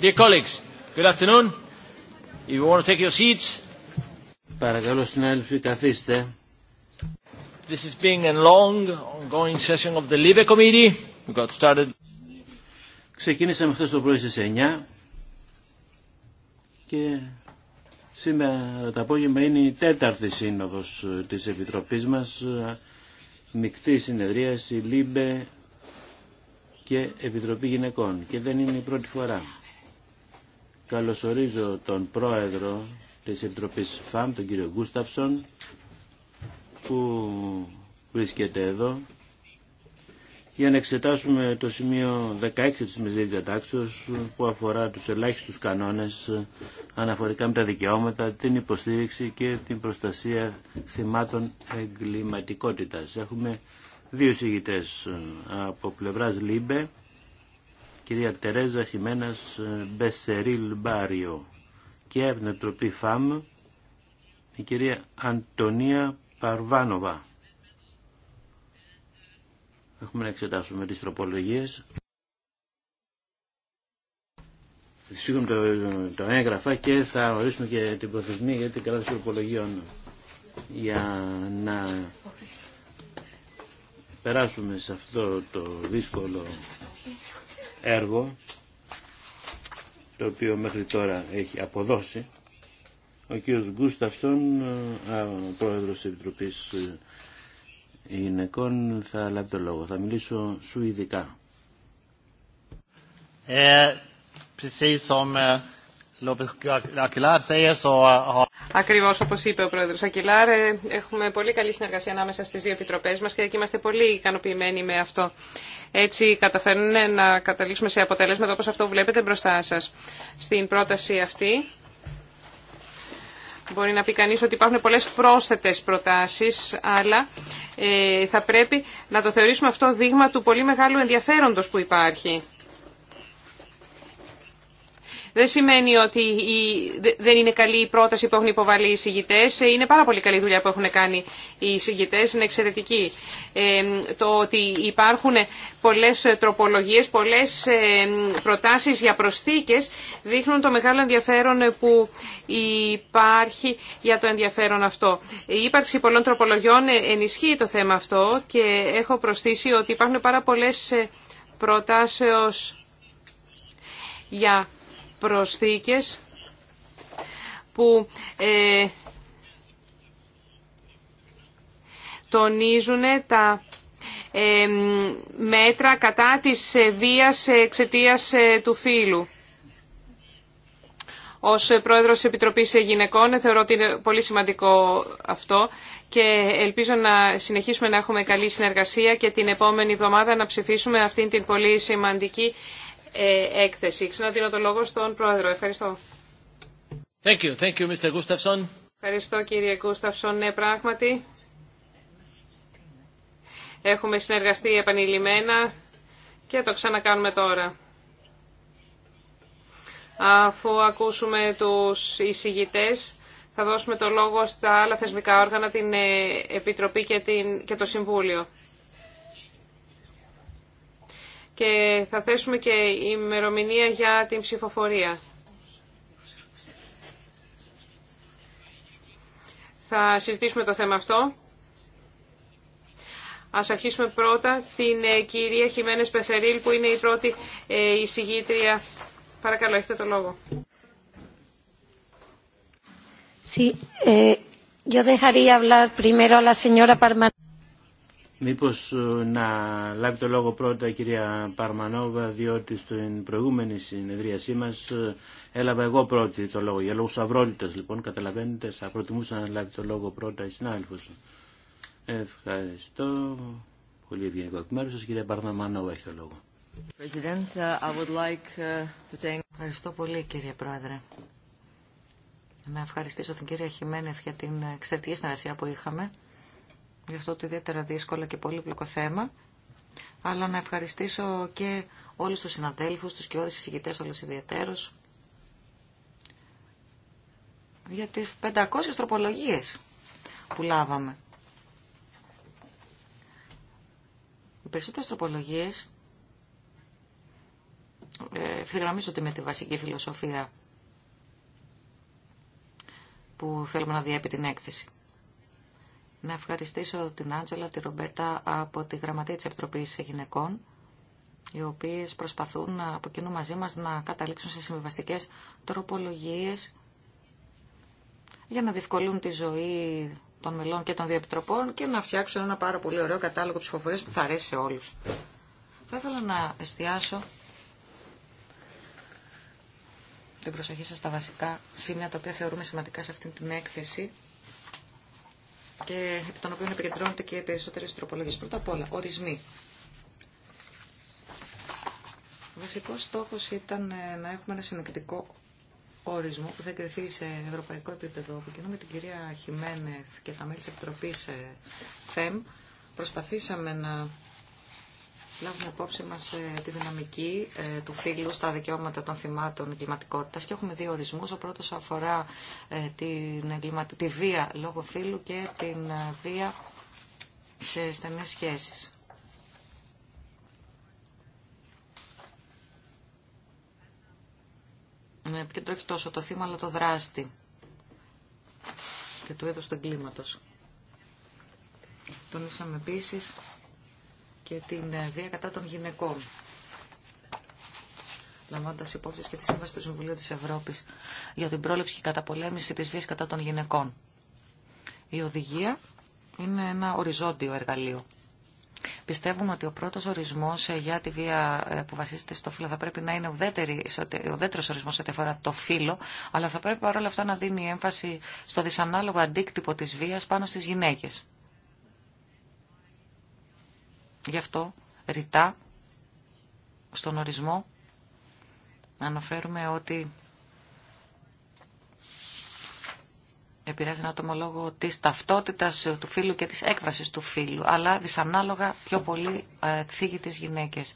Dear colleagues, good afternoon. you want to take your seats. Παρακαλώ συνάδελφοι καθίστε. This is being a long ongoing session of the Libe Committee. We got started. Ξεκίνησαμε χθες το πρωί στις 9 και σήμερα το απόγευμα είναι η τέταρτη σύνοδος της Επιτροπής μας μεικτή συνεδρίαση, ΛΥΜΠΕ και Επιτροπή Γυναικών. Και δεν είναι η πρώτη φορά. Καλωσορίζω τον πρόεδρο της Επιτροπής ΦΑΜ, τον κύριο Γκούσταυσον, που βρίσκεται εδώ για να εξετάσουμε το σημείο 16 της Μεζίδης Διατάξεως που αφορά τους ελάχιστους κανόνες αναφορικά με τα δικαιώματα, την υποστήριξη και την προστασία θυμάτων εγκληματικότητας. Έχουμε δύο συγητές από πλευράς ΛΥΜΠΕ, κυρία Τερέζα Χιμένας ε, Μπεσερίλ Μπάριο και από την ΦΑΜ η κυρία Αντωνία Παρβάνοβα. Έχουμε να εξετάσουμε τις τροπολογίες. Σύγχρονα το, το έγγραφα και θα ορίσουμε και την προθεσμία για την κατάσταση τροπολογιών για να περάσουμε σε αυτό το δύσκολο έργο το οποίο μέχρι τώρα έχει αποδώσει ο κύριος Γκούσταυσον, ε, πρόεδρος της Επιτροπής ε, Γυναικών, θα λάβει το λόγο. Θα μιλήσω σου ειδικά. Ε, precis ε, Uh, uh, Ακριβώ όπω είπε ο πρόεδρο Ακυλάρ, έχουμε πολύ καλή συνεργασία ανάμεσα στι δύο επιτροπέ μα και είμαστε πολύ ικανοποιημένοι με αυτό. Έτσι καταφέρνουν να καταλήξουμε σε αποτελέσματα όπω αυτό βλέπετε μπροστά σα. Στην πρόταση αυτή μπορεί να πει κανεί ότι υπάρχουν πολλέ πρόσθετε προτάσει, αλλά ε, θα πρέπει να το θεωρήσουμε αυτό δείγμα του πολύ μεγάλου ενδιαφέροντο που υπάρχει δεν σημαίνει ότι δεν είναι καλή η πρόταση που έχουν υποβάλει οι συγητέ. Είναι πάρα πολύ καλή δουλειά που έχουν κάνει οι συγγητέ. είναι εξαιρετική. Ε, το ότι υπάρχουν πολλές τροπολογίες, πολλές ε, προτάσεις για προσθήκε, δείχνουν το μεγάλο ενδιαφέρον που υπάρχει για το ενδιαφέρον αυτό. Η ύπαρξη πολλών τροπολογιών ε, ενισχύει το θέμα αυτό και έχω προσθήσει ότι υπάρχουν πάρα πολλέ προτάσεως για προσθήκες που ε, τονίζουν τα ε, μέτρα κατά της ε, βίας εξαιτίας του φύλου. Ως πρόεδρος της Επιτροπής Γυναικών θεωρώ ότι είναι πολύ σημαντικό αυτό και ελπίζω να συνεχίσουμε να έχουμε καλή συνεργασία και την επόμενη εβδομάδα να ψηφίσουμε αυτήν την πολύ σημαντική ε, έκθεση. Ξαναδίνω το λόγο στον Πρόεδρο. Ευχαριστώ. Thank you. Thank you, Mr. Ευχαριστώ κύριε Κούσταυσον. Ναι, πράγματι. Έχουμε συνεργαστεί επανειλημμένα και το ξανακάνουμε τώρα. Αφού ακούσουμε τους εισηγητές, θα δώσουμε το λόγο στα άλλα θεσμικά όργανα, την ε, Επιτροπή και, και το Συμβούλιο και θα θέσουμε και η ημερομηνία για την ψηφοφορία. Θα συζητήσουμε το θέμα αυτό. Ας αρχίσουμε πρώτα την ε, κυρία Χιμένες Πεθερίλ που είναι η πρώτη ε, εισηγήτρια. Παρακαλώ, έχετε το λόγο. Sí, eh, yo dejaría hablar primero a la señora Μήπως ε, να λάβει το λόγο πρώτα η κυρία Παρμανόβα, διότι στην προηγούμενη συνεδρίασή μας ε, έλαβα εγώ πρώτη το λόγο. Για λόγους αυρότητας λοιπόν, καταλαβαίνετε, θα προτιμούσα να λάβει το λόγο πρώτα η συνάδελφος. Ευχαριστώ. Πολύ ευγενικό εκ μέρους σας. Κυρία Παρμανόβα έχει το λόγο. Uh, uh, Ευχαριστώ πολύ κύριε Πρόεδρε. Να ευχαριστήσω την κυρία Χιμένεθ για την εξαιρετική συνεργασία που είχαμε για αυτό το ιδιαίτερα δύσκολο και πολύπλοκο θέμα, αλλά να ευχαριστήσω και όλους τους συναδέλφους, τους και όλους τους συγκητές, όλους ιδιαίτερους, για τις 500 τροπολογίες που λάβαμε. Οι περισσότερες τροπολογίες ε, ευθυγραμμίζονται με τη βασική φιλοσοφία που θέλουμε να διέπει την έκθεση να ευχαριστήσω την Άντζελα, τη Ρομπέρτα από τη Γραμματεία της Επιτροπής Γυναικών, οι οποίες προσπαθούν από κοινού μαζί μας να καταλήξουν σε συμβιβαστικές τροπολογίες για να διευκολύνουν τη ζωή των μελών και των διεπιτροπών και να φτιάξουν ένα πάρα πολύ ωραίο κατάλογο ψηφοφορίας που θα αρέσει σε όλους. Θα ήθελα να εστιάσω την προσοχή σας στα βασικά σημεία τα οποία θεωρούμε σημαντικά σε αυτή την έκθεση και επί των οποίων επικεντρώνεται και περισσότερε τροπολογίε. Πρώτα απ' όλα, ορισμοί. Ο βασικό στόχο ήταν ε, να έχουμε ένα συνεκτικό ορισμό που θα εγκριθεί σε ευρωπαϊκό επίπεδο. κοινού με την κυρία Χιμένεθ και τα μέλη τη Επιτροπή ε, ΦΕΜ. Προσπαθήσαμε να λάβουμε υπόψη μας ε, τη δυναμική ε, του φύλου στα δικαιώματα των θυμάτων εγκληματικότητα και έχουμε δύο ορισμού. Ο πρώτος αφορά ε, την τη βία λόγω φύλου και την βία σε στενές σχέσεις. το έχει τόσο το θύμα, αλλά το δράστη και του έδωσε του εγκλήματος. Τονίσαμε επίσης και την ε, βία κατά των γυναικών. Λαμβάνοντα υπόψη και τη Σύμβαση του Συμβουλίου τη Ευρώπη για την πρόληψη και καταπολέμηση τη βία κατά των γυναικών. Η οδηγία είναι ένα οριζόντιο εργαλείο. Πιστεύουμε ότι ο πρώτο ορισμό ε, για τη βία ε, που βασίζεται στο φύλλο θα πρέπει να είναι ο ορισμός σε ό,τι αφορά το φύλλο, αλλά θα πρέπει παρόλα αυτά να δίνει έμφαση στο δυσανάλογο αντίκτυπο τη βία πάνω στι γυναίκε. Γι' αυτό ρητά στον ορισμό αναφέρουμε ότι επηρεάζει ένα άτομο λόγο της ταυτότητας του φίλου και της έκφρασης του φίλου, αλλά δυσανάλογα πιο πολύ ε, θίγει τις γυναίκες.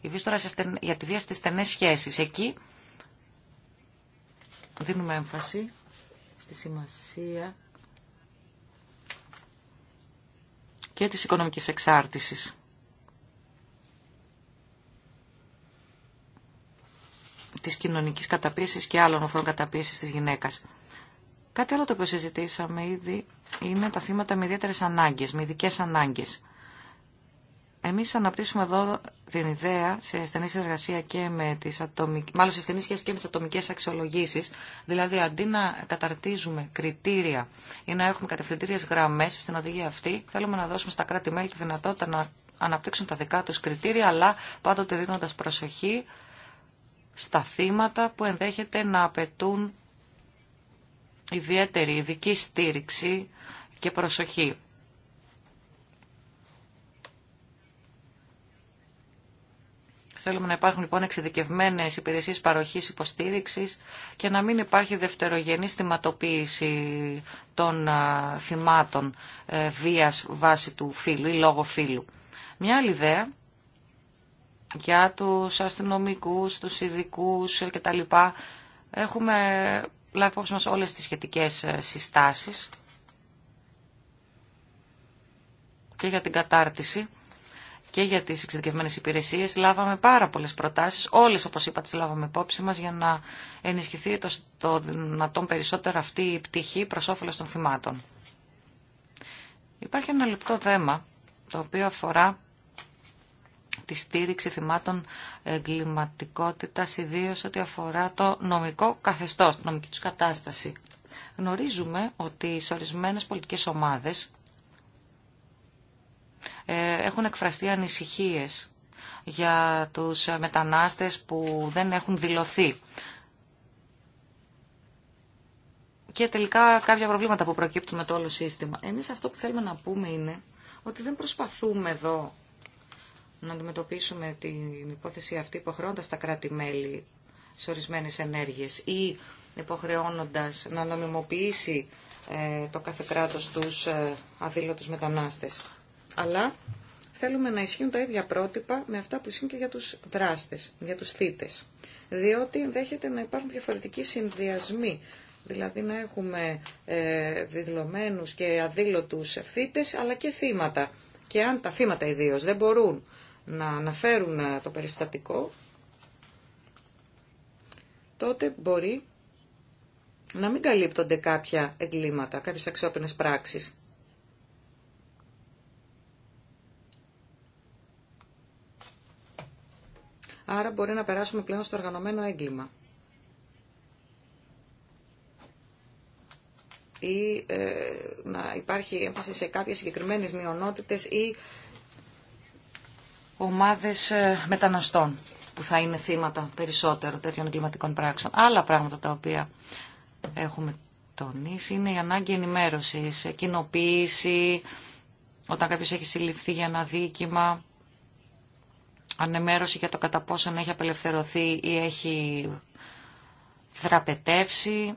Η βίστορα τώρα για τη βία στις στενές σχέσεις. Εκεί δίνουμε έμφαση στη σημασία και της οικονομικής εξάρτησης. τη κοινωνική καταπίεση και άλλων οφών καταπίεση τη γυναίκα. Κάτι άλλο το οποίο συζητήσαμε ήδη είναι τα θύματα με ιδιαίτερε ανάγκε, με ειδικέ ανάγκε. Εμεί αναπτύσσουμε εδώ την ιδέα σε στενή συνεργασία και με τι ατομικές, μάλλον σε και με αξιολογήσεις, δηλαδή αντί να καταρτίζουμε κριτήρια ή να έχουμε κατευθυντήριε γραμμέ στην οδηγία αυτή, θέλουμε να δώσουμε στα κράτη-μέλη τη δυνατότητα να αναπτύξουν τα δικά του κριτήρια, αλλά πάντοτε δίνοντα προσοχή στα θύματα που ενδέχεται να απαιτούν ιδιαίτερη ειδική στήριξη και προσοχή. Θέλουμε να υπάρχουν λοιπόν εξειδικευμένε υπηρεσίε παροχής υποστήριξης και να μην υπάρχει δευτερογενή θυματοποίηση των θυμάτων ε, βίας βάσει του φύλου ή λόγω φύλου. Μια άλλη ιδέα για τους αστυνομικούς, τους ειδικού κτλ. Έχουμε λάβει υπόψη μας όλες τις σχετικές ε, συστάσεις και για την κατάρτιση και για τις εξειδικευμένες υπηρεσίες. Λάβαμε πάρα πολλές προτάσεις, όλες όπως είπα τις λάβαμε υπόψη μας για να ενισχυθεί το, το δυνατόν περισσότερο αυτή η πτυχή προς όφελος των θυμάτων. Υπάρχει ένα λεπτό θέμα το οποίο αφορά τη στήριξη θυμάτων εγκληματικότητα, ιδίως ό,τι αφορά το νομικό καθεστώς, τη νομική του κατάσταση. Γνωρίζουμε ότι σε ορισμένε πολιτικές ομάδες ε, έχουν εκφραστεί ανησυχίες για τους μετανάστες που δεν έχουν δηλωθεί. Και τελικά κάποια προβλήματα που προκύπτουν με το όλο σύστημα. Εμείς αυτό που θέλουμε να πούμε είναι ότι δεν προσπαθούμε εδώ να αντιμετωπίσουμε την υπόθεση αυτή υποχρεώντας τα κράτη-μέλη σε ορισμένες ενέργειες ή υποχρεώνοντας να νομιμοποιήσει ε, το κάθε κράτος τους ε, αδήλωτους μετανάστες. Αλλά θέλουμε να ισχύουν τα ίδια πρότυπα με αυτά που ισχύουν και για τους δράστες, για τους θήτες. Διότι ενδέχεται να υπάρχουν διαφορετικοί συνδυασμοί. Δηλαδή να έχουμε ε, διδλωμένους και αδήλωτους θήτες αλλά και θύματα. Και αν τα θύματα ιδίω δεν μπορούν να αναφέρουν το περιστατικό, τότε μπορεί να μην καλύπτονται κάποια εγκλήματα, κάποιες αξιόπινες πράξεις. Άρα μπορεί να περάσουμε πλέον στο οργανωμένο έγκλημα. Ή ε, να υπάρχει έμφαση σε κάποιες συγκεκριμένες μειονότητες ή ομάδες ε, μεταναστών που θα είναι θύματα περισσότερο τέτοιων εγκληματικών πράξεων. Άλλα πράγματα τα οποία έχουμε τονίσει είναι η ανάγκη ενημέρωσης, κοινοποίηση, όταν κάποιος έχει συλληφθεί για ένα δίκημα, ανεμέρωση για το κατά πόσον έχει απελευθερωθεί ή έχει δραπετεύσει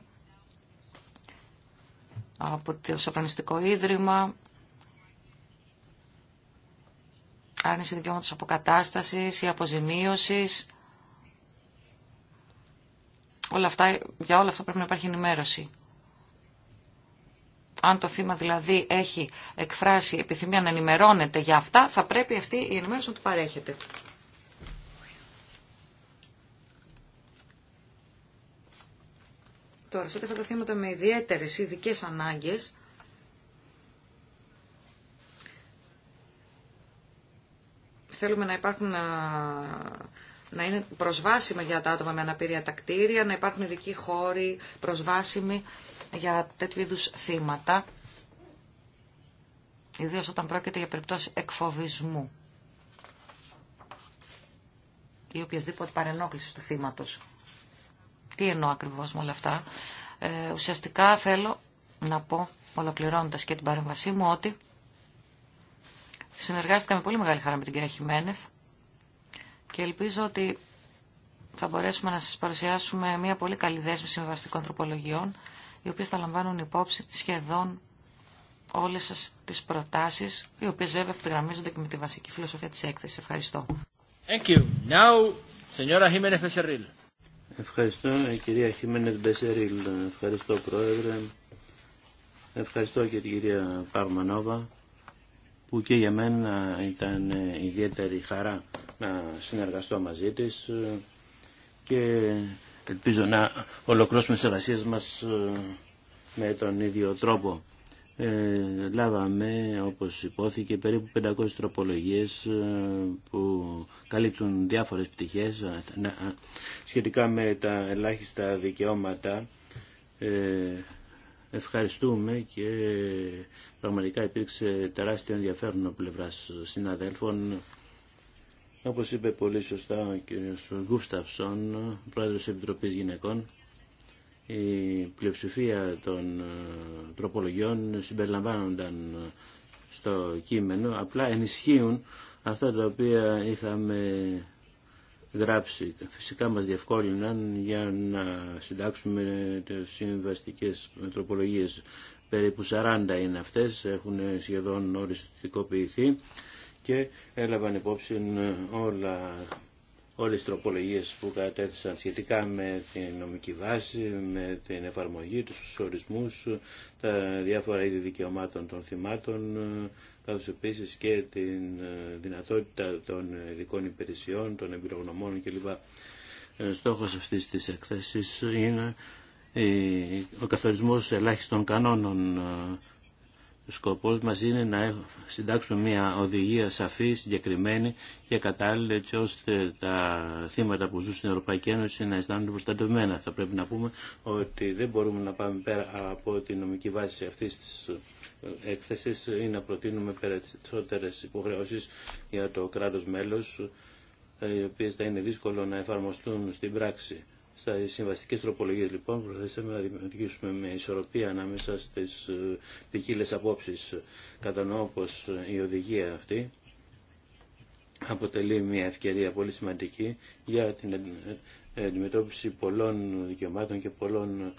από το Σοπρανιστικό Ίδρυμα, άρνηση δικαιώματος αποκατάστασης ή αποζημίωσης. Όλα αυτά, για όλα αυτά πρέπει να υπάρχει ενημέρωση. Αν το θύμα δηλαδή έχει εκφράσει επιθυμία να ενημερώνεται για αυτά, θα πρέπει αυτή η ενημέρωση να του παρέχεται. Τώρα, σε ό,τι αυτά τα το με ιδιαίτερες ειδικέ ανάγκες, Θέλουμε να υπάρχουν να είναι προσβάσιμα για τα άτομα με αναπηρία τα κτίρια, να υπάρχουν ειδικοί χώροι προσβάσιμοι για τέτοιου είδου θύματα, ιδίω όταν πρόκειται για περιπτώσει εκφοβισμού ή οποιασδήποτε παρενόχληση του θύματο. Τι εννοώ ακριβώ με όλα αυτά. Ε, ουσιαστικά θέλω να πω, ολοκληρώνοντα και την παρέμβασή μου, ότι Συνεργάστηκα με πολύ μεγάλη χαρά με την κυρία Χιμένεθ και ελπίζω ότι θα μπορέσουμε να σας παρουσιάσουμε μια πολύ καλή δέσμη συμβαστικών τροπολογιών, οι οποίες θα λαμβάνουν υπόψη σχεδόν όλες σας τις προτάσεις, οι οποίες βέβαια αυτογραμμίζονται και με τη βασική φιλοσοφία της έκθεσης. Ευχαριστώ. Thank you. Now, Senora Jiménez Ευχαριστώ, ε, κυρία Χιμένεθ Μπεσερίλ. Ευχαριστώ, Πρόεδρε. Ευχαριστώ και την κυρία Παρμανόβα που και για μένα ήταν ιδιαίτερη χαρά να συνεργαστώ μαζί της και ελπίζω να ολοκληρώσουμε τις μας ε, με τον ίδιο τρόπο. Ε, λάβαμε, όπως υπόθηκε, περίπου 500 τροπολογίες ε, που καλύπτουν διάφορες πτυχές ε, σχετικά με τα ελάχιστα δικαιώματα. Ε, ευχαριστούμε και πραγματικά υπήρξε τεράστιο ενδιαφέρον από πλευρά συναδέλφων. Όπω είπε πολύ σωστά ο κ. Γκούσταυσον, πρόεδρο τη Επιτροπή Γυναικών, η πλειοψηφία των ε, τροπολογιών συμπεριλαμβάνονταν ε, στο κείμενο, απλά ενισχύουν αυτά τα οποία είχαμε γράψει. Φυσικά μας διευκόλυναν για να συντάξουμε τις συμβαστικές τροπολογίες περίπου 40 είναι αυτές, έχουν σχεδόν οριστικοποιηθεί και έλαβαν υπόψη όλα, όλες τις τροπολογίες που κατέθεσαν σχετικά με την νομική βάση, με την εφαρμογή, τους ορισμούς, τα διάφορα είδη δικαιωμάτων των θυμάτων, καθώς επίσης και την δυνατότητα των ειδικών υπηρεσιών, των εμπειρογνωμών κλπ. Ε, στόχος αυτής της εκθέσης είναι ο καθορισμός ελάχιστων κανόνων ε, σκοπός μας είναι να συντάξουμε μια οδηγία σαφή, συγκεκριμένη και κατάλληλη έτσι ώστε τα θύματα που ζουν στην Ευρωπαϊκή Ένωση να αισθάνονται προστατευμένα. Θα πρέπει να πούμε ότι δεν μπορούμε να πάμε πέρα από τη νομική βάση αυτής της ε, έκθεσης ή να προτείνουμε περισσότερες υποχρεώσεις για το κράτος μέλος ε, οι οποίες θα είναι δύσκολο να εφαρμοστούν στην πράξη. Στα συμβαστικέ τροπολογίε λοιπόν προθέσαμε να δημιουργήσουμε με ισορροπία ανάμεσα στις ε, ποικίλε απόψεις. Κατανοώ πω ε, η οδηγία αυτή αποτελεί μια ευκαιρία πολύ σημαντική για την ε, αντιμετώπιση πολλών δικαιωμάτων και πολλών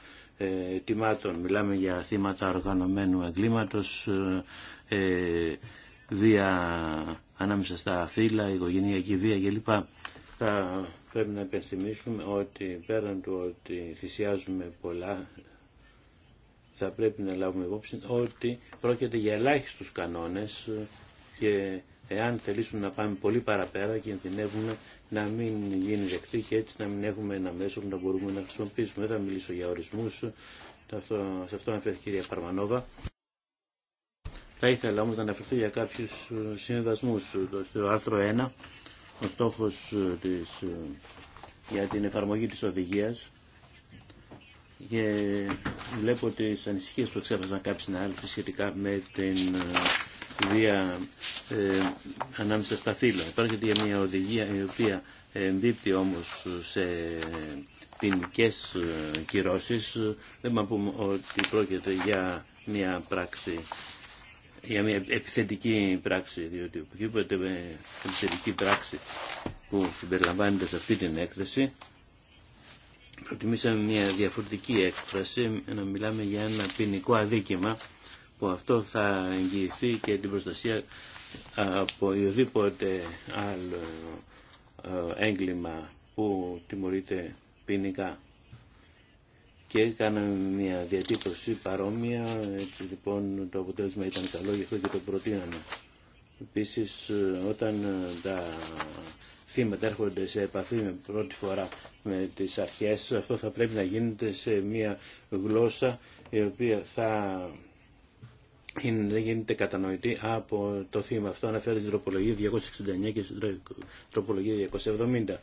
ετοιμάτων. Μιλάμε για θύματα οργανωμένου εγκλήματος, ε, βία ανάμεσα στα φύλλα, οικογενειακή βία κλπ. Θα πρέπει να επενθυμίσουμε ότι πέραν του ότι θυσιάζουμε πολλά θα πρέπει να λάβουμε υπόψη ότι πρόκειται για ελάχιστους κανόνες και εάν θελήσουμε να πάμε πολύ παραπέρα κινδυνεύουμε να μην γίνει δεκτή και έτσι να μην έχουμε ένα μέσο που να μπορούμε να χρησιμοποιήσουμε. Δεν θα μιλήσω για ορισμούς, σε αυτό αναφέρθηκε η κυρία Παρμανόβα. Θα ήθελα όμως να αναφερθώ για κάποιους συνδεσμούς. Το άρθρο 1 ο στόχος ε, της, ε, για την εφαρμογή της οδηγίας και βλέπω τις ανησυχίες που εξέφρασαν κάποιοι συνάδελφοι σχετικά με την ε, βία ε, ανάμεσα στα φύλλα. Πρόκειται για μια οδηγία η οποία εμπίπτει όμως σε ποινικέ κυρώσεις. Δεν μπορούμε να πούμε ότι πρόκειται για μια πράξη για μια επιθετική πράξη, διότι οποιοδήποτε επιθετική πράξη που συμπεριλαμβάνεται σε αυτή την έκθεση, προτιμήσαμε μια διαφορετική έκφραση, να μιλάμε για ένα ποινικό αδίκημα, που αυτό θα εγγυηθεί και την προστασία από οποιοδήποτε άλλο ε, έγκλημα που τιμωρείται ποινικά και κάναμε μια διατύπωση παρόμοια, έτσι λοιπόν το αποτέλεσμα ήταν καλό, γι' αυτό και το προτείναμε. Επίσης όταν ε, τα θύματα έρχονται σε επαφή με πρώτη φορά με τις αρχές, αυτό θα πρέπει να γίνεται σε μια γλώσσα η οποία θα είναι, γίνεται κατανοητή από το θύμα. Αυτό αναφέρεται στην τροπολογία 269 και στην τροπολογία 270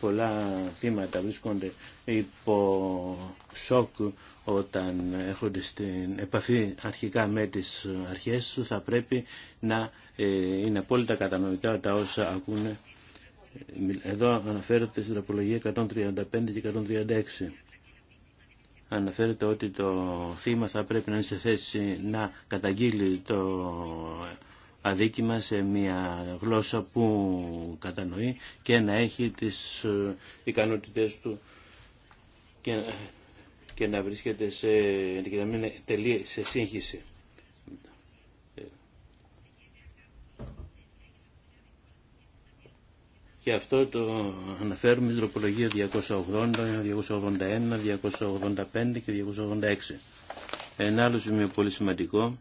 πολλά θύματα βρίσκονται υπό σοκ όταν έρχονται στην επαφή αρχικά με τις αρχές σου θα πρέπει να ε, είναι απόλυτα κατανοητά τα όσα ακούνε. Εδώ αναφέρεται στην τροπολογία 135 και 136. Αναφέρεται ότι το θύμα θα πρέπει να είναι σε θέση να καταγγείλει το αδίκημα σε μια γλώσσα που κατανοεί και να έχει τις ε, ικανότητες του και, και να βρίσκεται σε, και να σε σύγχυση. Και αυτό το αναφέρουμε στην τροπολογία 280, 281, 285 και 286. Ένα άλλο σημείο πολύ σημαντικό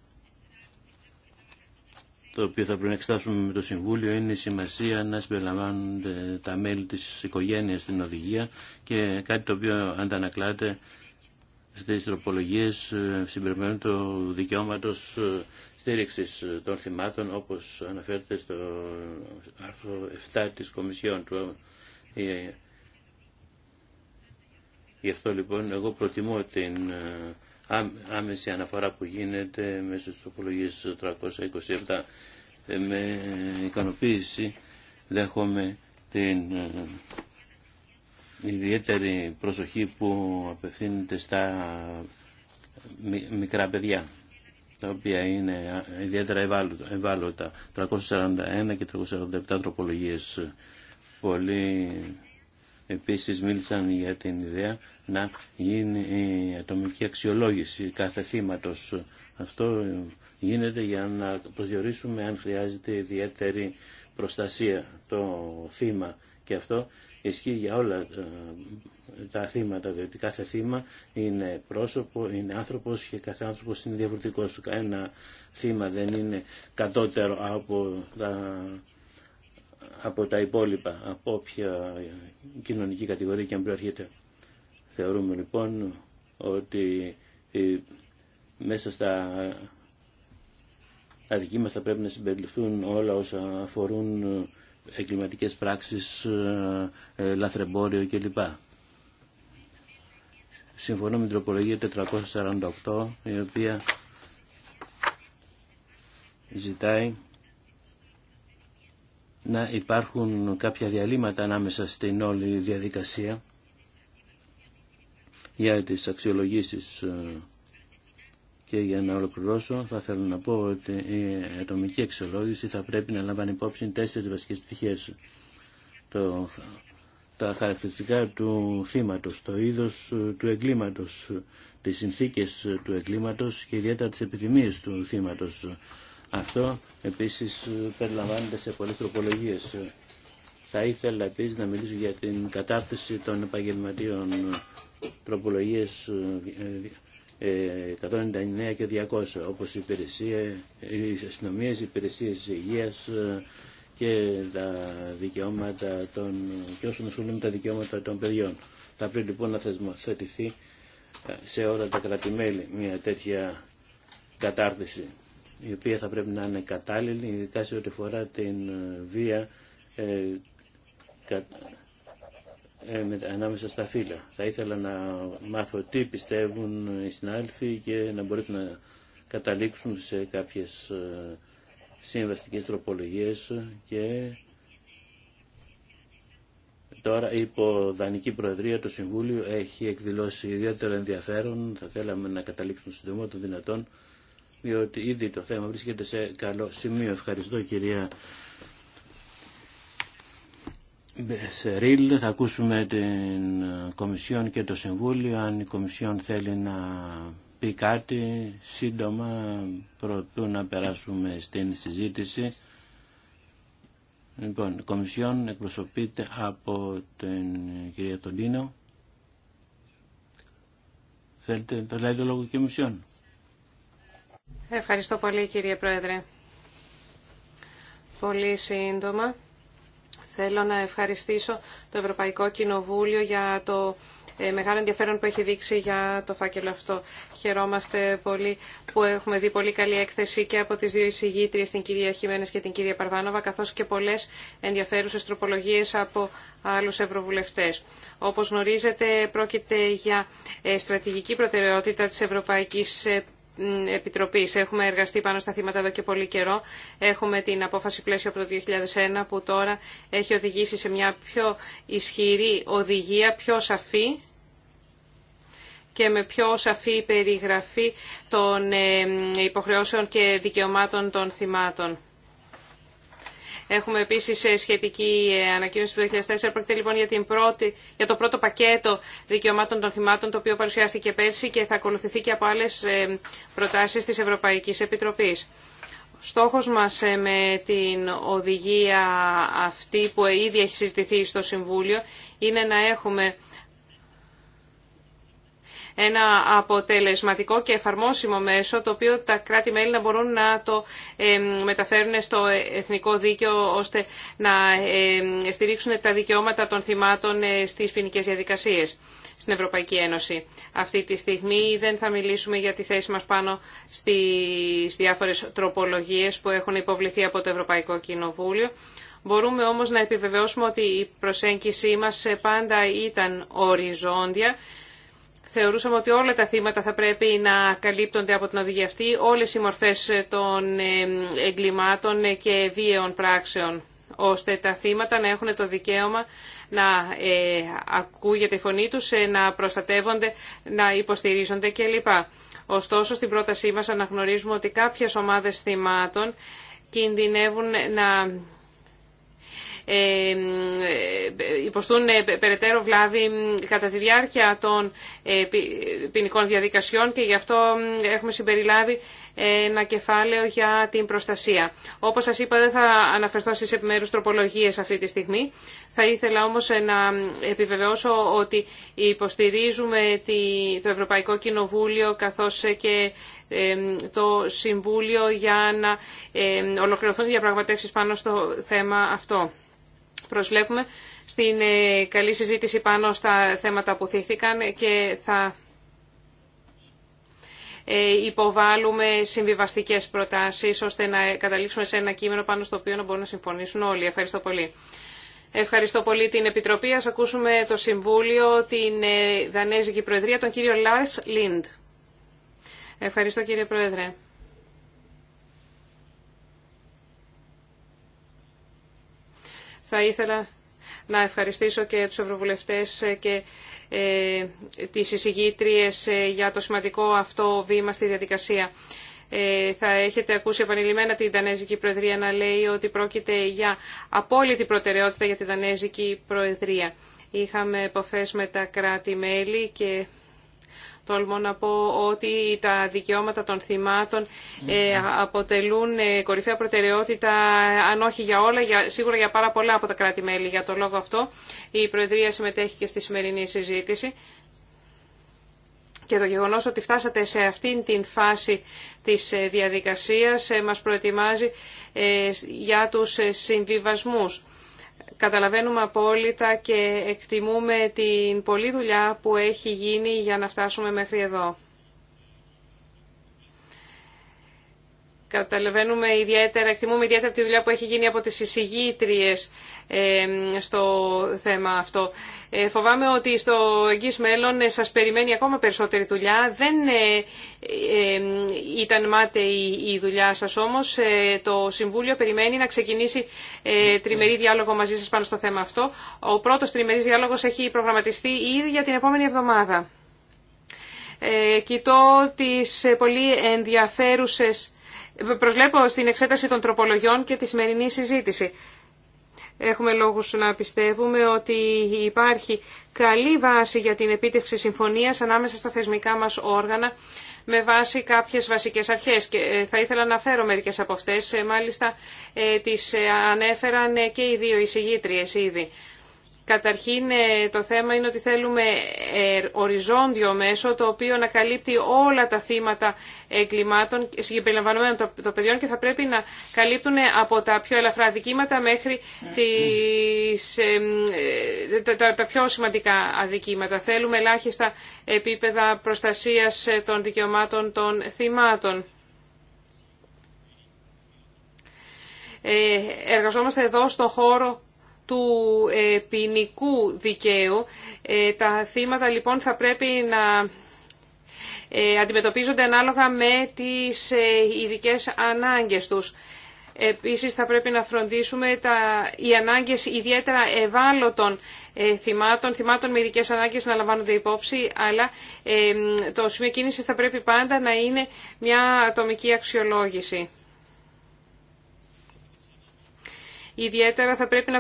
το οποίο θα πρέπει να εξετάσουμε με το Συμβούλιο είναι η σημασία να συμπεριλαμβάνονται τα μέλη της οικογένειας στην οδηγία και κάτι το οποίο αντανακλάται στις τροπολογίες ε, συμπεριμένου του δικαιώματος ε, στήριξης των θυμάτων όπως αναφέρεται στο άρθρο 7 της Κομισιόν του ε, Γι' αυτό λοιπόν εγώ προτιμώ την άμεση αναφορά που γίνεται μέσω της τροπολογίας 327 ε, με ικανοποίηση δέχομαι την ε, ιδιαίτερη προσοχή που απευθύνεται στα μικρά παιδιά τα οποία είναι ε, ιδιαίτερα ευάλωτα 341 και 347 τροπολογίες πολύ Επίσης μίλησαν για την ιδέα να γίνει η ατομική αξιολόγηση κάθε θύματος. Αυτό γίνεται για να προσδιορίσουμε αν χρειάζεται ιδιαίτερη προστασία το θύμα και αυτό ισχύει για όλα ε, τα θύματα, διότι κάθε θύμα είναι πρόσωπο, είναι άνθρωπος και κάθε άνθρωπος είναι διαφορετικός. Κανένα θύμα δεν είναι κατώτερο από τα από τα υπόλοιπα, από όποια κοινωνική κατηγορία και αν προέρχεται. Θεωρούμε λοιπόν ότι ε, μέσα στα αδική μας θα πρέπει να συμπεριληφθούν όλα όσα αφορούν ε, εγκληματικές πράξεις, ε, λαθρεμπόριο κλπ. Συμφωνώ με την τροπολογία 448, η οποία ζητάει να υπάρχουν κάποια διαλύματα ανάμεσα στην όλη διαδικασία για τις αξιολογήσεις ε, και για να ολοκληρώσω θα θέλω να πω ότι η ατομική αξιολόγηση θα πρέπει να λαμβάνει υπόψη τέσσερις βασικές πτυχές. Το, τα χαρακτηριστικά του θύματος, το είδος ε, του εγκλήματος, τις συνθήκες ε, του εγκλήματος και ιδιαίτερα τις επιθυμίες του θύματος. Αυτό επίσης ε, περιλαμβάνεται σε πολλές τροπολογίες. Ε, θα ήθελα επίσης να μιλήσω για την κατάρτιση των επαγγελματίων ε, τροπολογίες 199 και 200, όπως υπηρεσία, οι αστυνομίες, οι υπηρεσίες υγείας και τα δικαιώματα των, και όσων τα δικαιώματα των παιδιών. Θα πρέπει λοιπόν να θεσμοθετηθεί σε όλα τα κρατημέλη μια τέτοια κατάρτιση η οποία θα πρέπει να είναι κατάλληλη, ειδικά σε ό,τι φορά την ε, βία ε, ε, με, ανάμεσα στα φύλλα. Θα ήθελα να μάθω τι πιστεύουν οι συνάδελφοι και να μπορείτε να καταλήξουν σε κάποιες συμβαστικές τροπολογίες και τώρα υπό Δανική Προεδρία το Συμβούλιο έχει εκδηλώσει ιδιαίτερα ενδιαφέρον. Θα θέλαμε να καταλήξουμε σύντομα το δυνατόν διότι ήδη το θέμα βρίσκεται σε καλό σημείο. Ευχαριστώ κυρία Μπεσερίλ. Θα ακούσουμε την Κομισιόν και το Συμβούλιο. Αν η Κομισιόν θέλει να πει κάτι σύντομα προτού να περάσουμε στην συζήτηση. Λοιπόν, η Κομισιόν εκπροσωπείται από την κυρία Τοντίνο. Θέλετε το λέει το λόγο και Κομισιόν. Ευχαριστώ πολύ κύριε Πρόεδρε. Πολύ σύντομα. Θέλω να ευχαριστήσω το Ευρωπαϊκό Κοινοβούλιο για το ε, μεγάλο ενδιαφέρον που έχει δείξει για το φάκελο αυτό. Χαιρόμαστε πολύ που έχουμε δει πολύ καλή έκθεση και από τις δύο εισηγήτριες, την κυρία Χιμένες και την κυρία Παρβάνοβα, καθώς και πολλές ενδιαφέρουσες τροπολογίες από άλλους ευρωβουλευτές. Όπως γνωρίζετε, πρόκειται για ε, στρατηγική προτεραιότητα της Ευρωπαϊκής Επιτροπής. Έχουμε εργαστεί πάνω στα θύματα εδώ και πολύ καιρό. Έχουμε την απόφαση πλαίσιο από το 2001 που τώρα έχει οδηγήσει σε μια πιο ισχυρή οδηγία, πιο σαφή και με πιο σαφή περιγραφή των ε, υποχρεώσεων και δικαιωμάτων των θυμάτων. Έχουμε επίσης ε, σχετική ε, ανακοίνωση του 2004. Πρόκειται λοιπόν για, την πρώτη, για το πρώτο πακέτο δικαιωμάτων των θυμάτων, το οποίο παρουσιάστηκε πέρσι και θα ακολουθηθεί και από άλλε ε, προτάσεις της Ευρωπαϊκής Επιτροπής. Στόχος μας με την οδηγία αυτή που ήδη έχει συζητηθεί στο Συμβούλιο είναι να έχουμε ένα αποτελεσματικό και εφαρμόσιμο μέσο το οποίο τα κράτη-μέλη να μπορούν να το μεταφέρουν στο εθνικό δίκαιο ώστε να στηρίξουν τα δικαιώματα των θυμάτων ε, στις ποινικέ διαδικασίες στην Ευρωπαϊκή Ένωση. Αυτή τη στιγμή δεν θα μιλήσουμε για τη θέση μας πάνω στις διάφορες τροπολογίες που έχουν υποβληθεί από το Ευρωπαϊκό Κοινοβούλιο. Μπορούμε όμως να επιβεβαιώσουμε ότι η προσέγγιση μας ε, πάντα ήταν οριζόντια Θεωρούσαμε ότι όλα τα θύματα θα πρέπει να καλύπτονται από την οδηγία αυτή, όλες οι μορφές ε, των ε, εγκλημάτων ε, και βίαιων πράξεων, ώστε τα θύματα να έχουν το δικαίωμα να ακούγεται η φωνή τους, να προστατεύονται, να υποστηρίζονται κλπ. Ωστόσο, στην πρότασή μας αναγνωρίζουμε ότι κάποιες ομάδες θυμάτων κινδυνεύουν να υποστούν ε, περαιτέρω βλάβη κατά τη διάρκεια των ε, ποινικών διαδικασιών και γι' αυτό έχουμε συμπεριλάβει ένα κεφάλαιο για την προστασία. Όπως σας είπα δεν θα αναφερθώ στις επιμέρους τροπολογίες αυτή τη στιγμή. Θα ήθελα όμως ε, να επιβεβαιώσω ότι υποστηρίζουμε το Ευρωπαϊκό Κοινοβούλιο καθώς και το Συμβούλιο για να ολοκληρωθούν διαπραγματεύσεις πάνω στο θέμα αυτό. Προσβλέπουμε στην ε, καλή συζήτηση πάνω στα θέματα που θύθηκαν και θα ε, υποβάλουμε συμβιβαστικές προτάσεις ώστε να καταλήξουμε σε ένα κείμενο πάνω στο οποίο να μπορούν να συμφωνήσουν όλοι. Ευχαριστώ πολύ. Ευχαριστώ πολύ την Επιτροπή. Ας ακούσουμε το Συμβούλιο, την ε, Δανέζικη Προεδρία, τον κύριο Λάρς Λίντ. Ευχαριστώ κύριε Πρόεδρε. Θα ήθελα να ευχαριστήσω και τους ευρωβουλευτές και ε, τις εισηγήτριες ε, για το σημαντικό αυτό βήμα στη διαδικασία. Ε, θα έχετε ακούσει επανειλημμένα την Δανέζικη Προεδρία να λέει ότι πρόκειται για απόλυτη προτεραιότητα για την Δανέζικη Προεδρία. Είχαμε επαφές με τα κράτη-μέλη και Τολμώ να πω ότι τα δικαιώματα των θυμάτων ε, αποτελούν ε, κορυφαία προτεραιότητα, αν όχι για όλα, για, σίγουρα για πάρα πολλά από τα κράτη-μέλη. Για το λόγο αυτό η Προεδρία συμμετέχει και στη σημερινή συζήτηση. Και το γεγονός ότι φτάσατε σε αυτήν την φάση της ε, διαδικασίας μας προετοιμάζει για τους συμβιβασμούς. Καταλαβαίνουμε απόλυτα και εκτιμούμε την πολλή δουλειά που έχει γίνει για να φτάσουμε μέχρι εδώ. Καταλαβαίνουμε ιδιαίτερα, εκτιμούμε ιδιαίτερα τη δουλειά που έχει γίνει από τις εισηγήτριες στο θέμα αυτό. Ε, φοβάμαι ότι στο εγγύς μέλλον ε, σας περιμένει ακόμα περισσότερη δουλειά. Δεν ε, ήταν μάταιη η δουλειά σας όμως. Το Συμβούλιο περιμένει να ξεκινήσει τριμερή διάλογο μαζί σας πάνω στο θέμα αυτό. Ο πρώτος τριμερής διάλογος έχει προγραμματιστεί ήδη για την επόμενη εβδομάδα. Κοιτώ τις πολύ ενδιαφέρουσες Προσλέπω στην εξέταση των τροπολογιών και τη σημερινή συζήτηση. Έχουμε λόγους να πιστεύουμε ότι υπάρχει καλή βάση για την επίτευξη συμφωνίας ανάμεσα στα θεσμικά μας όργανα με βάση κάποιες βασικές αρχές. Και ε, θα ήθελα να φέρω μερικές από αυτές. Ε, μάλιστα ε, τις ανέφεραν και οι δύο εισηγήτριες ήδη. Καταρχήν ε, το θέμα είναι ότι θέλουμε ε, οριζόντιο μέσο το οποίο να καλύπτει όλα τα θύματα εγκλημάτων συμπεριλαμβανομένων των παιδιών και θα πρέπει να καλύπτουν από τα πιο ελαφρά αδικήματα μέχρι τις, ε, τα, πιο σημαντικά αδικήματα. Θέλουμε ελάχιστα επίπεδα προστασίας των δικαιωμάτων των θυμάτων. Εργαζόμαστε εδώ στον χώρο του ε, ποινικού δικαίου. Ε, τα θύματα λοιπόν θα πρέπει να ε, αντιμετωπίζονται ανάλογα με τις ειδικέ ανάγκες τους. Επίσης θα πρέπει να φροντίσουμε τα, οι ανάγκες ιδιαίτερα ευάλωτων ε, θυμάτων, θυμάτων με ειδικέ ανάγκες να λαμβάνονται υπόψη, αλλά το σημείο κίνησης θα πρέπει πάντα να είναι μια ατομική αξιολόγηση. Ιδιαίτερα θα πρέπει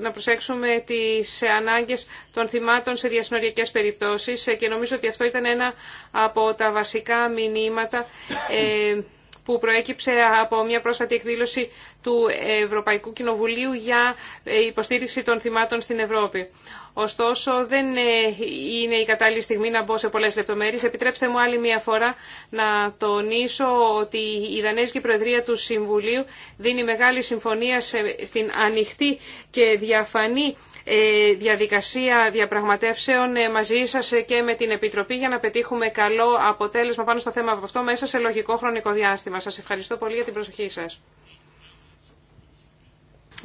να προσέξουμε τις ανάγκες των θυμάτων σε διασυνοριακές περιπτώσεις ε, και νομίζω ότι αυτό ήταν ένα από τα βασικά μηνύματα ε, που προέκυψε από μια πρόσφατη εκδήλωση του Ευρωπαϊκού Κοινοβουλίου για ε, υποστήριξη των θυμάτων στην Ευρώπη. Ωστόσο, δεν ε, είναι η κατάλληλη στιγμή να μπω σε πολλές λεπτομέρειες. Επιτρέψτε μου άλλη μία φορά να τονίσω ότι η Δανέζικη Προεδρία του Συμβουλίου δίνει μεγάλη συμφωνία στην ανοιχτή και διαφανή ε, διαδικασία διαπραγματεύσεων ε, μαζί σας και με την Επιτροπή για να πετύχουμε καλό αποτέλεσμα πάνω στο θέμα αυτό μέσα σε λογικό χρονικό διάστημα. Σας ευχαριστώ πολύ για την προσοχή σας.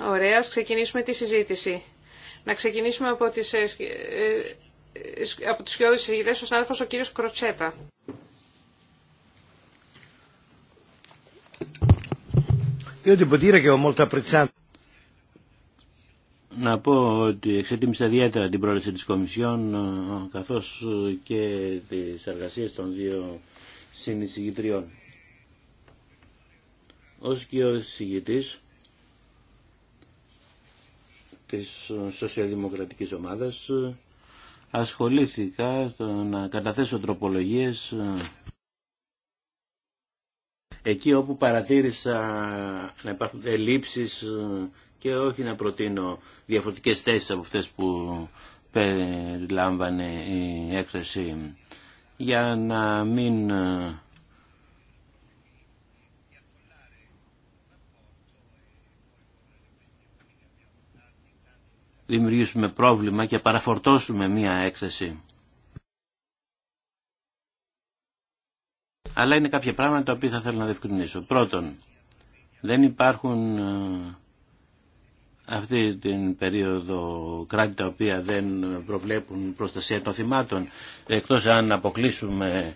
Ωραία, ας ξεκινήσουμε τη συζήτηση. Να ξεκινήσουμε από, τις, ε, ε, ε, από τους κοιόδους συζητητές, ο συνάδελφος ο κύριος Κροτσέτα. Να πω ότι εξετίμησα ιδιαίτερα την πρόληψη της Κομισιόν καθώς και τις εργασίες των δύο συνεισηγητριών. Ως και ο της σοσιαλδημοκρατικής ομάδας ασχολήθηκα να καταθέσω τροπολογίες ε, εκεί όπου παρατήρησα να υπάρχουν ελλείψεις ε, και όχι να προτείνω διαφορετικές θέσεις από αυτές που περιλάμβανε η έκθεση για να μην ε, δημιουργήσουμε πρόβλημα και παραφορτώσουμε μία έκθεση. Αλλά είναι κάποια πράγματα τα οποία θα θέλω να διευκρινίσω. Πρώτον, δεν υπάρχουν ε, αυτή την περίοδο κράτη τα οποία δεν προβλέπουν προστασία των θυμάτων εκτός αν αποκλείσουμε,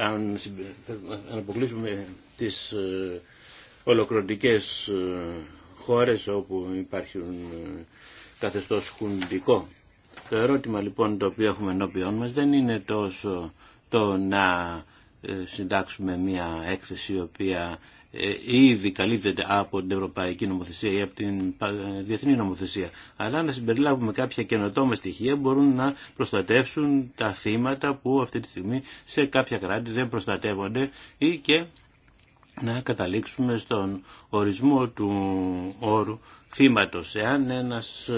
αν, αν αποκλείσουμε τις ε, ολοκληρωτικές ε, χώρες όπου υπάρχουν καθεστώς χουντικό. Το ερώτημα λοιπόν το οποίο έχουμε ενώπιόν μας δεν είναι τόσο το να ε, συντάξουμε μια έκθεση η οποία ε, ήδη καλύπτεται από την ευρωπαϊκή νομοθεσία ή από την ε, διεθνή νομοθεσία. Αλλά να συμπεριλάβουμε κάποια καινοτόμα στοιχεία μπορούν να προστατεύσουν τα θύματα που αυτή τη στιγμή σε κάποια κράτη δεν προστατεύονται ή και να καταλήξουμε στον ορισμό του όρου θύματος. Εάν ένας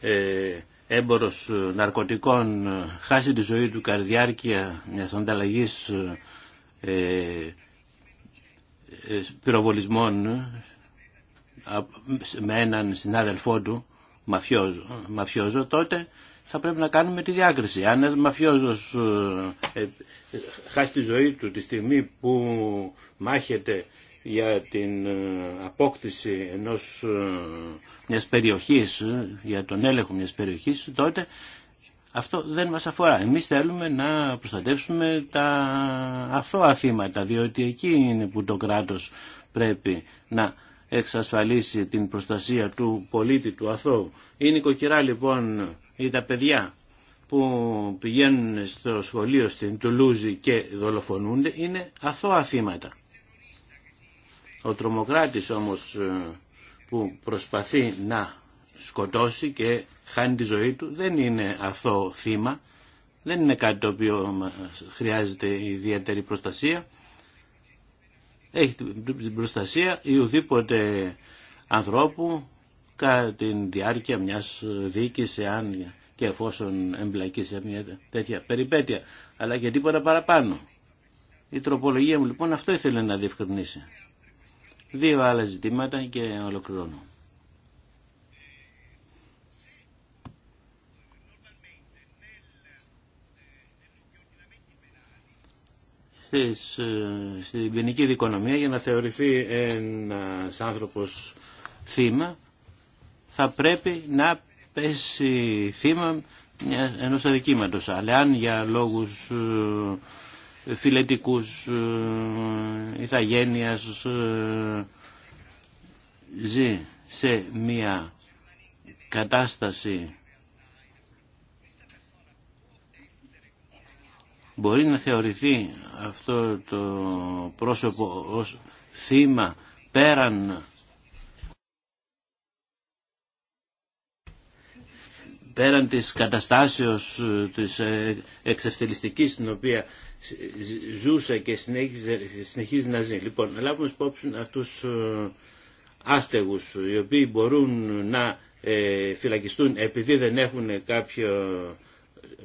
ε, έμπορος ναρκωτικών ε, χάσει τη ζωή του καρδιάρκεια μιας ανταλλαγής ε, ε, πυροβολισμών με έναν συνάδελφό του μαφιόζο, τότε θα πρέπει να κάνουμε τη διάκριση. Αν ένας μαφιόζος χάσει τη ζωή του τη στιγμή που μάχεται για την ε, απόκτηση ενός, ε, μιας περιοχής, ε, για τον έλεγχο μιας περιοχής, τότε αυτό δεν μας αφορά. Εμείς θέλουμε να προστατεύσουμε τα αθώα θύματα, διότι εκεί είναι που το κράτος πρέπει να εξασφαλίσει την προστασία του πολίτη, του αθώου. είναι νοικοκυρά λοιπόν ή τα παιδιά που πηγαίνουν στο σχολείο στην Τουλούζη και δολοφονούνται είναι αθώα θύματα. Ο τρομοκράτης όμως ε, που προσπαθεί να σκοτώσει και χάνει τη ζωή του δεν είναι αυτό θύμα, δεν είναι κάτι το οποίο χρειάζεται ιδιαίτερη προστασία. Έχει την προστασία ή ουδήποτε ανθρώπου κατά την διάρκεια μιας δίκης εάν και εφόσον εμπλακεί σε μια τέτοια περιπέτεια αλλά και τίποτα παραπάνω. Η τροπολογία μου λοιπόν αυτό ήθελε να διευκρινίσει. Δύο άλλα ζητήματα και ολοκληρώνω. Ε, στην ποινική δικονομία για να θεωρηθεί ένας άνθρωπος θύμα θα πρέπει να πέσει θύμα ενός αδικήματος. Αλλά αν για λόγους ε, φιλετικούς ε, ηθαγένειας ε, ζει σε μια κατάσταση μπορεί να θεωρηθεί αυτό το πρόσωπο ως θύμα πέραν πέραν της καταστάσεως ε, της εξευθελιστικής στην οποία ζούσε και συνεχίζει να ζει. Λοιπόν, να λάβουμε υπόψη του ε, άστεγους οι οποίοι μπορούν να ε, φυλακιστούν επειδή δεν έχουν κάποιο,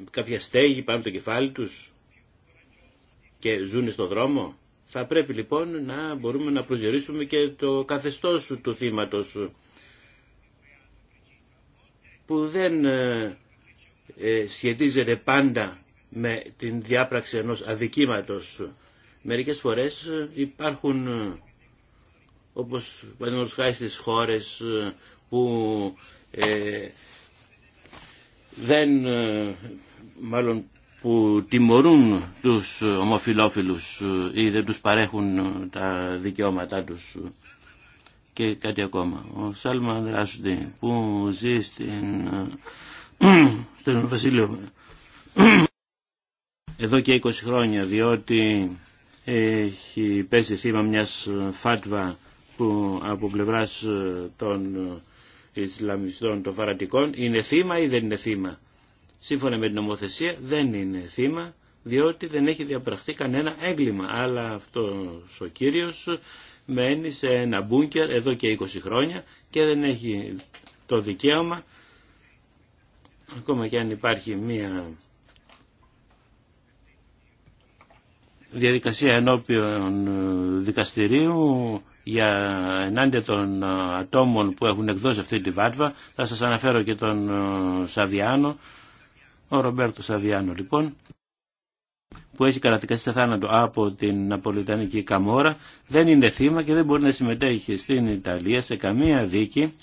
κάποια στέγη πάνω το κεφάλι τους και ζουν στο δρόμο. Θα πρέπει λοιπόν να μπορούμε να προσδιορίσουμε και το καθεστώς του θύματος που δεν ε, σχετίζεται πάντα με την διάπραξη ενός αδικήματος. Μερικές φορές υπάρχουν, όπως παραδείγματος χάρη στις χώρες που ε, δεν, ε, μάλλον που τιμωρούν τους ομοφιλόφιλους ε, ή δεν τους παρέχουν τα δικαιώματά τους και κάτι ακόμα. Ο Σάλμα Ανδράσουντι που ζει στην, στον Βασίλειο εδώ και 20 χρόνια διότι έχει πέσει θύμα μιας φάτβα που από πλευράς ε, των ε, Ισλαμιστών των φαρατικών είναι θύμα ή δεν είναι θύμα. Σύμφωνα με την νομοθεσία δεν είναι θύμα διότι δεν έχει διαπραχθεί κανένα έγκλημα. Αλλά αυτός ο κύριος μένει σε ένα μπούνκερ εδώ και 20 χρόνια και δεν έχει το δικαίωμα ακόμα και αν υπάρχει μία διαδικασία ενώπιον ε, δικαστηρίου για ενάντια των ε, ατόμων που έχουν εκδώσει αυτή τη βάτβα. Θα σας αναφέρω και τον ε, Σαβιάνο, ο Ρομπέρτο Σαβιάνο λοιπόν, που έχει καταδικαστεί σε θάνατο από την Ναπολιτανική Καμόρα, δεν είναι θύμα και δεν μπορεί να συμμετέχει στην Ιταλία σε καμία δίκη,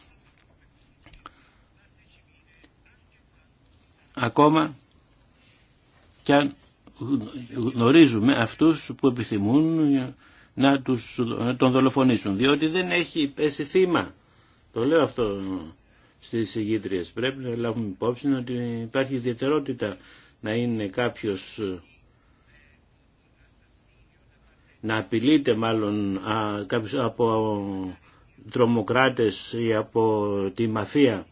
ακόμα και αν γνωρίζουμε αυτούς που επιθυμούν να, τον δολοφονήσουν, διότι δεν έχει πέσει θύμα. Το λέω αυτό στις ηγήτριες. Πρέπει να λάβουμε υπόψη ότι υπάρχει ιδιαιτερότητα να είναι κάποιος να απειλείται μάλλον κάποιος από τρομοκράτες ή από τη μαφία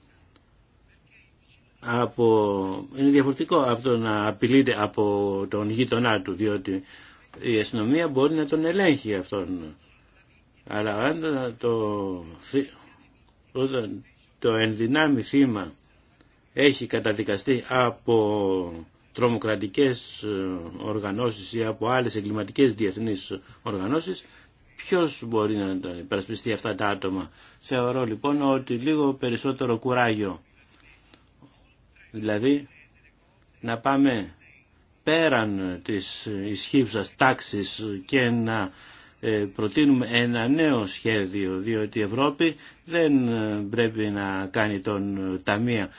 από... είναι διαφορετικό από το να απειλείται από τον γείτονά του, διότι η αστυνομία μπορεί να τον ελέγχει αυτόν. Αλλά αν το, όταν το ενδυνάμει θύμα έχει καταδικαστεί από τρομοκρατικές ε, οργανώσεις ή από άλλες εγκληματικές διεθνείς οργανώσεις, ποιος μπορεί να υπερασπιστεί αυτά τα άτομα. Θεωρώ λοιπόν ότι λίγο περισσότερο κουράγιο Δηλαδή να πάμε πέραν της ισχύψας τάξης και να ε, προτείνουμε ένα νέο σχέδιο διότι η Ευρώπη δεν ε, πρέπει να κάνει τον ε, ταμεία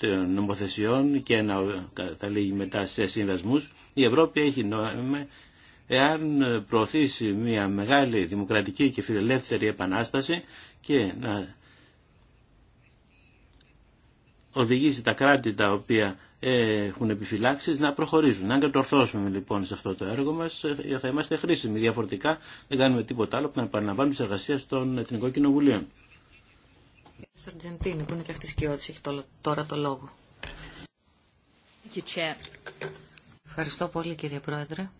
των νομοθεσιών και να καταλήγει μετά σε συμβασμούς. Η Ευρώπη έχει νόημα εάν προωθήσει μια μεγάλη δημοκρατική και φιλελεύθερη επανάσταση και να οδηγήσει τα κράτη τα οποία ε, έχουν επιφυλάξει να προχωρήσουν. Αν κατορθώσουμε λοιπόν σε αυτό το έργο μας ε, θα είμαστε χρήσιμοι. Διαφορετικά δεν κάνουμε τίποτα άλλο που να επαναλαμβάνουμε τις εργασίες των Εθνικών Κοινοβουλίων. το λόγο. Ευχαριστώ πολύ κύριε Πρόεδρε.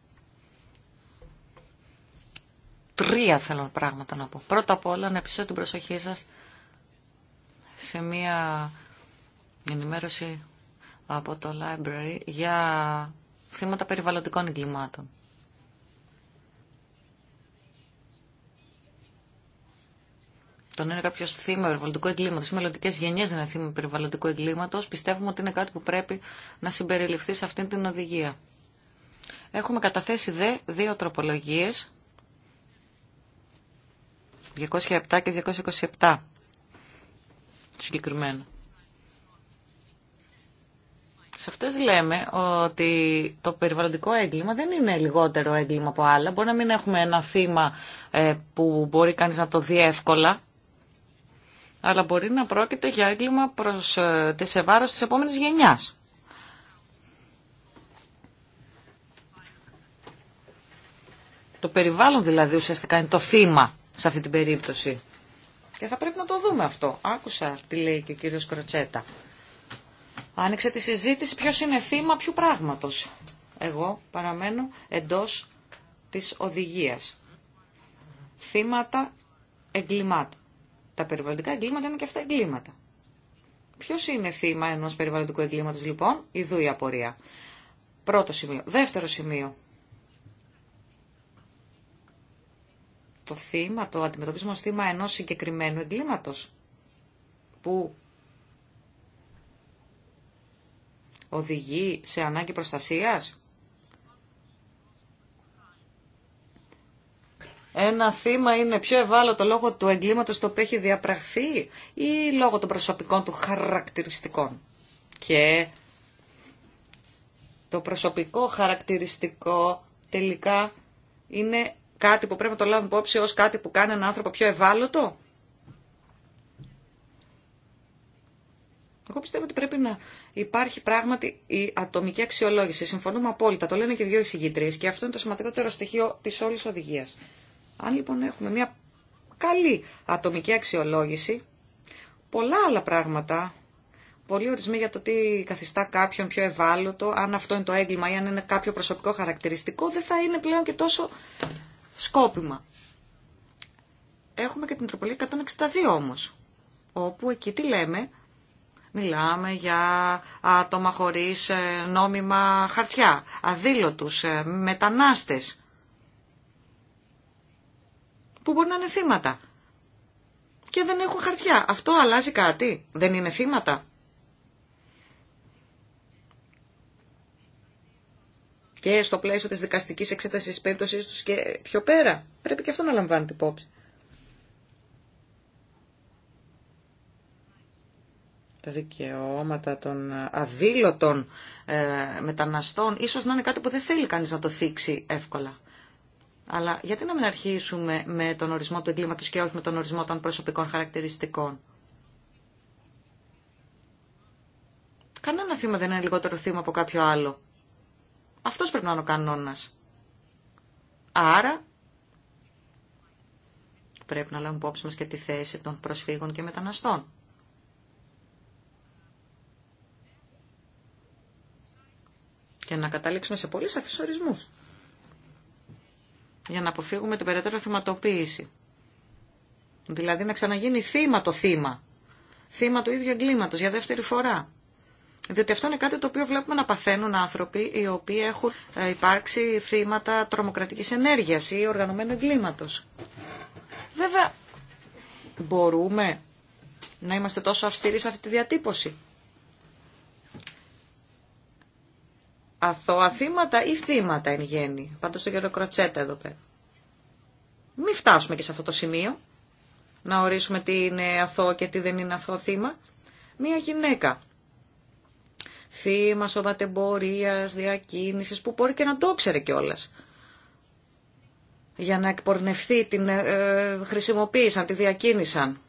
Τρία θέλω πράγματα να πω. Πρώτα απ' όλα να επιστρέψω την προσοχή σας σε μία ενημέρωση από το Library για θύματα περιβαλλοντικών εγκλημάτων. Το να είναι κάποιο θύμα περιβαλλοντικού εγκλήματο, ή μελλοντικέ γενιέ να είναι θύμα περιβαλλοντικού εγκλήματο, πιστεύουμε ότι είναι κάτι που πρέπει να συμπεριληφθεί σε αυτήν την οδηγία. Έχουμε καταθέσει δε δύο τροπολογίε, 207 και 227 συγκεκριμένα. Σε αυτές λέμε ότι το περιβαλλοντικό έγκλημα δεν είναι λιγότερο έγκλημα από άλλα. Μπορεί να μην έχουμε ένα θύμα ε, που μπορεί κανείς να το δει εύκολα, αλλά μπορεί να πρόκειται για έγκλημα προς ε, τη σε βάρο της επόμενη γενιάς. Το περιβάλλον δηλαδή ουσιαστικά είναι το θύμα σε αυτή την περίπτωση. Και θα πρέπει να το δούμε αυτό. Άκουσα τι λέει και ο κύριος Κροτσέτα άνοιξε τη συζήτηση ποιος είναι θύμα ποιου πράγματος. Εγώ παραμένω εντός της οδηγίας. Θύματα εγκλημάτων. Τα περιβαλλοντικά εγκλήματα είναι και αυτά εγκλήματα. Ποιο είναι θύμα ενό περιβαλλοντικού εγκλήματο, λοιπόν, ιδού η απορία. Πρώτο σημείο. Δεύτερο σημείο. Το θύμα, το αντιμετωπίσμα ω θύμα ενό συγκεκριμένου εγκλήματο. που οδηγεί σε ανάγκη προστασίας. Ένα θύμα είναι πιο ευάλωτο λόγω του εγκλήματος το οποίο έχει διαπραχθεί ή λόγω των προσωπικών του χαρακτηριστικών. Και το προσωπικό χαρακτηριστικό τελικά είναι κάτι που πρέπει να το λάβουμε υπόψη ως κάτι που κάνει έναν άνθρωπο πιο ευάλωτο Εγώ πιστεύω ότι πρέπει να υπάρχει πράγματι η ατομική αξιολόγηση. Συμφωνούμε απόλυτα. Το λένε και δύο εισηγήτριε και αυτό είναι το σημαντικότερο στοιχείο τη όλη οδηγία. Αν λοιπόν έχουμε μια καλή ατομική αξιολόγηση, πολλά άλλα πράγματα, πολλοί ορισμοί για το τι καθιστά κάποιον πιο ευάλωτο, αν αυτό είναι το έγκλημα ή αν είναι κάποιο προσωπικό χαρακτηριστικό, δεν θα είναι πλέον και τόσο σκόπιμα. Έχουμε και την τροπολογία 162 όμως, όπου εκεί τι λέμε, Μιλάμε για άτομα χωρίς ε, νόμιμα χαρτιά, αδήλωτους, ε, μετανάστες, που μπορεί να είναι θύματα και δεν έχουν χαρτιά. Αυτό αλλάζει κάτι, δεν είναι θύματα. Και στο πλαίσιο της δικαστικής εξέτασης περίπτωσής τους και πιο πέρα, πρέπει και αυτό να λαμβάνεται υπόψη. τα δικαιώματα των αδήλωτων ε, μεταναστών, ίσως να είναι κάτι που δεν θέλει κανείς να το θίξει εύκολα. Αλλά γιατί να μην αρχίσουμε με τον ορισμό του εγκλήματος και όχι με τον ορισμό των προσωπικών χαρακτηριστικών. Κανένα θύμα δεν είναι λιγότερο θύμα από κάποιο άλλο. Αυτός πρέπει να είναι ο κανόνας. Άρα πρέπει να λάβουμε υπόψη μας και τη θέση των προσφύγων και μεταναστών. και να καταλήξουμε σε πολλούς αφισορισμούς για να αποφύγουμε την περαιτέρω θυματοποίηση. Δηλαδή να ξαναγίνει θύμα το θύμα. Θύμα του ίδιου εγκλήματος για δεύτερη φορά. Διότι αυτό είναι κάτι το οποίο βλέπουμε να παθαίνουν άνθρωποι οι οποίοι έχουν ε, υπάρξει θύματα τρομοκρατικής ενέργειας ή οργανωμένου εγκλήματος. Βέβαια, μπορούμε να είμαστε τόσο αυστηροί σε αυτή τη διατύπωση. αθώα θύματα ή θύματα εν γέννη. Πάντω το κύριο Κροτσέτα εδώ πέρα. Μην φτάσουμε και σε αυτό το σημείο να ορίσουμε τι είναι αθώο και τι δεν είναι αθώο θύμα. Μία γυναίκα θύμα σωματεμπορίας, διακίνησης, που μπορεί και να το ξέρε κιόλα. Για να εκπορνευθεί, την ε, ε, χρησιμοποίησαν, τη διακίνησαν.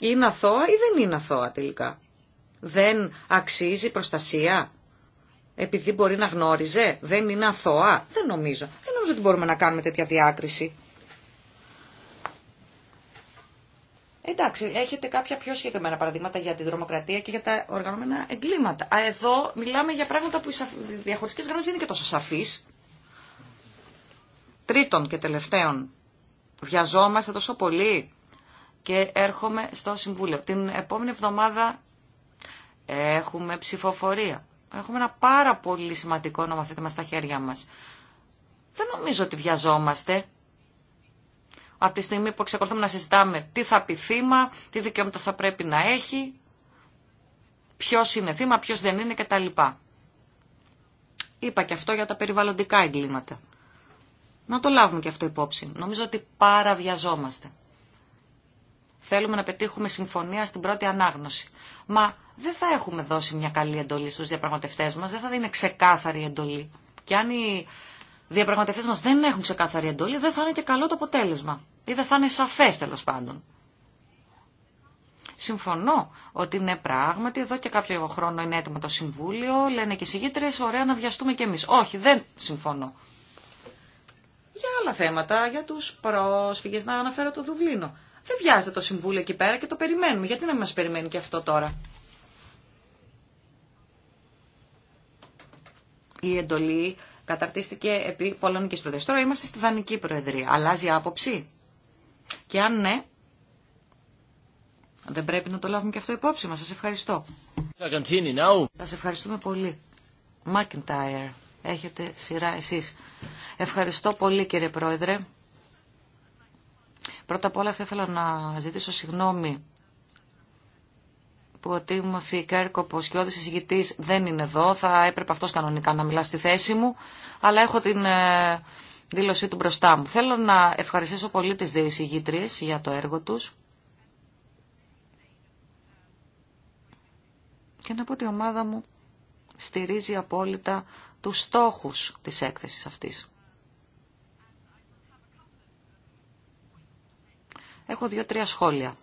Είναι αθώα ή δεν είναι αθώα τελικά δεν αξίζει προστασία επειδή μπορεί να γνώριζε, δεν είναι αθώα. Δεν νομίζω. Δεν νομίζω ότι μπορούμε να κάνουμε τέτοια διάκριση. Εντάξει, έχετε κάποια πιο συγκεκριμένα παραδείγματα για την τρομοκρατία και για τα οργανωμένα εγκλήματα. Α, εδώ μιλάμε για πράγματα που οι διαχωριστικές γραμμές δεν είναι και τόσο σαφείς. Τρίτον και τελευταίον, βιαζόμαστε τόσο πολύ και έρχομαι στο Συμβούλιο. Την επόμενη εβδομάδα Έχουμε ψηφοφορία. Έχουμε ένα πάρα πολύ σημαντικό νομοθέτημα στα χέρια μας. Δεν νομίζω ότι βιαζόμαστε. Από τη στιγμή που εξακολουθούμε να συζητάμε τι θα πει θύμα, τι δικαιώματα θα πρέπει να έχει, ποιος είναι θύμα, ποιος δεν είναι κτλ. Είπα και αυτό για τα περιβαλλοντικά εγκλήματα. Να το λάβουμε και αυτό υπόψη. Νομίζω ότι παραβιαζόμαστε. Θέλουμε να πετύχουμε συμφωνία στην πρώτη ανάγνωση. Μα δεν θα έχουμε δώσει μια καλή εντολή στους διαπραγματευτές μας, δεν θα δίνει ξεκάθαρη εντολή. Και αν οι διαπραγματευτές μας δεν έχουν ξεκάθαρη εντολή, δεν θα είναι και καλό το αποτέλεσμα. Ή δεν θα είναι σαφές τέλο πάντων. Συμφωνώ ότι ναι πράγματι, εδώ και κάποιο χρόνο είναι έτοιμο το Συμβούλιο, λένε και οι συγγύτρε, ωραία να βιαστούμε κι εμείς. Όχι, δεν συμφωνώ. Για άλλα θέματα, για τους πρόσφυγες, να αναφέρω το Δουβλίνο. Δεν βιάζεται το Συμβούλιο εκεί πέρα και το περιμένουμε. Γιατί να μας περιμένει και αυτό τώρα. Η εντολή καταρτίστηκε επί Πολωνικής Προεδρία. Τώρα είμαστε στη Δανική Προεδρία. Αλλάζει άποψη. Και αν ναι, δεν πρέπει να το λάβουμε και αυτό υπόψη μας. Σας ευχαριστώ. Σας ευχαριστούμε πολύ. Μάκιντάιρ, έχετε σειρά εσείς. Ευχαριστώ πολύ κύριε Πρόεδρε. Πρώτα απ' όλα θα ήθελα να ζητήσω συγγνώμη που ο Τίμωθη Κέρκοπο και ο εισηγητή δεν είναι εδώ. Θα έπρεπε αυτό κανονικά να μιλά στη θέση μου, αλλά έχω την ε, δήλωσή του μπροστά μου. Θέλω να ευχαριστήσω πολύ τι δύο για το έργο του. Και να πω ότι η ομάδα μου στηρίζει απόλυτα τους στόχους της έκθεσης αυτής. Έχω δύο-τρία σχόλια.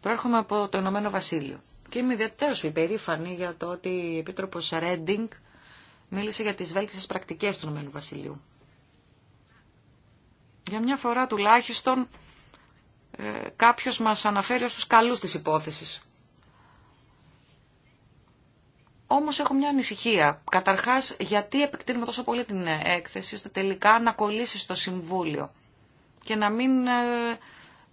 Προέρχομαι από το Ηνωμένο Βασίλειο και είμαι ιδιαίτερο υπερήφανη για το ότι η Επίτροπο Ρέντινγκ μίλησε για τι βέλτιστε πρακτικέ του Ηνωμένου Βασιλείου. Για μια φορά τουλάχιστον ε, κάποιος μας αναφέρει ω του καλούς τη υπόθεση. Όμως έχω μια ανησυχία. Καταρχά γιατί επεκτείνουμε τόσο πολύ την έκθεση, ώστε τελικά να κολλήσει στο Συμβούλιο και να μην ε,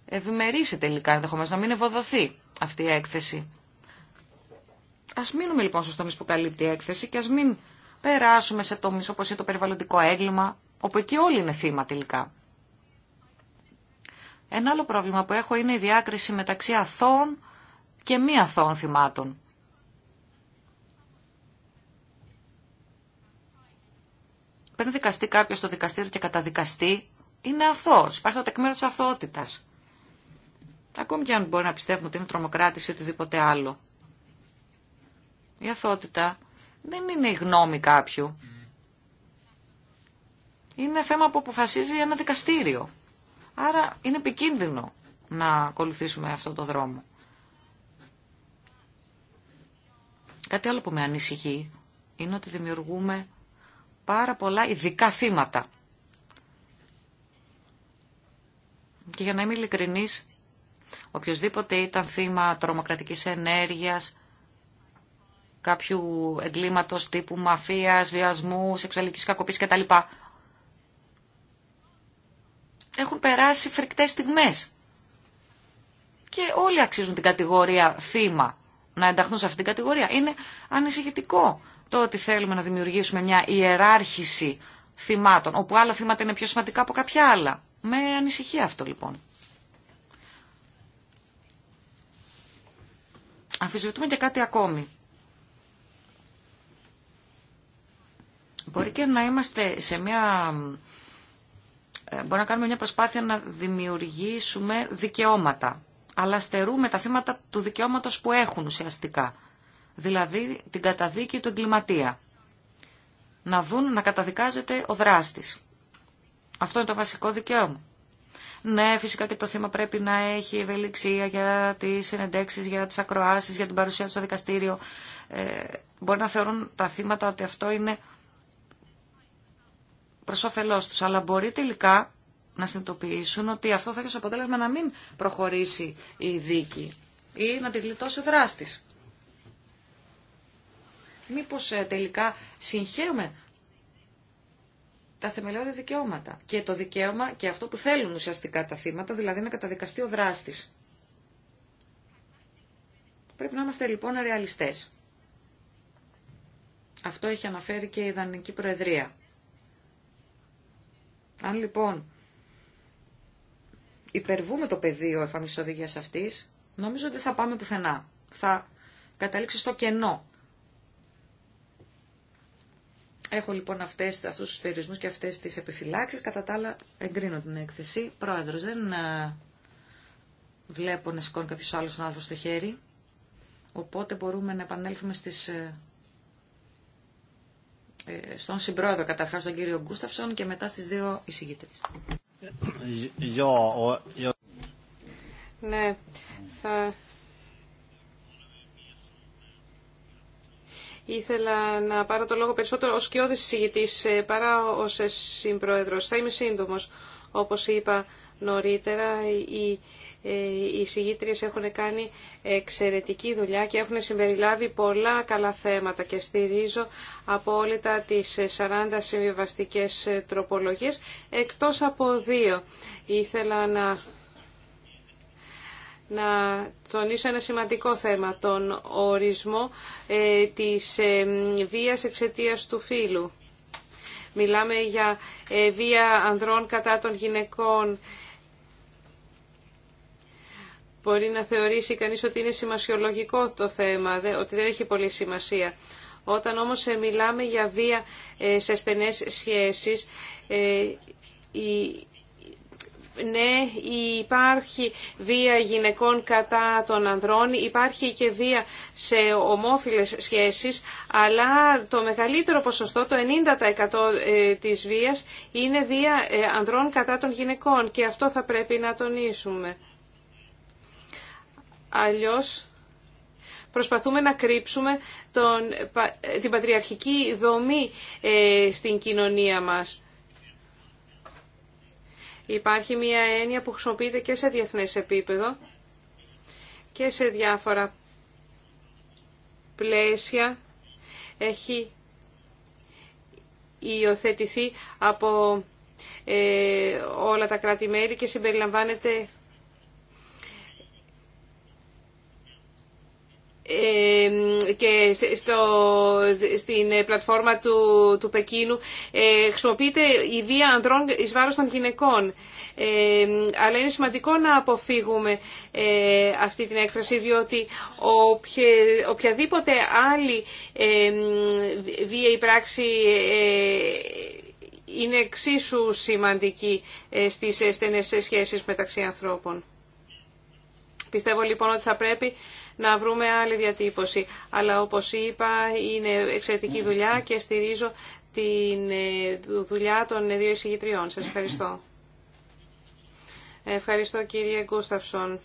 ευημερήσει τελικά ενδεχομένω, να μην ευοδοθεί αυτή η έκθεση. Ας μείνουμε λοιπόν στου τομείς που καλύπτει η έκθεση και ας μην περάσουμε σε τομείς όπως είναι το περιβαλλοντικό έγκλημα, όπου εκεί όλοι είναι θύμα τελικά. Ένα άλλο πρόβλημα που έχω είναι η διάκριση μεταξύ αθώων και μη αθώων θυμάτων. Πριν δικαστεί κάποιο στο δικαστήριο και καταδικαστεί, είναι αθώος. Υπάρχει το τεκμήριο της αθωότητας. Ακόμη και αν μπορεί να πιστεύουμε ότι είναι τρομοκράτης ή οτιδήποτε άλλο. Η αθότητα δεν είναι η γνώμη κάποιου. Είναι θέμα που αποφασίζει ένα δικαστήριο. Άρα είναι επικίνδυνο να ακολουθήσουμε αυτό το δρόμο. Κάτι άλλο που με ανησυχεί είναι ότι δημιουργούμε πάρα πολλά ειδικά θύματα Και για να είμαι ειλικρινής, οποιοδήποτε ήταν θύμα τρομοκρατικής ενέργειας, κάποιου εγκλήματος τύπου μαφίας, βιασμού, σεξουαλικής κακοποίησης κτλ. Έχουν περάσει φρικτές στιγμές. Και όλοι αξίζουν την κατηγορία θύμα να ενταχθούν σε αυτήν την κατηγορία. Είναι ανησυχητικό το ότι θέλουμε να δημιουργήσουμε μια ιεράρχηση θυμάτων, όπου άλλα θύματα είναι πιο σημαντικά από κάποια άλλα. Με ανησυχία αυτό λοιπόν. Αμφισβητούμε και κάτι ακόμη. Μπορεί και να είμαστε σε μια... Ε, μπορεί να κάνουμε μια προσπάθεια να δημιουργήσουμε δικαιώματα. Αλλά στερούμε τα θύματα του δικαιώματος που έχουν ουσιαστικά. Δηλαδή την καταδίκη του εγκληματία. Να δουν να καταδικάζεται ο δράστης. Αυτό είναι το βασικό δικαίωμα. Ναι, φυσικά και το θύμα πρέπει να έχει ευελιξία για τι συνεντέξει, για τι ακροάσει, για την παρουσία του στο δικαστήριο. Ε, μπορεί να θεωρούν τα θύματα ότι αυτό είναι προ όφελό του, αλλά μπορεί τελικά να συνειδητοποιήσουν ότι αυτό θα έχει ω αποτέλεσμα να μην προχωρήσει η δίκη ή να τη γλιτώσει ο δράστη. Μήπως ε, τελικά συγχαίρουμε τα θεμελιώδη δικαιώματα και το δικαίωμα και αυτό που θέλουν ουσιαστικά τα θύματα, δηλαδή να καταδικαστεί ο δράστης. Πρέπει να είμαστε λοιπόν ρεαλιστέ. Αυτό έχει αναφέρει και η Δανική Προεδρία. Αν λοιπόν υπερβούμε το πεδίο εφαρμογή οδηγία αυτής, νομίζω ότι θα πάμε πουθενά. Θα καταλήξει στο κενό Έχω λοιπόν αυτές, αυτούς τους περιορισμούς και αυτές τις επιφυλάξεις. Κατά τα άλλα εγκρίνω την έκθεση. Πρόεδρος, δεν βλέπω να σηκώνει κάποιος άλλος να άλλο στο χέρι. Οπότε μπορούμε να επανέλθουμε στις, ε, ε, στον συμπρόεδρο καταρχάς, τον κύριο Γκούσταυσον και μετά στις δύο εισηγήτρες. Ναι, θα Ήθελα να πάρω το λόγο περισσότερο ως όδης συγητής ε, παρά ως ε, συμπρόεδρος. Θα είμαι σύντομος. Όπως είπα νωρίτερα, οι, ε, οι συγγήτριες έχουν κάνει εξαιρετική δουλειά και έχουν συμπεριλάβει πολλά καλά θέματα και στηρίζω απόλυτα τις 40 συμβιβαστικές τροπολογίες, εκτός από δύο. Ήθελα να να τονίσω ένα σημαντικό θέμα, τον ορισμό ε, της ε, βίας του φύλου. Μιλάμε για ε, βία ανδρών κατά των γυναικών. Μπορεί να θεωρήσει κανείς ότι είναι σημασιολογικό το θέμα, ότι δεν έχει πολύ σημασία. Όταν όμως ε, μιλάμε για βία ε, σε στενές σχέσεις, ναι, υπάρχει βία γυναικών κατά των ανδρών, υπάρχει και βία σε ομόφιλες σχέσεις, αλλά το μεγαλύτερο ποσοστό, το 90% ε, της βίας, είναι βία ε, ανδρών κατά των γυναικών και αυτό θα πρέπει να τονίσουμε. Αλλιώς προσπαθούμε να κρύψουμε τον, ε, την πατριαρχική δομή στην κοινωνία μας. Υπάρχει μια έννοια που χρησιμοποιείται και σε διεθνές επίπεδο και σε διάφορα πλαίσια έχει υιοθετηθεί από ε, όλα τα κράτη-μέλη και συμπεριλαμβάνεται και στο, στην πλατφόρμα του, του Πεκίνου ε, χρησιμοποιείται η βία ανδρών εις βάρος των γυναικών. Ε, αλλά είναι σημαντικό να αποφύγουμε ε, αυτή την έκφραση διότι οποια, οποιαδήποτε άλλη βία η πράξη ε, είναι εξίσου σημαντική στις στενές σχέσεις μεταξύ ανθρώπων. Πιστεύω λοιπόν ότι θα πρέπει να βρούμε άλλη διατύπωση. Αλλά όπως είπα είναι εξαιρετική δουλειά και στηρίζω τη ε, δουλειά των δύο εισηγητριών. Σας ευχαριστώ. Ευχαριστώ κύριε Γκούσταυσον.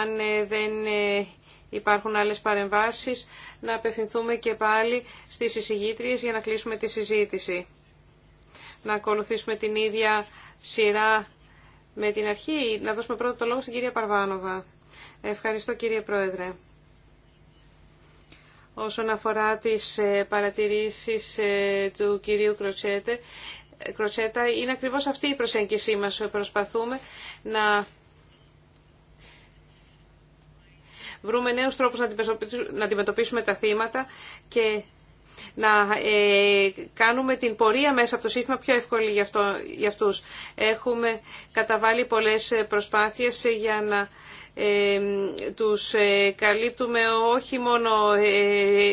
Αν ε, δεν ε, υπάρχουν άλλες παρεμβάσεις, να απευθυνθούμε και πάλι στις εισηγήτριες για να κλείσουμε τη συζήτηση. Να ακολουθήσουμε την ίδια σειρά με την αρχή. Να δώσουμε πρώτο το λόγο στην κυρία Παρβάνοβα. Ευχαριστώ κύριε Πρόεδρε. Όσον αφορά τις ε, παρατηρήσεις ε, του κυρίου Κροτσέτε, ε, Κροτσέτα, είναι ακριβώς αυτή η προσέγγιση μας. Προσπαθούμε να βρούμε νέους τρόπους να αντιμετωπίσουμε τα θύματα και να κάνουμε την πορεία μέσα από το σύστημα πιο εύκολη για, αυτό, για αυτούς. Έχουμε καταβάλει πολλές προσπάθειες για να τους ε, καλύπτουμε όχι μόνο, ε,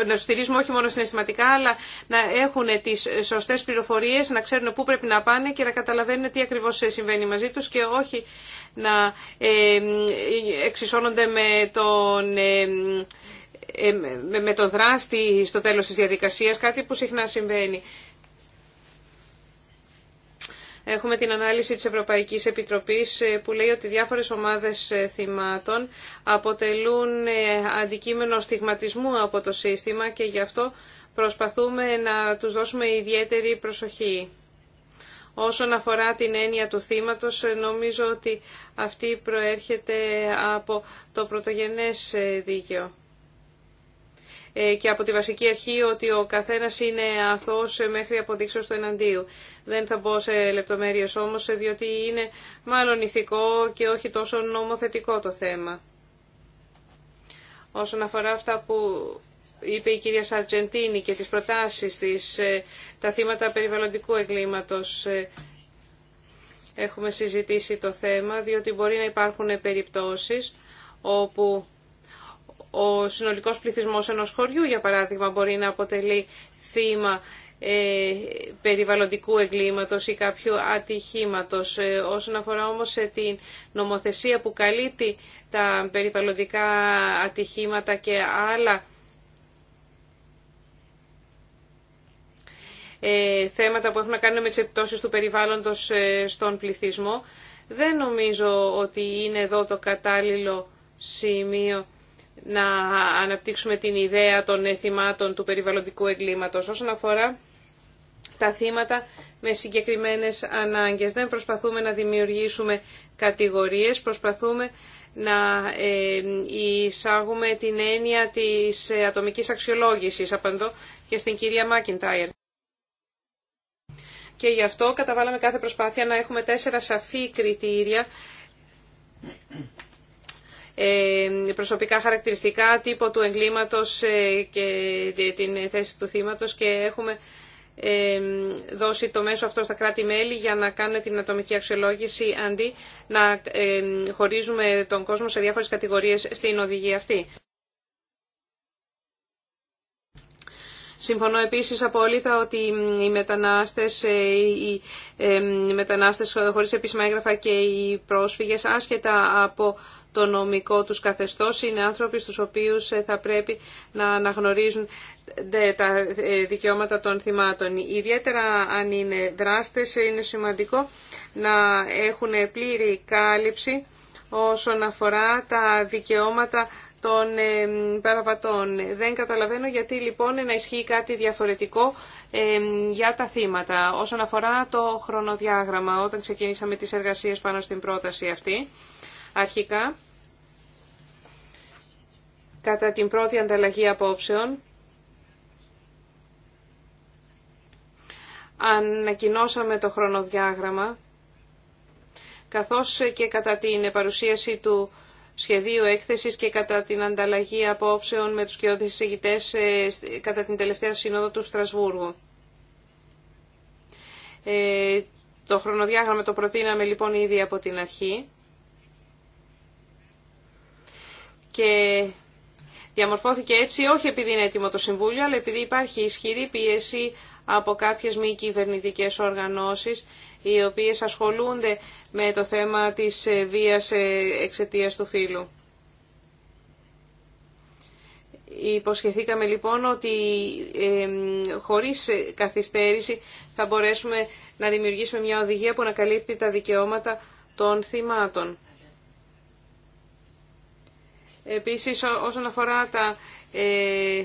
ε, να στηρίζουμε όχι μόνο συναισθηματικά, αλλά να έχουν τις σωστές πληροφορίες, να ξέρουν πού πρέπει να πάνε και να καταλαβαίνουν τι ακριβώς συμβαίνει μαζί τους και όχι να εξισώνονται με τον με τον δράστη στο τέλος της διαδικασίας, κάτι που συχνά συμβαίνει. Έχουμε την ανάλυση της Ευρωπαϊκής Επιτροπής ε, που λέει ότι διάφορες ομάδες ε, θυμάτων αποτελούν ε, αντικείμενο στιγματισμού από το σύστημα και γι' αυτό προσπαθούμε να τους δώσουμε ιδιαίτερη προσοχή. Όσον αφορά την έννοια του θύματος, νομίζω ότι αυτή προέρχεται από το πρωτογενές δίκαιο. Ε, και από τη βασική αρχή ότι ο καθένας είναι αθώος ε, μέχρι αποδείξεως του εναντίου. Δεν θα μπω σε λεπτομέρειες όμως, ε, διότι είναι μάλλον ηθικό και όχι τόσο νομοθετικό το θέμα. Όσον αφορά αυτά που είπε η κυρία Σαρτζεντίνη και τις προτάσεις της, τα θύματα περιβαλλοντικού εγκλήματος, έχουμε συζητήσει το θέμα, διότι μπορεί να υπάρχουν περιπτώσεις όπου ο συνολικός πληθυσμός ενός χωριού, για παράδειγμα, μπορεί να αποτελεί θύμα ε, περιβαλλοντικού εγκλήματος ή κάποιου ατυχήματος. Ε, όσον αφορά όμως σε την νομοθεσία που καλύπτει τα περιβαλλοντικά ατυχήματα και άλλα ε, θέματα που έχουν να κάνουν με τις επιπτώσεις του περιβάλλοντος στον πληθυσμό, δεν νομίζω ότι είναι εδώ το κατάλληλο σημείο να αναπτύξουμε την ιδέα των θυμάτων του περιβαλλοντικού εγκλήματος. Όσον αφορά τα θύματα με συγκεκριμένες ανάγκες. Δεν προσπαθούμε να δημιουργήσουμε κατηγορίες, προσπαθούμε να ε, εισάγουμε την έννοια της ατομικής αξιολόγησης, απαντώ και στην κυρία Μάκιντάιρ. Και γι' αυτό καταβάλαμε κάθε προσπάθεια να έχουμε τέσσερα σαφή κριτήρια ε, προσωπικά χαρακτηριστικά, τύπο του εγκλήματος ε, και την θέση του θύματος και έχουμε ε, δώσει το μέσο αυτό στα κράτη-μέλη για να κάνουν την ατομική αξιολόγηση αντί να χωρίζουμε τον κόσμο σε διάφορες κατηγορίες στην οδηγία αυτή. Συμφωνώ επίσης απόλυτα ότι οι μετανάστες, ε, ε, οι μετανάστες χωρίς επίσημα έγγραφα και οι πρόσφυγες άσχετα από το νομικό τους καθεστώς είναι άνθρωποι στους οποίους ε, θα πρέπει να αναγνωρίζουν τα δικαιώματα των θυμάτων. Ιδιαίτερα αν είναι δράστες είναι σημαντικό να έχουν πλήρη κάλυψη όσον αφορά τα δικαιώματα των ε, παραβατών. Δεν καταλαβαίνω γιατί λοιπόν να ισχύει κάτι διαφορετικό ε, για τα θύματα. Όσον αφορά το χρονοδιάγραμμα, όταν ξεκινήσαμε τις εργασίες πάνω στην πρόταση αυτή, αρχικά, κατά την πρώτη ανταλλαγή απόψεων, ανακοινώσαμε το χρονοδιάγραμμα, καθώς και κατά την παρουσίαση του Σχεδίο έκθεσης και κατά την ανταλλαγή απόψεων με τους κοιόδης εισηγητές ε, κατά την τελευταία σύνοδο του Στρασβούργου. Ε, το χρονοδιάγραμμα το προτείναμε λοιπόν ήδη από την αρχή και διαμορφώθηκε έτσι όχι επειδή είναι έτοιμο το Συμβούλιο αλλά επειδή υπάρχει ισχυρή πίεση από κάποιες μη κυβερνητικέ οργανώσεις οι οποίες ασχολούνται με το θέμα της ε, βίας ε, εξαιτίας του φύλου. Υποσχεθήκαμε λοιπόν ότι ε, χωρίς καθυστέρηση θα μπορέσουμε να δημιουργήσουμε μια οδηγία που να καλύπτει τα δικαιώματα των θυμάτων. Επίσης όσον αφορά τα ε,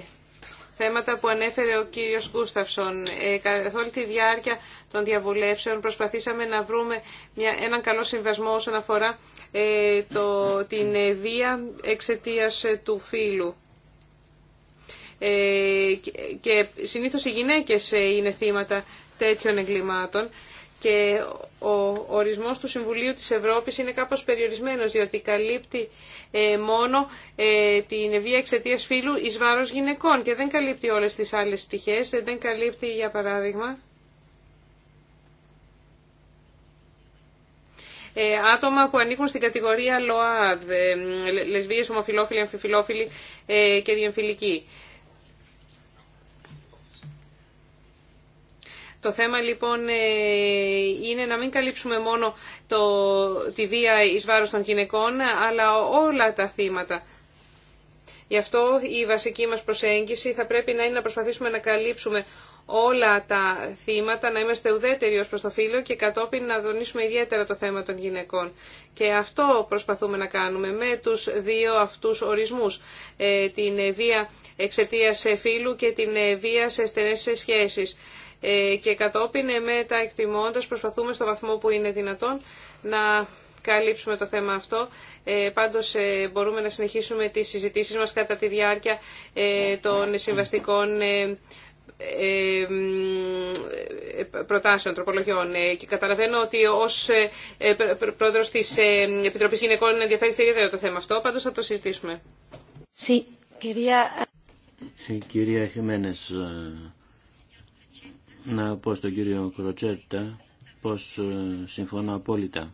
θέματα που ανέφερε ο κύριος Γκούσταυσον. Ε, καθ' όλη τη διάρκεια των διαβουλεύσεων προσπαθήσαμε να βρούμε μια, έναν καλό συμβασμό όσον αφορά ε, το, την ε, βία εξαιτία ε, του φίλου Ε, και συνήθως οι γυναίκες ε, είναι θύματα τέτοιων εγκλημάτων και ο ορισμός του Συμβουλίου της Ευρώπης είναι κάπως περιορισμένος, διότι καλύπτει ε, μόνο ε, την βία εξαιτία φύλου εις βάρος γυναικών και δεν καλύπτει όλες τις άλλες πτυχές, ε, δεν καλύπτει για παράδειγμα... άτομα που ανήκουν στην κατηγορία ΛΟΑΔ, ε, λεσβείες, ομοφιλόφιλοι, αμφιφιλόφιλοι και διεμφυλικοί. Το θέμα λοιπόν ε, είναι να μην καλύψουμε μόνο το, τη βία εις βάρος των γυναικών, αλλά όλα τα θύματα. Γι' αυτό η βασική μας προσέγγιση θα πρέπει να είναι να προσπαθήσουμε να καλύψουμε όλα τα θύματα, να είμαστε ουδέτεροι ως προς το φύλλο και κατόπιν να τονίσουμε ιδιαίτερα το θέμα των γυναικών. Και αυτό προσπαθούμε να κάνουμε με τους δύο αυτούς ορισμούς, ε, την βία εξαιτίας ε, φύλου και την βία σε στενές σχέσεις. Ε, και κατόπιν ε, με τα εκτιμώντας προσπαθούμε στο βαθμό που είναι δυνατόν να καλύψουμε το θέμα αυτό. Ε, πάντως ε, μπορούμε να συνεχίσουμε τις συζητήσεις μας κατά τη διάρκεια των συμβαστικών προτάσεων, τροπολογιών. Και καταλαβαίνω ότι ω πρόεδρο τη Επιτροπή Γυναικών ενδιαφέρει ιδιαίτερα το θέμα αυτό, πάντω θα το συζητήσουμε. Κυρία να πω στον κύριο Κροτσέτα πως ε, συμφωνώ απόλυτα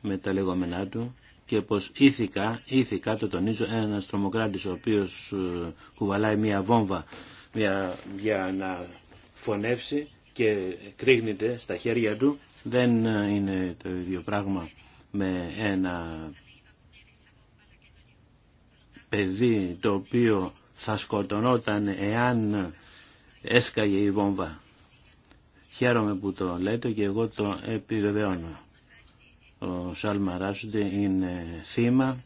με τα λεγόμενά του και πως ήθηκα, ήθηκα το τονίζω, ένας τρομοκράτης ο οποίος ε, κουβαλάει μία βόμβα για να φωνεύσει και κρύγνεται στα χέρια του δεν ε, είναι το ίδιο πράγμα με ένα παιδί το οποίο θα σκοτωνόταν εάν έσκαγε η βόμβα. Χαίρομαι που το λέτε και εγώ το επιβεβαιώνω. Ο Σάλμα Ράσοντε είναι θύμα,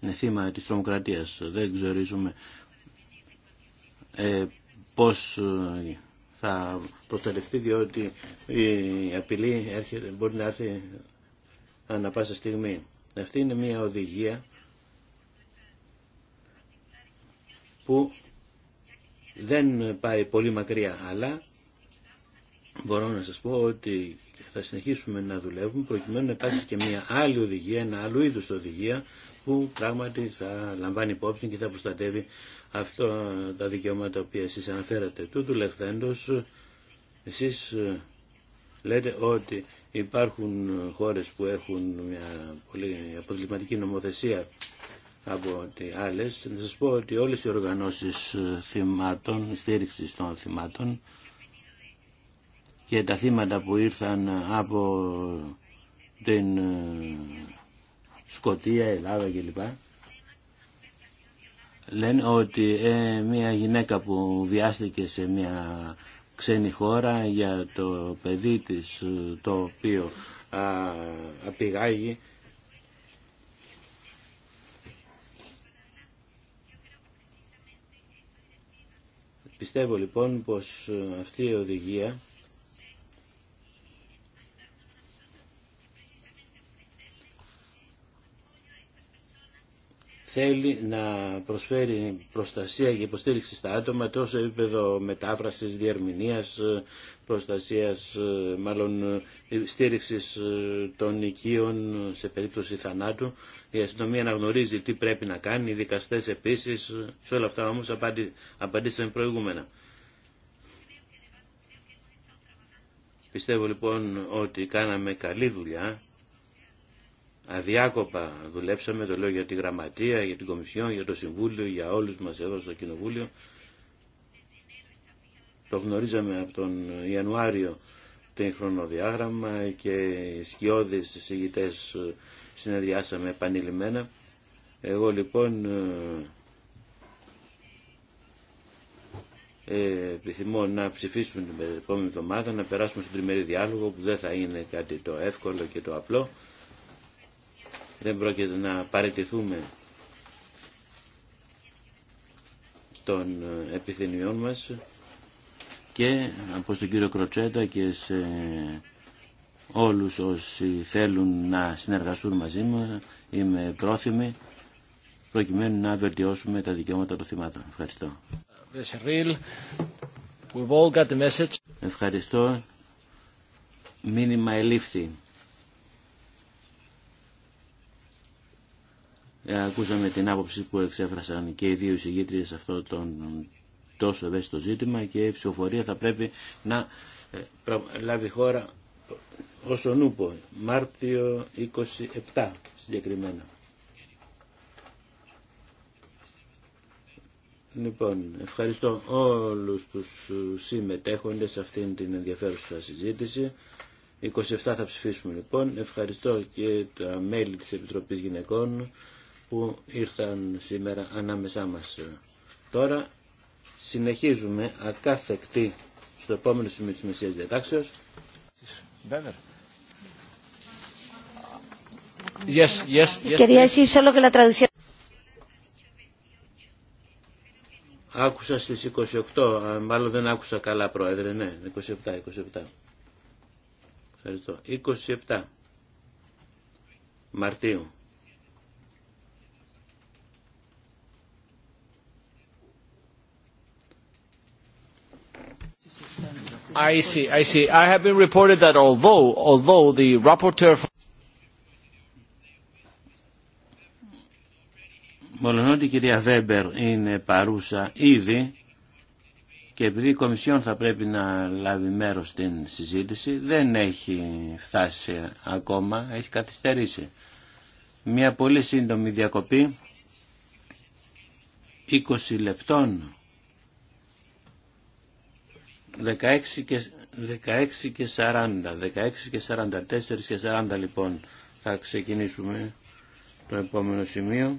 είναι θύμα της τρομοκρατίας. Δεν ξορίζουμε ε, πώς ε, θα προστατευτεί διότι η απειλή έρχεται, μπορεί να έρθει ανά πάσα στιγμή. Αυτή είναι μια οδηγία που δεν πάει πολύ μακριά, αλλά μπορώ να σας πω ότι θα συνεχίσουμε να δουλεύουμε προκειμένου να υπάρξει και μια άλλη οδηγία, ένα άλλο είδου οδηγία που πράγματι θα λαμβάνει υπόψη και θα προστατεύει αυτό τα δικαιώματα που εσεί εσείς αναφέρατε. Τούτου λεχθέντος εσείς ε, λέτε ότι υπάρχουν χώρες που έχουν μια πολύ αποτελεσματική νομοθεσία από τι άλλες. Να σας πω ότι όλες οι οργανώσεις ε, θυμάτων, στήριξη των θυμάτων και τα θύματα που ήρθαν ε, από την ε, Σκοτία, Ελλάδα κλπ. Λένε ότι μια γυναίκα που βιάστηκε σε μια ξένη χώρα για το παιδί της το οποίο α, Πιστεύω λοιπόν πως ε, αυτή η οδηγία θέλει να προσφέρει προστασία και υποστήριξη στα άτομα τόσο επίπεδο μετάφρασης, διερμηνίας, ε, προστασίας, ε, μάλλον ε, στήριξης ε, των οικείων σε περίπτωση θανάτου. Η αστυνομία αναγνωρίζει τι πρέπει να κάνει, οι δικαστές επίσης, σε όλα αυτά όμως απάντη, απαντήσαμε προηγούμενα. Πιστεύω λοιπόν ότι κάναμε καλή δουλειά, αδιάκοπα δουλέψαμε, το λέω για τη Γραμματεία, για την Κομισιόν, για το Συμβούλιο, για όλους μας εδώ στο Κοινοβούλιο το γνωρίζαμε από τον Ιανουάριο το χρονοδιάγραμμα και οι σκιώδεις εισηγητές συνεδριάσαμε επανειλημμένα. Εγώ λοιπόν ε, επιθυμώ να ψηφίσουμε την επόμενη εβδομάδα, να περάσουμε στον τριμερή διάλογο που δεν θα είναι κάτι το εύκολο και το απλό. Δεν πρόκειται να παραιτηθούμε των επιθυμιών μας και από τον κύριο Κροτσέτα και σε όλους όσοι θέλουν να συνεργαστούν μαζί μου είμαι πρόθυμη προκειμένου να βελτιώσουμε τα δικαιώματα των θυμάτων. Ευχαριστώ. Ευχαριστώ. Μήνυμα ελήφθη. Ε, ακούσαμε την άποψη που εξέφρασαν και οι δύο συγγήτριες αυτό τον τόσο ευαίσθητο ζήτημα και η ψηφοφορία θα πρέπει να ε, λάβει χώρα όσο νούπο, Μάρτιο 27 συγκεκριμένα. Λοιπόν, ευχαριστώ όλους τους συμμετέχοντες σε αυτήν την ενδιαφέρουσα συζήτηση. 27 θα ψηφίσουμε λοιπόν. Ευχαριστώ και τα μέλη της Επιτροπής Γυναικών που ήρθαν σήμερα ανάμεσά μας. Τώρα Συνεχίζουμε ακάθεκτη στο επόμενο σημείο της Μεσσίας Διατάξεως. Άκουσα στις 28, μάλλον δεν άκουσα καλά πρόεδρε, ναι, 27, 27. Ευχαριστώ. 27 Μαρτίου. I see, I see. I have been reported that although, although the rapporteur... Μολονότι ότι η κυρία Βέμπερ είναι παρούσα ήδη και επειδή η Κομισιόν θα πρέπει να λάβει μέρος στην συζήτηση, δεν έχει φτάσει ακόμα, έχει καθυστερήσει. Μια πολύ σύντομη διακοπή 20 λεπτών 16 και, 16 και 40, 16 και 44 και 40 λοιπόν θα ξεκινήσουμε το επόμενο σημείο.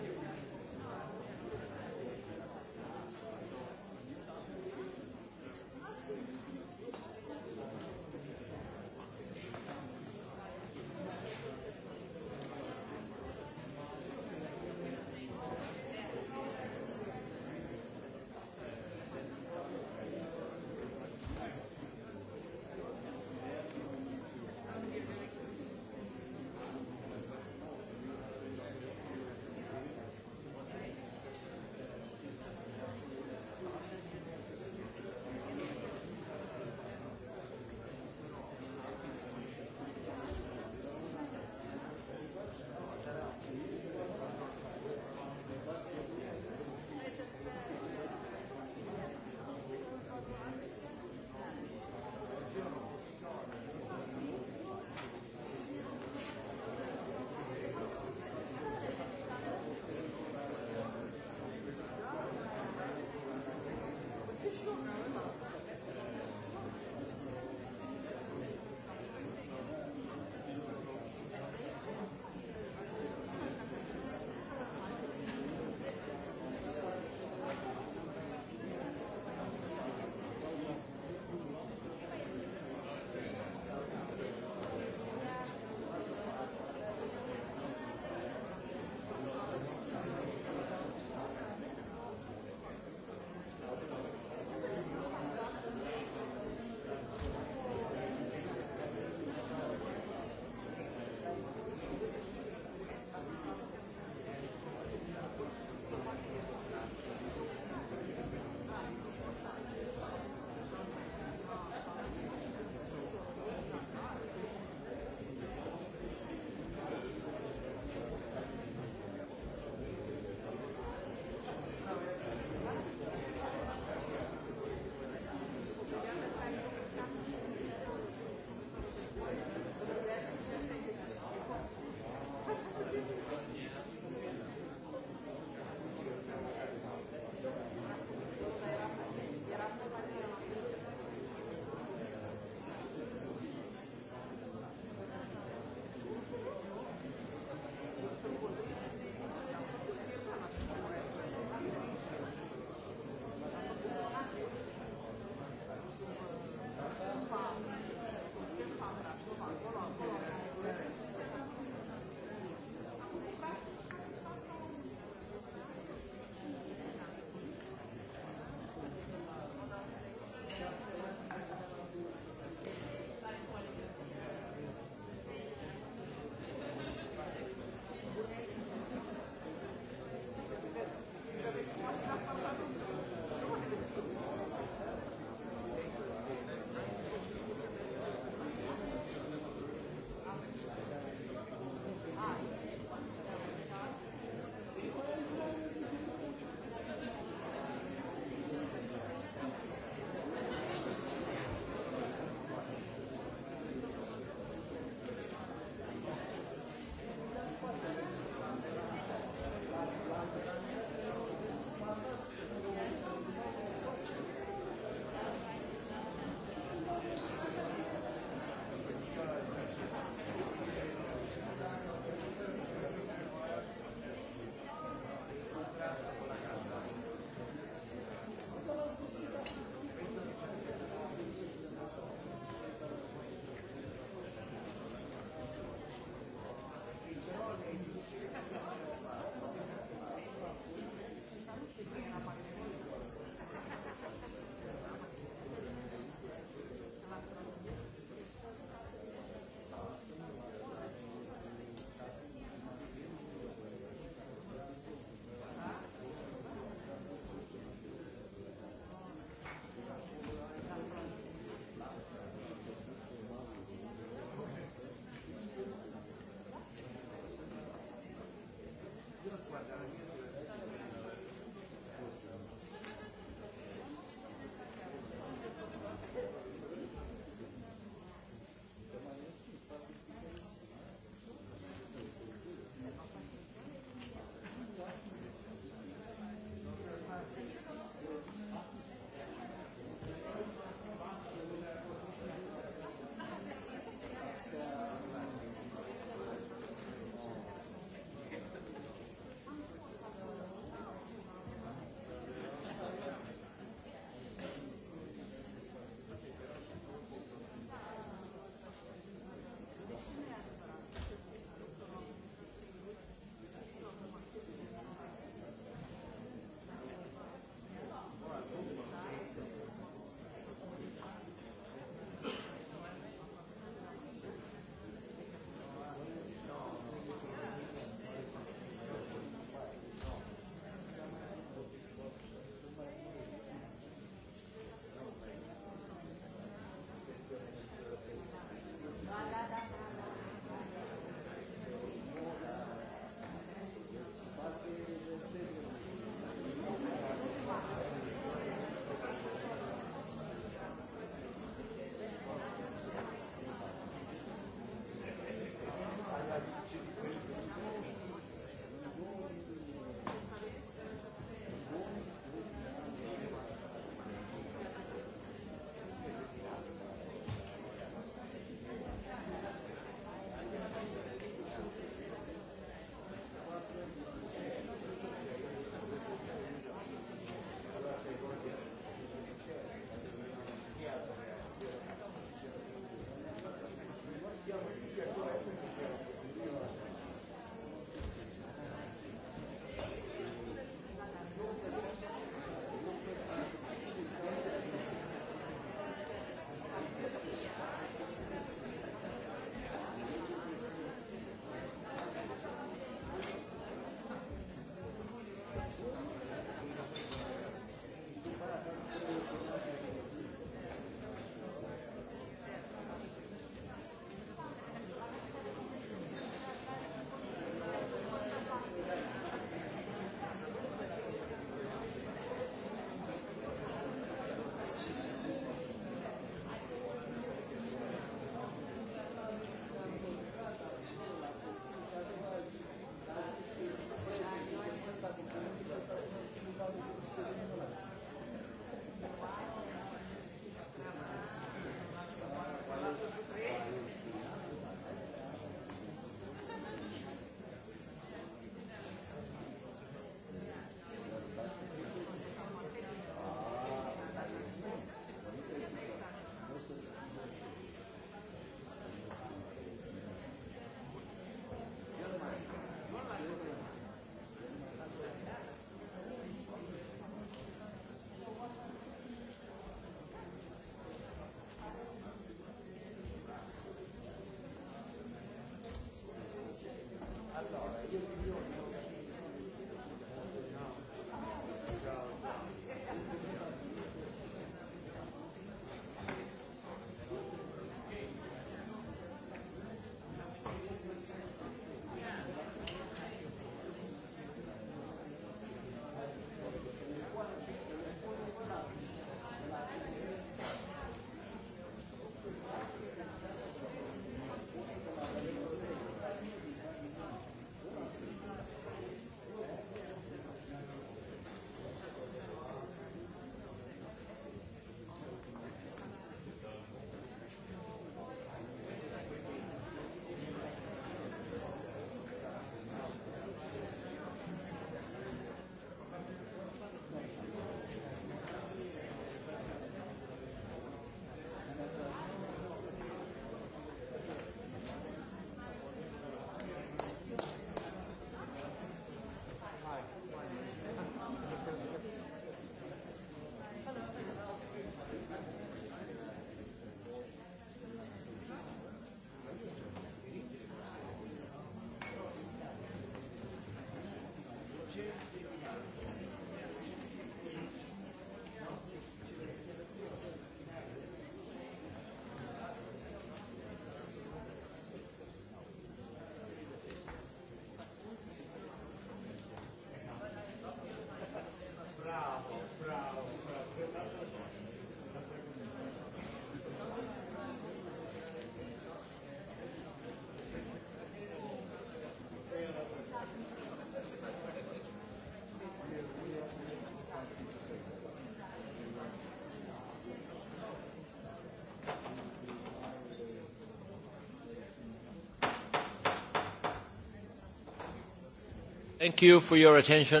Thank you for your attention.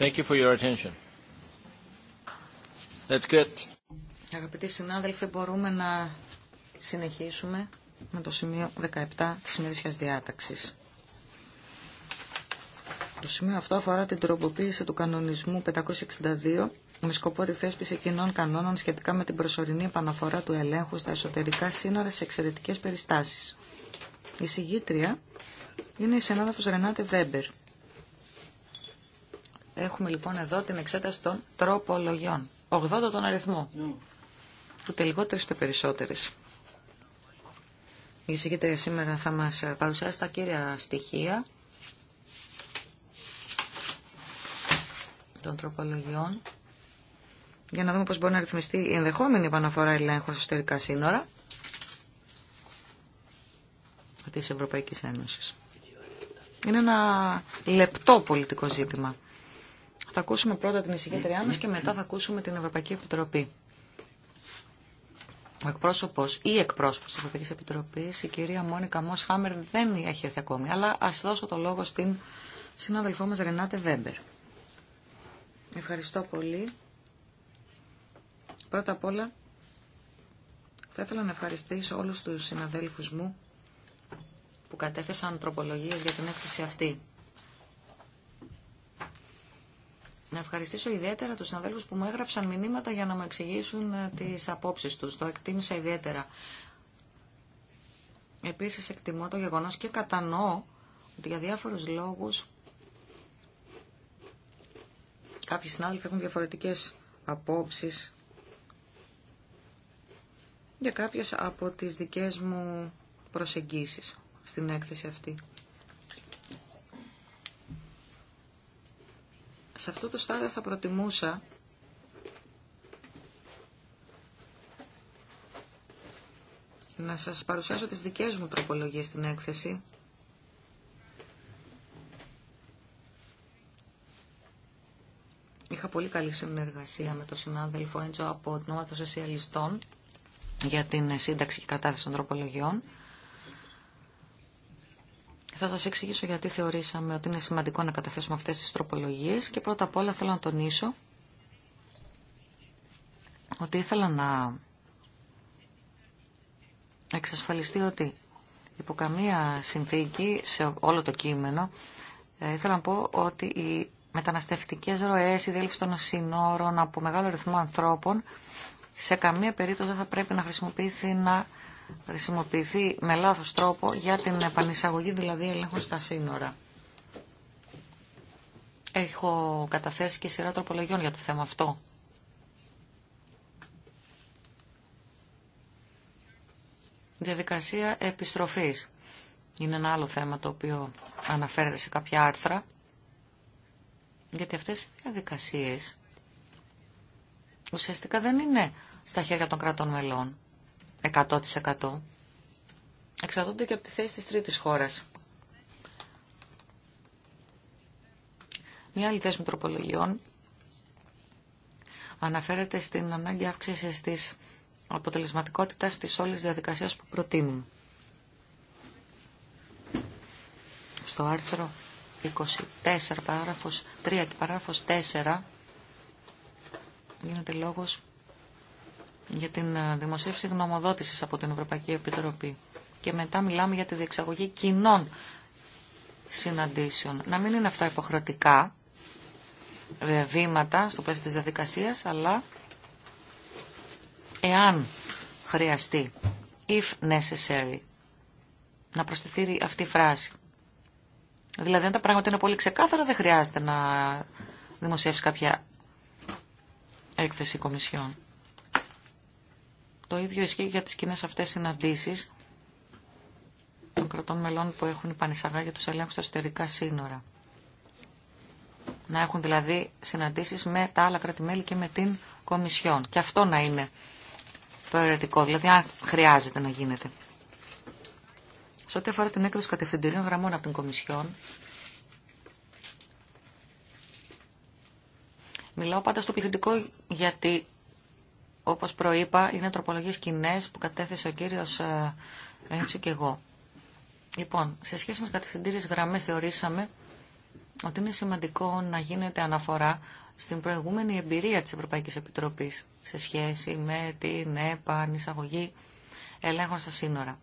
Thank you for your attention. That's good. Αγαπητοί συνάδελφοι, μπορούμε να συνεχίσουμε με το σημείο 17 της ημερήσιας διάταξης. Το σημείο αυτό αφορά την τροποποίηση του κανονισμού 562 με σκοπό τη θέσπιση κοινών κανόνων σχετικά με την προσωρινή επαναφορά του ελέγχου στα εσωτερικά σύνορα σε εξαιρετικέ περιστάσει. Η συγγήτρια είναι η συνάδελφος Ρενάτε Βέμπερ. Έχουμε λοιπόν εδώ την εξέταση των τροπολογιών. 80 τον αριθμό. Ναι. Ούτε λιγότερε ούτε περισσότερες. Η εισηγήτρια σήμερα θα μας παρουσιάσει τα κύρια στοιχεία των τροπολογιών για να δούμε πώς μπορεί να ρυθμιστεί η ενδεχόμενη επαναφορά ελέγχου στα εσωτερικά σύνορα της Ευρωπαϊκής Ένωσης. Είναι ένα λεπτό πολιτικό ζήτημα. Θα ακούσουμε πρώτα την εισηγήτριά μα και μετά θα ακούσουμε την Ευρωπαϊκή Επιτροπή. Ο εκπρόσωπο ή εκπρόσωπο τη Ευρωπαϊκή Επιτροπή, η κυρία Μόνικα Μό μοσχαμερ δεν έχει έρθει ακόμη. Αλλά α δώσω το λόγο στην συνάδελφό μα Ρενάτε Βέμπερ. Ευχαριστώ πολύ. Πρώτα απ' όλα, θα ήθελα να ευχαριστήσω όλους τους συναδέλφους μου που κατέθεσαν τροπολογίες για την έκθεση αυτή. να ευχαριστήσω ιδιαίτερα τους συναδέλφους που μου έγραψαν μηνύματα για να μου εξηγήσουν ε, τις απόψεις τους. Το εκτίμησα ιδιαίτερα. Επίσης εκτιμώ το γεγονός και κατανοώ ότι για διάφορους λόγους κάποιοι συνάδελφοι έχουν διαφορετικές απόψεις για κάποιες από τις δικές μου προσεγγίσεις στην έκθεση αυτή. Σε αυτό το στάδιο θα προτιμούσα να σας παρουσιάσω τις δικές μου τροπολογίες στην έκθεση. Είχα πολύ καλή συνεργασία με τον συνάδελφο Έντζο από την ομάδα των Σοσιαλιστών για την σύνταξη και κατάθεση των τροπολογιών. Θα σας εξηγήσω γιατί θεωρήσαμε ότι είναι σημαντικό να καταθέσουμε αυτές τις τροπολογίες και πρώτα απ' όλα θέλω να τονίσω ότι ήθελα να εξασφαλιστεί ότι υπό καμία συνθήκη σε όλο το κείμενο ε, ήθελα να πω ότι οι μεταναστευτικές ροές, η διέλευση των συνόρων από μεγάλο ρυθμό ανθρώπων σε καμία περίπτωση δεν θα πρέπει να χρησιμοποιηθεί να χρησιμοποιηθεί με λάθος τρόπο για την επανεισαγωγή δηλαδή ελέγχων στα σύνορα. Έχω καταθέσει και σειρά τροπολογιών για το θέμα αυτό. Διαδικασία επιστροφής. Είναι ένα άλλο θέμα το οποίο αναφέρεται σε κάποια άρθρα. Γιατί αυτές οι διαδικασίες ουσιαστικά δεν είναι στα χέρια των κρατών μελών. 100%. Εξαρτώνται και από τη θέση της τρίτης χώρας. Μια άλλη θέση μετροπολογιών αναφέρεται στην ανάγκη αύξησης της αποτελεσματικότητας της όλης διαδικασίας που προτείνουν. Στο άρθρο 24, παράγραφος 3 και παράγραφος 4 γίνεται λόγος για την ε, δημοσίευση γνωμοδότηση από την Ευρωπαϊκή Επιτροπή. Και μετά μιλάμε για τη διεξαγωγή κοινών συναντήσεων. Να μην είναι αυτά υποχρεωτικά ε, βήματα στο πλαίσιο της διαδικασίας, αλλά εάν χρειαστεί, if necessary, να προσθεθεί αυτή η φράση. Δηλαδή, αν τα πράγματα είναι πολύ ξεκάθαρα, δεν χρειάζεται να δημοσιεύσει κάποια έκθεση κομισιών. Το ίδιο ισχύει για τις κοινέ αυτές συναντήσεις των κρατών μελών που έχουν υπανεισαγά για τους ελέγχους στα εσωτερικά σύνορα. Να έχουν δηλαδή συναντήσεις με τα αλλα κρατημέλη και με την Κομισιόν. Και αυτό να είναι το δηλαδή αν χρειάζεται να γίνεται. Σε ό,τι αφορά την έκδοση κατευθυντηρίων γραμμών από την Κομισιόν, μιλάω πάντα στο πληθυντικό γιατί όπως προείπα, είναι τροπολογίες κοινέ που κατέθεσε ο κύριος ε, Έντσου και εγώ. Λοιπόν, σε σχέση με τις κατευθυντήριες γραμμές θεωρήσαμε ότι είναι σημαντικό να γίνεται αναφορά στην προηγούμενη εμπειρία της Ευρωπαϊκής Επιτροπής σε σχέση με την επανεισαγωγή ελέγχων στα σύνορα.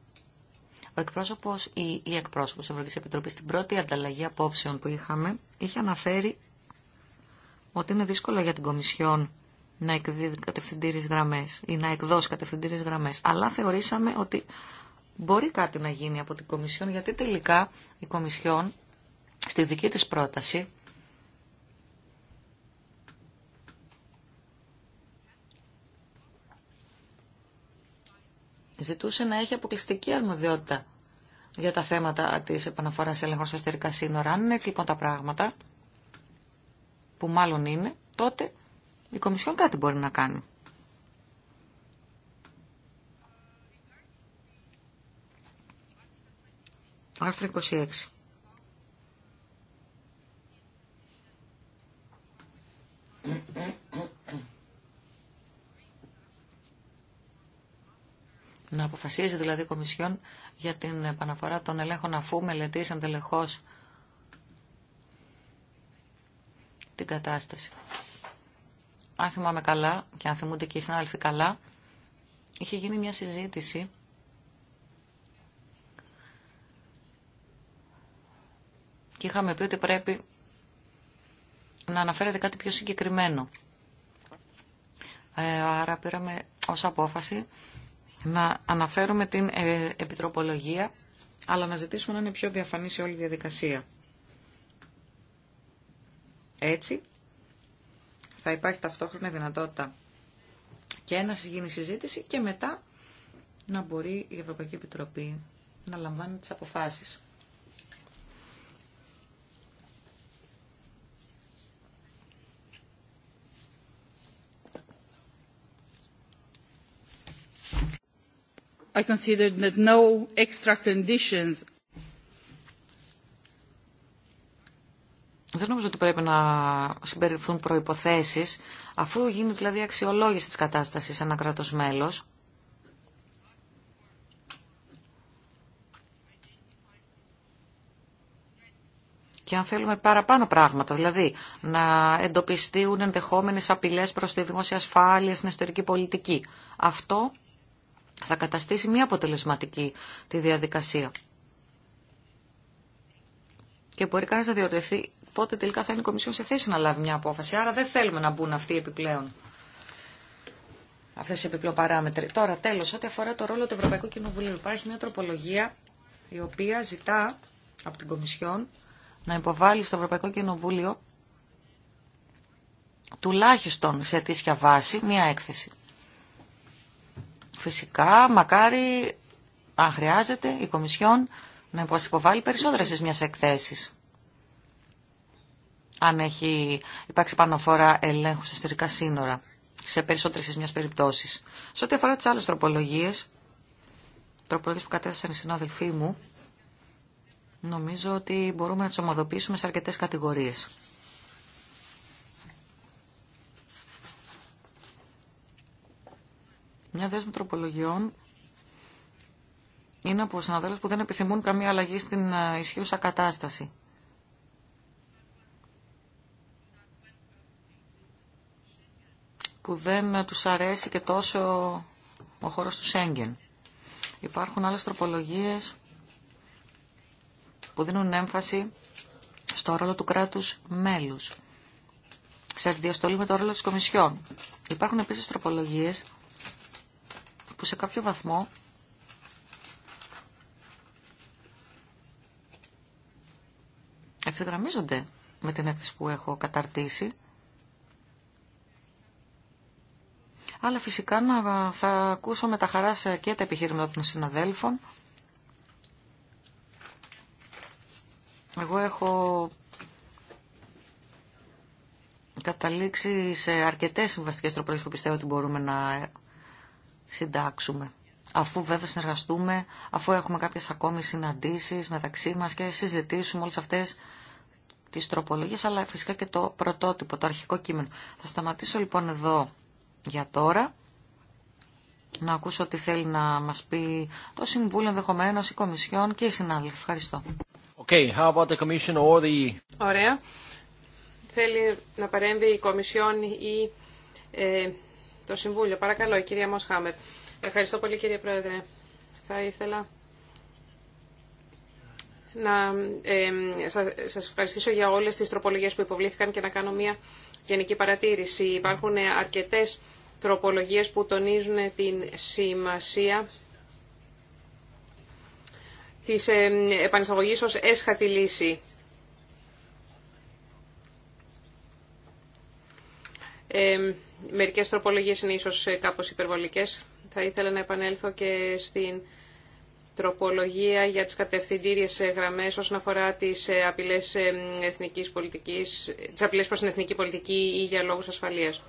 Ο εκπρόσωπος ή η εκπρόσωπος της Ευρωπαϊκής Επιτροπής στην πρώτη ανταλλαγή απόψεων που είχαμε είχε αναφέρει ότι είναι δύσκολο για την Κομισιόν να εκδίδει κατευθυντήριες γραμμές ή να εκδώσει κατευθυντήριες γραμμές. Αλλά θεωρήσαμε ότι μπορεί κάτι να γίνει από την Κομισιόν, γιατί τελικά η Κομισιόν στη δική της πρόταση ζητούσε να έχει αποκλειστική αρμοδιότητα για τα θέματα της επαναφοράς έλεγχο στα σύνορα. Αν είναι έτσι λοιπόν τα πράγματα, που μάλλον είναι, τότε η Κομισιόν κάτι μπορεί να κάνει. Άρθρο 26. Να αποφασίζει δηλαδή η Κομισιόν για την επαναφορά των ελέγχων αφού μελετήσει αντελεχώς την κατάσταση αν θυμάμαι καλά και αν θυμούνται και οι συνάδελφοι καλά, είχε γίνει μια συζήτηση και είχαμε πει ότι πρέπει να αναφέρεται κάτι πιο συγκεκριμένο. Ε, άρα πήραμε ως απόφαση να αναφέρουμε την ε, επιτροπολογία, αλλά να ζητήσουμε να είναι πιο διαφανή σε όλη η διαδικασία. Έτσι, θα υπάρχει ταυτόχρονα δυνατότητα και να γίνει συζήτηση και μετά να μπορεί η Ευρωπαϊκή Επιτροπή να λαμβάνει τις αποφάσεις. I considered that no extra conditions Δεν νομίζω ότι πρέπει να συμπεριφθούν προϋποθέσεις, αφού γίνει δηλαδή αξιολόγηση της κατάστασης ένα κράτος μέλος. Και αν θέλουμε παραπάνω πράγματα, δηλαδή να εντοπιστούν ενδεχόμενες απειλές προς τη δημόσια ασφάλεια στην εσωτερική πολιτική. Αυτό θα καταστήσει μια αποτελεσματική τη διαδικασία. Και μπορεί κανείς να διορθωθεί πότε τελικά θα είναι η Κομισιόν σε θέση να λάβει μια απόφαση. Άρα δεν θέλουμε να μπουν αυτοί επιπλέον. Αυτές οι επιπλέον παράμετροι. Τώρα τέλο ό,τι αφορά το ρόλο του Ευρωπαϊκού Κοινοβουλίου. Υπάρχει μια τροπολογία η οποία ζητά από την Κομισιόν να υποβάλει στο Ευρωπαϊκό Κοινοβούλιο τουλάχιστον σε αιτήσια βάση μία έκθεση. Φυσικά, μακάρι, αν χρειάζεται, η Κομισιόν να υποβάλει περισσότερες της μιας εκθέσεις αν έχει υπάρξει πάνω φορά ελέγχου στα εσωτερικά σύνορα σε περισσότερες της μιας περιπτώσεις. Σε ό,τι αφορά τι άλλες τροπολογίες, τροπολογίες που κατέθεσαν οι συνάδελφοί μου, νομίζω ότι μπορούμε να τι ομοδοποιήσουμε σε αρκετές κατηγορίες. Μια δέσμη τροπολογιών είναι από συναδέλφου που δεν επιθυμούν καμία αλλαγή στην ε, ισχύουσα κατάσταση. που δεν τους αρέσει και τόσο ο χώρος του Σέγγεν. Υπάρχουν άλλες τροπολογίες που δίνουν έμφαση στο ρόλο του κράτους μέλους, σε αντιδιαστολή με το ρόλο της Κομισιόν. Υπάρχουν επίσης τροπολογίες που σε κάποιο βαθμό ευθυγραμμίζονται με την έκθεση που έχω καταρτήσει αλλά φυσικά θα ακούσω με τα χαρά και τα επιχείρηματα των συναδέλφων. Εγώ έχω καταλήξει σε αρκετές συμβαστικές τροπολογίες που πιστεύω ότι μπορούμε να συντάξουμε. Αφού βέβαια συνεργαστούμε, αφού έχουμε κάποιες ακόμη συναντήσεις μεταξύ μας και συζητήσουμε όλες αυτές τις τροπολογίες, αλλά φυσικά και το πρωτότυπο, το αρχικό κείμενο. Θα σταματήσω λοιπόν εδώ για τώρα. Να ακούσω τι θέλει να μας πει το Συμβούλιο ενδεχομένω η Κομισιόν και οι συνάδελφοι. Ευχαριστώ. Okay, how about the commission or the... Ωραία. Θέλει να παρέμβει η Κομισιόν ή ε, το Συμβούλιο. Παρακαλώ, η κυρία Μοσχάμερ. Ευχαριστώ πολύ κύριε Πρόεδρε. Θα ήθελα να ε, σας ευχαριστήσω για όλες τις τροπολογίες που υποβλήθηκαν και να κάνω μία γενική παρατήρηση. Υπάρχουν αρκετές τροπολογίες που τονίζουν την σημασία της ε, επανεισαγωγής ως έσχατη λύση. Ε, μερικές τροπολογίες είναι ίσως ε, κάπως υπερβολικές. Θα ήθελα να επανέλθω και στην τροπολογία για τις κατευθυντήριες ε, γραμμές όσον αφορά τις ε, απειλές, ε, εθνικής πολιτικής, τις απειλές προς την εθνική πολιτική ή για λόγους ασφαλείας.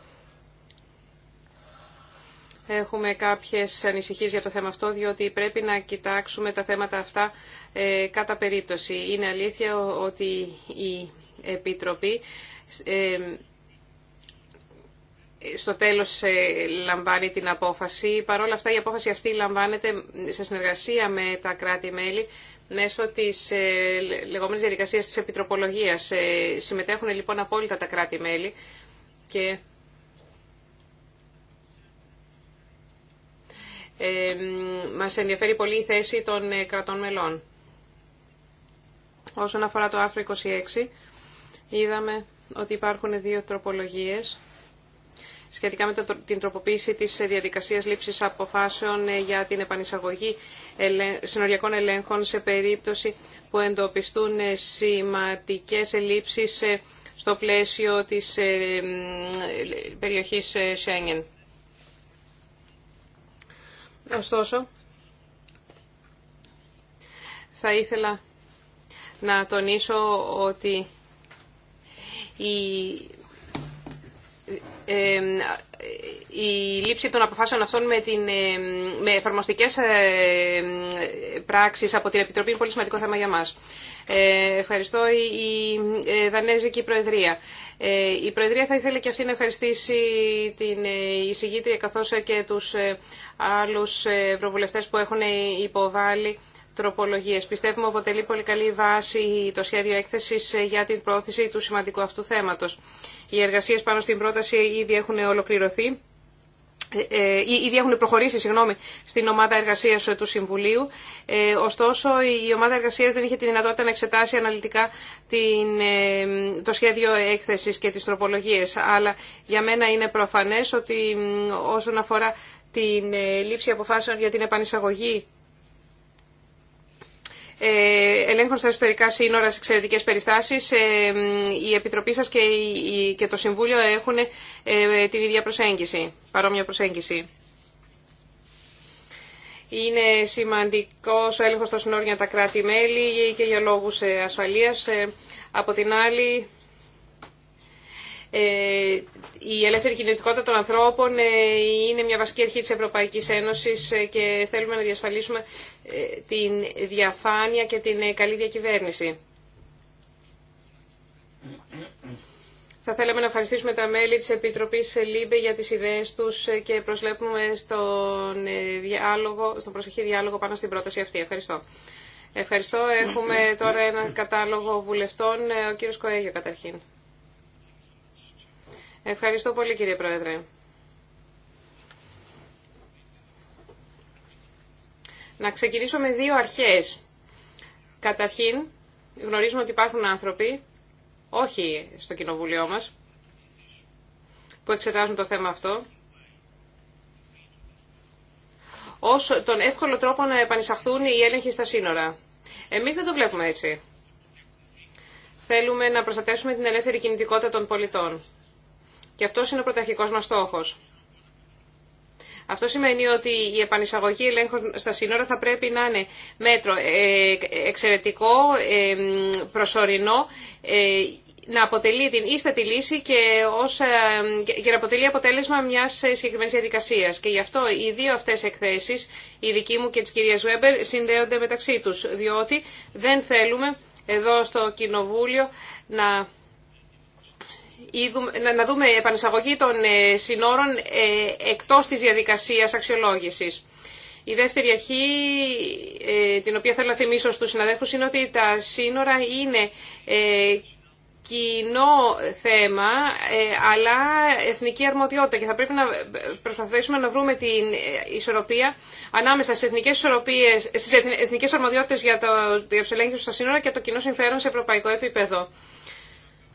Έχουμε κάποιες ανησυχίες για το θέμα αυτό, διότι πρέπει να κοιτάξουμε τα θέματα αυτά κατά περίπτωση. Είναι αλήθεια ότι η Επιτροπή στο τέλος ε, λαμβάνει την απόφαση. Παρ' όλα αυτά η απόφαση αυτή λαμβάνεται σε συνεργασία με τα κράτη-μέλη μέσω της ε, λεγόμενης διαδικασίας της επιτροπολογίας. Ε, συμμετέχουν λοιπόν απόλυτα τα κράτη-μέλη και μας ενδιαφέρει πολύ η θέση των κρατών μελών. Όσον αφορά το άρθρο 26, είδαμε ότι υπάρχουν δύο τροπολογίες σχετικά με την τροποποίηση της διαδικασίας λήψης αποφάσεων ε, για την επανεισαγωγή συνοριακών ελέγχων σε περίπτωση που εντοπιστούν ε, σημαντικές ελλείψεις ε, στο πλαίσιο της περιοχής Σέγγεν. Ωστόσο, θα ήθελα να τονίσω ότι η η λήψη των αποφάσεων αυτών με, την, με εφαρμοστικές πράξεις από την Επιτροπή είναι πολύ σημαντικό θέμα για μας. Ε, ευχαριστώ η, ε, Δανέζικη Προεδρία. Ε, η Προεδρία θα ήθελε και αυτή να ευχαριστήσει την εισηγήτρια καθώς και τους άλλους ευρωβουλευτές που έχουν υποβάλει τροπολογίε. Πιστεύουμε αποτελεί πολύ καλή βάση το σχέδιο έκθεση ε, για την πρόθεση του σημαντικού αυτού θέματο. Οι εργασίε πάνω στην πρόταση ήδη έχουν ολοκληρωθεί. Ε, ε ήδη έχουν προχωρήσει συγγνώμη, στην ομάδα εργασία ε, του Συμβουλίου. Ε, ωστόσο, η ομάδα εργασία δεν είχε τη δυνατότητα να εξετάσει αναλυτικά την, το σχέδιο έκθεση και τι τροπολογίε. Αλλά για μένα είναι προφανέ ότι όσον αφορά την λήψη αποφάσεων για την επανεισαγωγή ε, ελέγχων στα εσωτερικά σύνορα σε εξαιρετικέ περιστάσει. Ε, η Επιτροπή σα και το Συμβούλιο έχουν ε, την ίδια προσέγγιση, παρόμοια προσέγγιση. Είναι σημαντικό ο έλεγχο των συνόρων για τα κράτη-μέλη και για λόγου ασφαλεία. Από την άλλη, ε, η ελεύθερη κινητικότητα των ανθρώπων ε, είναι μια βασική αρχή της Ευρωπαϊκής Ένωσης ε, και θέλουμε να διασφαλίσουμε την διαφάνεια και την καλή διακυβέρνηση. Θα θέλαμε να ευχαριστήσουμε τα μέλη της Επιτροπής ΛΥΜΠΕ για τις ιδέες τους και προσλέπουμε στον, διάλογο, στον προσεχή διάλογο πάνω στην πρόταση αυτή. Ευχαριστώ. Ευχαριστώ. Έχουμε τώρα ένα κατάλογο βουλευτών. Ο κύριος Κοέγιο καταρχήν. Ευχαριστώ πολύ κύριε Πρόεδρε. Να ξεκινήσω με δύο αρχές. Καταρχήν, γνωρίζουμε ότι υπάρχουν άνθρωποι, όχι στο κοινοβούλιο μας, που εξετάζουν το θέμα αυτό, ως τον εύκολο τρόπο να επανεισαχθούν οι έλεγχοι στα σύνορα. Εμείς δεν το βλέπουμε έτσι. Θέλουμε να προστατεύσουμε την ελεύθερη κινητικότητα των πολιτών. Και αυτό είναι ο πρωταρχικό μας στόχο. Αυτό σημαίνει ότι η επανεισαγωγή ελέγχων στα σύνορα θα πρέπει να είναι μέτρο ε, εξαιρετικό, ε, προσωρινό, ε, να αποτελεί την ίστατη λύση και, ως, και να αποτελεί αποτέλεσμα μιας συγκεκριμένη διαδικασία. Και γι' αυτό οι δύο αυτές εκθέσεις, η δική μου και της κυρίας Βέμπερ, συνδέονται μεταξύ τους, διότι δεν θέλουμε εδώ στο Κοινοβούλιο να να δούμε επανεισαγωγή των ε, συνόρων ε, εκτός της διαδικασίας αξιολόγησης. Η δεύτερη αρχή, ε, την οποία θέλω να θυμίσω στους συναδέλφους, είναι ότι τα σύνορα είναι κοινό θέμα, αλλά εθνική αρμοδιότητα και θα πρέπει να προσπαθήσουμε να βρούμε την ισορροπία ανάμεσα στις εθνικές, ισορροπίες, στις εθνικές αρμοδιότητες για το ελέγχου στα σύνορα και το κοινό συμφέρον σε ευρωπαϊκό επίπεδο.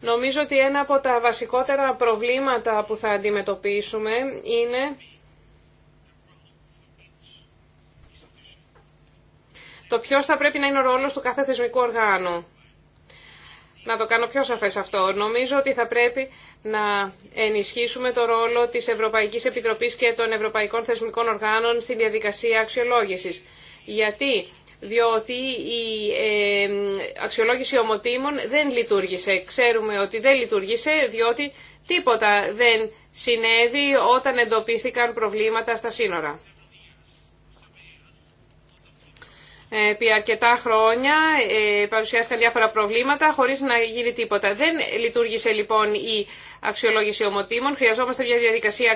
Νομίζω ότι ένα από τα βασικότερα προβλήματα που θα αντιμετωπίσουμε είναι το ποιος θα πρέπει να είναι ο ρόλος του κάθε θεσμικού οργάνου. Να το κάνω πιο σαφές αυτό. Νομίζω ότι θα πρέπει να ενισχύσουμε το ρόλο της Ευρωπαϊκής Επιτροπής και των Ευρωπαϊκών Θεσμικών Οργάνων στη διαδικασία αξιολόγησης. Γιατί διότι η ε, αξιολόγηση ομοτήμων δεν λειτουργήσε. Ξέρουμε ότι δεν λειτουργήσε διότι τίποτα δεν συνέβη όταν εντοπίστηκαν προβλήματα στα σύνορα. Ε, επί αρκετά χρόνια ε, παρουσιάστηκαν διάφορα προβλήματα χωρίς να γίνει τίποτα. Δεν λειτουργήσε λοιπόν η αξιολόγηση ομοτήμων. Χρειαζόμαστε μια διαδικασία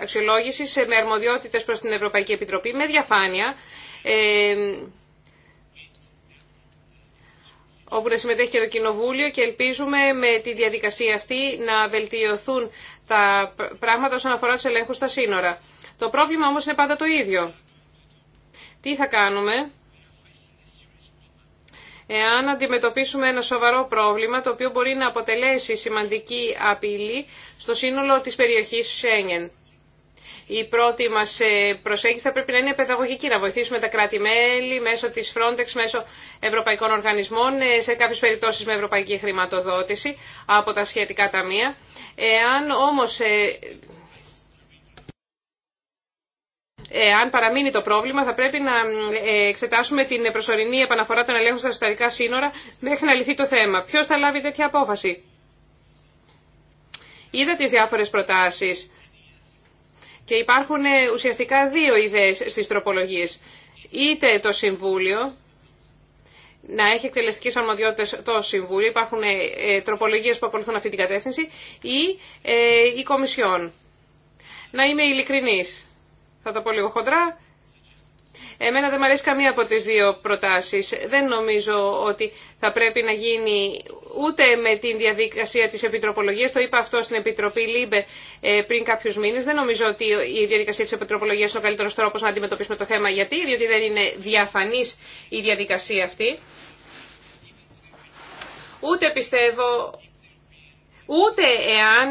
αξιολόγηση ε, με αρμοδιότητε προ την Ευρωπαϊκή Επιτροπή, με διαφάνεια. Ε, όπου να συμμετέχει και το Κοινοβούλιο και ελπίζουμε με τη διαδικασία αυτή να βελτιωθούν τα πράγματα όσον αφορά τους ελέγχους στα σύνορα. Το πρόβλημα όμως είναι πάντα το ίδιο. Τι θα κάνουμε Εάν αντιμετωπίσουμε ένα σοβαρό πρόβλημα, το οποίο μπορεί να αποτελέσει σημαντική απειλή στο σύνολο της περιοχής Σέγγεν. Η πρώτη μας ε, προσέγγιση θα πρέπει να είναι παιδαγωγική, να βοηθήσουμε τα κράτη-μέλη μέσω της Frontex, μέσω ευρωπαϊκών οργανισμών, ε, σε κάποιες περιπτώσεις με ευρωπαϊκή χρηματοδότηση από τα σχετικά ταμεία. Εάν όμως ε, ε, αν παραμείνει το πρόβλημα, θα πρέπει να ε, εξετάσουμε την προσωρινή επαναφορά των ελέγχων στα εσωτερικά σύνορα μέχρι να λυθεί το θέμα. Ποιο θα λάβει τέτοια απόφαση. Είδα τι διάφορε προτάσει. Και υπάρχουν ε, ουσιαστικά δύο ιδέες στις τροπολογίες. Είτε το Συμβούλιο, να έχει εκτελεστικές αρμοδιότητες το Συμβούλιο, υπάρχουν τροπολογίες που ακολουθούν αυτή την κατεύθυνση, ή η Κομισιόν. Να είμαι ειλικρινής θα τα πω λίγο χοντρά, Εμένα δεν μου αρέσει καμία από τις δύο προτάσεις. Δεν νομίζω ότι θα πρέπει να γίνει ούτε με την διαδικασία της επιτροπολογίας. Το είπα αυτό στην Επιτροπή ΛΥΜΠΕ ε, πριν κάποιους μήνες. Δεν νομίζω ότι η διαδικασία της επιτροπολογίας είναι ο καλύτερος τρόπος να αντιμετωπίσουμε το θέμα. Γιατί, διότι δεν είναι διαφανής η διαδικασία αυτή. Ούτε πιστεύω ούτε εάν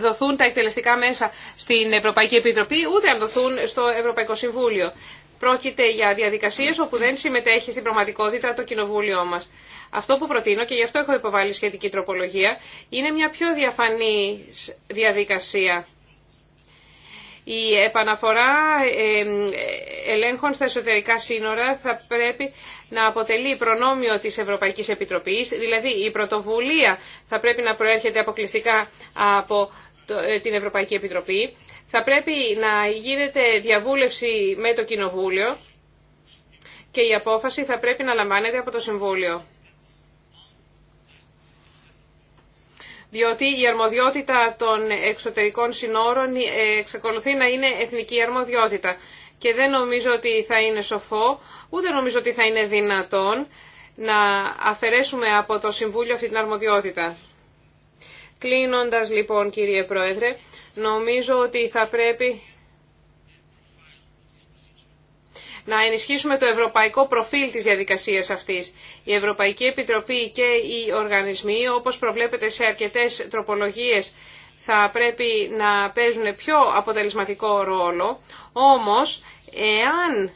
δοθούν τα εκτελεστικά μέσα στην Ευρωπαϊκή Επιτροπή, ούτε αν δοθούν στο Ευρωπαϊκό Συμβούλιο. Πρόκειται για διαδικασίες όπου δεν συμμετέχει στην πραγματικότητα το κοινοβούλιο μας. Αυτό που προτείνω και γι' αυτό έχω υποβάλει σχετική τροπολογία είναι μια πιο διαφανή διαδικασία. Η επαναφορά ελέγχων στα εσωτερικά σύνορα θα πρέπει να αποτελεί προνόμιο της Ευρωπαϊκής Επιτροπής, δηλαδή η πρωτοβουλία θα πρέπει να προέρχεται αποκλειστικά από ε, την Ευρωπαϊκή Επιτροπή, θα πρέπει να γίνεται διαβούλευση με το Κοινοβούλιο και η απόφαση θα πρέπει να λαμβάνεται από το Συμβούλιο. διότι η αρμοδιότητα των εξωτερικών συνόρων ε, εξακολουθεί να είναι εθνική αρμοδιότητα και δεν νομίζω ότι θα είναι σοφό, ούτε νομίζω ότι θα είναι δυνατόν να αφαιρέσουμε από το Συμβούλιο αυτή την αρμοδιότητα. Κλείνοντας λοιπόν κύριε Πρόεδρε, νομίζω ότι θα πρέπει να ενισχύσουμε το ευρωπαϊκό προφίλ της διαδικασίας αυτής. Η Ευρωπαϊκή Επιτροπή και οι οργανισμοί, όπως προβλέπεται σε αρκετές τροπολογίες, θα πρέπει να παίζουν πιο αποτελεσματικό ρόλο, όμως Εάν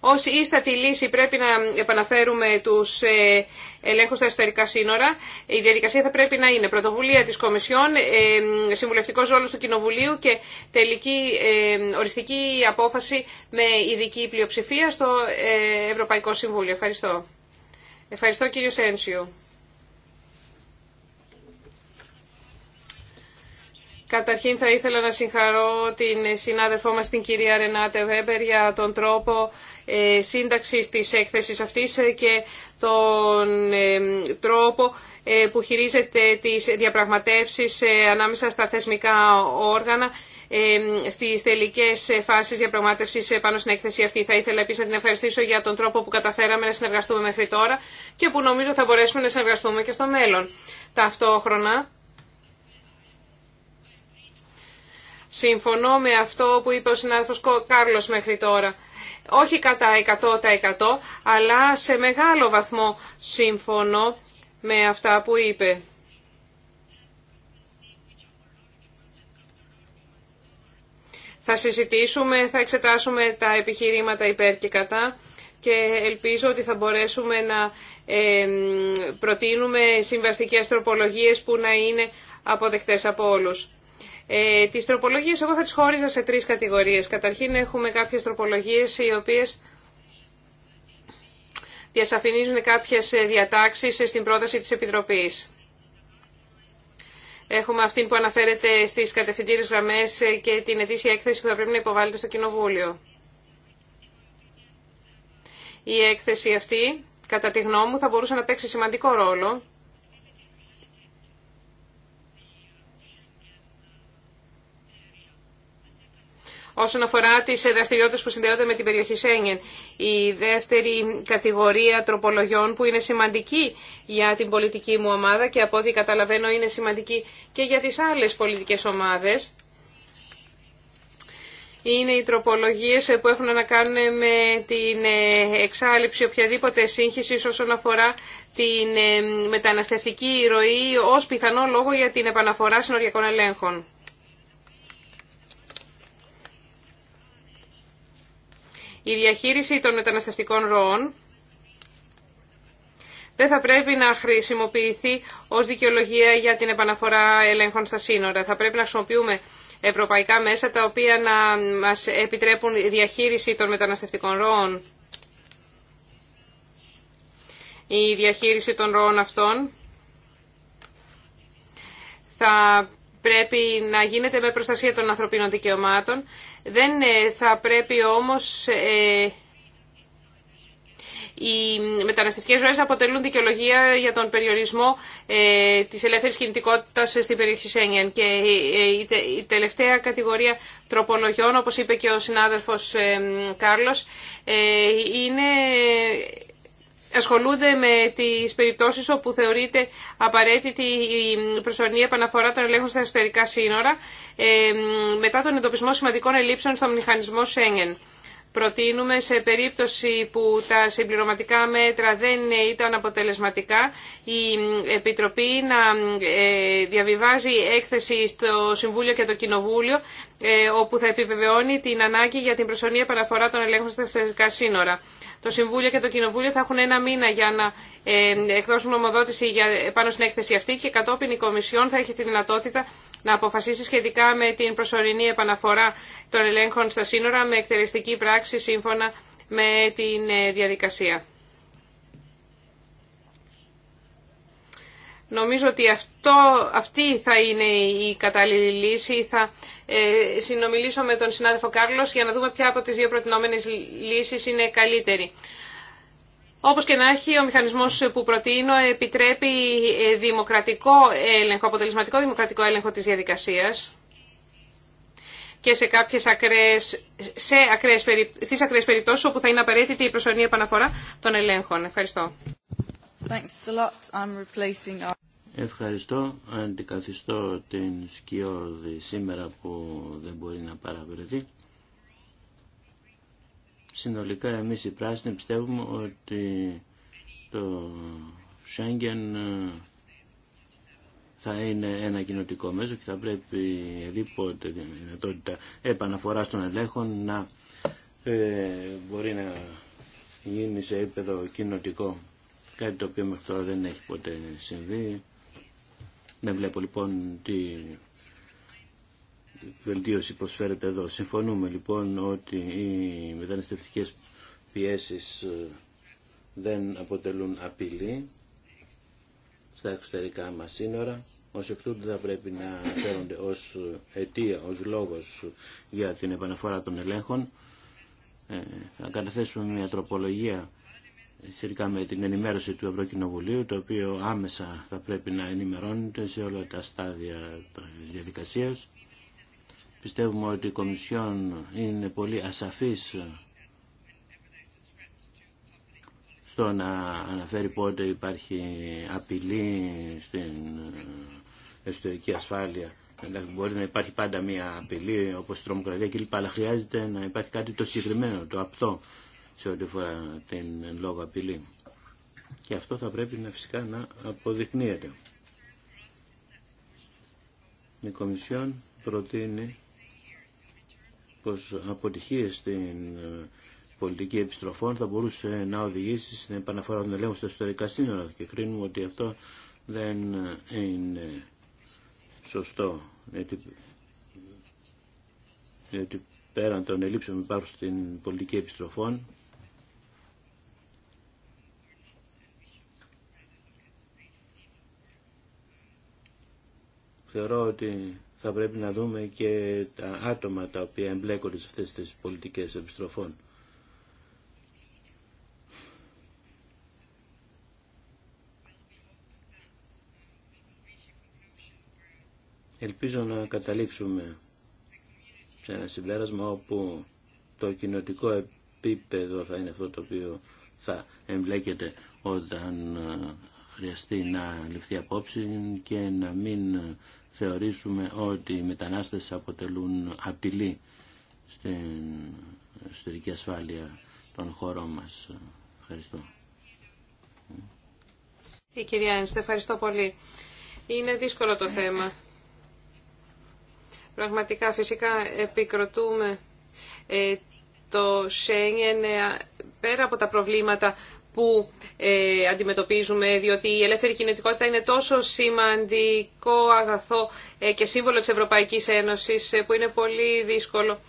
ως ίστατη λύση πρέπει να επαναφέρουμε τους ε, ελέγχους στα εσωτερικά σύνορα. Η διαδικασία θα πρέπει να είναι πρωτοβουλία της Κομισιόν, ε, συμβουλευτικός ρόλο του Κοινοβουλίου και τελική ε, οριστική απόφαση με ειδική πλειοψηφία στο Ευρωπαϊκό Συμβούλιο. Ευχαριστώ. Ευχαριστώ κύριο Σένσιου. Καταρχήν θα ήθελα να συγχαρώ την συνάδελφό μας την κυρία Ρενάτε Βέμπερ για τον τρόπο ε, σύνταξης της έκθεσης αυτής και τον ε, τρόπο ε, που χειρίζεται τις διαπραγματεύσεις ανάμεσα στα θεσμικά όργανα στις τελικές φάσεις διαπραγμάτευση πάνω στην έκθεση αυτή. Θα ήθελα επίσης να την ευχαριστήσω για τον τρόπο που καταφέραμε να συνεργαστούμε μέχρι τώρα και που νομίζω θα μπορέσουμε να συνεργαστούμε και στο μέλλον. Ταυτόχρονα, Συμφωνώ με αυτό που είπε ο συνάδελφος Κάρλος μέχρι τώρα. Όχι κατά 100% αλλά σε μεγάλο βαθμό συμφωνώ με αυτά που είπε. Θα συζητήσουμε, θα εξετάσουμε τα επιχειρήματα υπέρ και κατά και ελπίζω ότι θα μπορέσουμε να προτείνουμε συμβαστικές τροπολογίες που να είναι αποδεκτές από όλους. Ε, τις τροπολογίες εγώ θα τις χώριζα σε τρεις κατηγορίες. Καταρχήν έχουμε κάποιες τροπολογίες οι οποίες διασαφηνίζουν κάποιες διατάξεις στην πρόταση της Επιτροπής. Έχουμε αυτή που αναφέρεται στις κατευθυντήρες γραμμές και την ετήσια έκθεση που θα πρέπει να υποβάλλεται στο Κοινοβούλιο. Η έκθεση αυτή, κατά τη γνώμη μου, θα μπορούσε να παίξει σημαντικό ρόλο όσον αφορά τι δραστηριότητε που συνδέονται με την περιοχή Σέγγεν. Η δεύτερη κατηγορία τροπολογιών που είναι σημαντική για την πολιτική μου ομάδα και από ό,τι καταλαβαίνω είναι σημαντική και για τις άλλες πολιτικές ομάδες είναι οι τροπολογίες που έχουν να κάνουν με την ε, εξάλληψη οποιαδήποτε σύγχυση όσον αφορά την ε, μεταναστευτική ροή ως πιθανό λόγο για την επαναφορά συνοριακών ελέγχων. Η διαχείριση των μεταναστευτικών ροών δεν θα πρέπει να χρησιμοποιηθεί ως δικαιολογία για την επαναφορά ελέγχων στα σύνορα. Θα πρέπει να χρησιμοποιούμε ευρωπαϊκά μέσα τα οποία να μας επιτρέπουν διαχείριση των μεταναστευτικών ροών. Η διαχείριση των ροών αυτών θα πρέπει να γίνεται με προστασία των ανθρωπίνων δικαιωμάτων. Δεν ε, θα πρέπει όμως ε, οι μεταναστευτικές ζωές αποτελούν δικαιολογία για τον περιορισμό ε, της ελεύθερης κινητικότητας στην περιοχή Σένιαν. Και η τελευταία κατηγορία τροπολογιών, όπως είπε και ο συνάδελφος Κάρλος, είναι ασχολούνται με τις περιπτώσεις όπου θεωρείται απαραίτητη η προσωρινή επαναφορά των ελέγχων στα εσωτερικά σύνορα μετά τον εντοπισμό σημαντικών ελλείψεων στο μηχανισμό Σέγγεν. Προτείνουμε σε περίπτωση που τα συμπληρωματικά μέτρα δεν ήταν αποτελεσματικά η Επιτροπή να ε, διαβιβάζει έκθεση στο Συμβούλιο και το Κοινοβούλιο ε, όπου θα επιβεβαιώνει την ανάγκη για την προσωρινή επαναφορά των ελέγχων στα εσωτερικά σύνορα. Το Συμβούλιο και το Κοινοβούλιο θα έχουν ένα μήνα για να ε, εκδώσουν ομοδότηση για, πάνω στην έκθεση αυτή και κατόπιν η Κομισιόν θα έχει τη δυνατότητα να αποφασίσει σχετικά με την προσωρινή επαναφορά των ελέγχων στα σύνορα με εκτελεστική πράξη σύμφωνα με την ε, διαδικασία. Νομίζω ότι αυτό, αυτή θα είναι η κατάλληλη λύση. Θα ε, συνομιλήσω με τον συνάδελφο Κάρλος για να δούμε ποια από τις δύο προτινόμενες λύσεις είναι καλύτερη. Όπως και να έχει, ο μηχανισμός που προτείνω επιτρέπει ε, δημοκρατικό έλεγχο, αποτελεσματικό δημοκρατικό έλεγχο της διαδικασίας και σε κάποιες ακραίες, σε ακραίες, στις ακραίες περιπτώσεις όπου θα είναι απαραίτητη η προσωρινή επαναφορά των ελέγχων. Ευχαριστώ. Ευχαριστώ. Αντικαθιστώ την Σκιώδη σήμερα που δεν μπορεί να παραβρεθεί. Συνολικά εμείς οι πράσινοι πιστεύουμε ότι το Σέγγεν ε, θα είναι ένα κοινοτικό μέσο και θα πρέπει ρήποτε δυνατότητα επαναφορά των ελέγχων να ε, μπορεί να γίνει σε επίπεδο κοινοτικό. Κάτι το οποίο μέχρι τώρα δεν έχει ποτέ συμβεί. Δεν ναι, βλέπω λοιπόν τη βελτίωση προσφέρεται εδώ. Συμφωνούμε λοιπόν ότι οι μεταναστευτικές πιέσεις ε, δεν αποτελούν απειλή στα εξωτερικά μας σύνορα. Ως εκ τούτου θα πρέπει να φέρονται ως αιτία, ως λόγος για την επαναφορά των ελέγχων. Ε, θα καταθέσουμε μια τροπολογία σχετικά με την ενημέρωση του Ευρωκοινοβουλίου, το οποίο άμεσα θα πρέπει να ενημερώνεται σε όλα τα στάδια της διαδικασίας. Πιστεύουμε ότι η Κομισιόν είναι πολύ ασαφής στο να αναφέρει πότε υπάρχει απειλή στην εσωτερική ασφάλεια. Δηλαδή, μπορεί να υπάρχει πάντα μια απειλή όπως η τρομοκρατία κλπ. Αλλά χρειάζεται να υπάρχει κάτι το συγκεκριμένο, το απτό σε ό,τι φορά την λόγο απειλή. Και αυτό θα πρέπει να φυσικά να αποδεικνύεται. Η Κομισιόν προτείνει πως αποτυχίες στην ε, πολιτική επιστροφών θα μπορούσε να οδηγήσει στην επαναφορά των ελέγχων στα ιστορικά σύνορα και κρίνουμε ότι αυτό δεν είναι σωστό γιατί, γιατί πέραν των ελλείψεων που υπάρχουν στην πολιτική επιστροφών Θεωρώ ότι θα πρέπει να δούμε και τα άτομα τα οποία εμπλέκονται σε αυτές τις πολιτικές επιστροφών. Ελπίζω να καταλήξουμε σε ένα συμπέρασμα όπου το κοινοτικό επίπεδο θα είναι αυτό το οποίο θα εμπλέκεται όταν χρειαστεί να ληφθεί απόψη και να μην θεωρήσουμε ότι οι μετανάστες αποτελούν απειλή στην εσωτερική ασφάλεια των χωρών μας. Ευχαριστώ. Η ε, κυρία Ένστε, ευχαριστώ πολύ. Είναι δύσκολο το θέμα. Πραγματικά, φυσικά, επικροτούμε ε, το Σέγγεν ε, πέρα από τα προβλήματα που ε, αντιμετωπίζουμε, διότι η ελεύθερη κινητικότητα είναι τόσο σημαντικό αγαθό ε, και σύμβολο της Ευρωπαϊκής Ένωσης ε, που είναι πολύ δύσκολο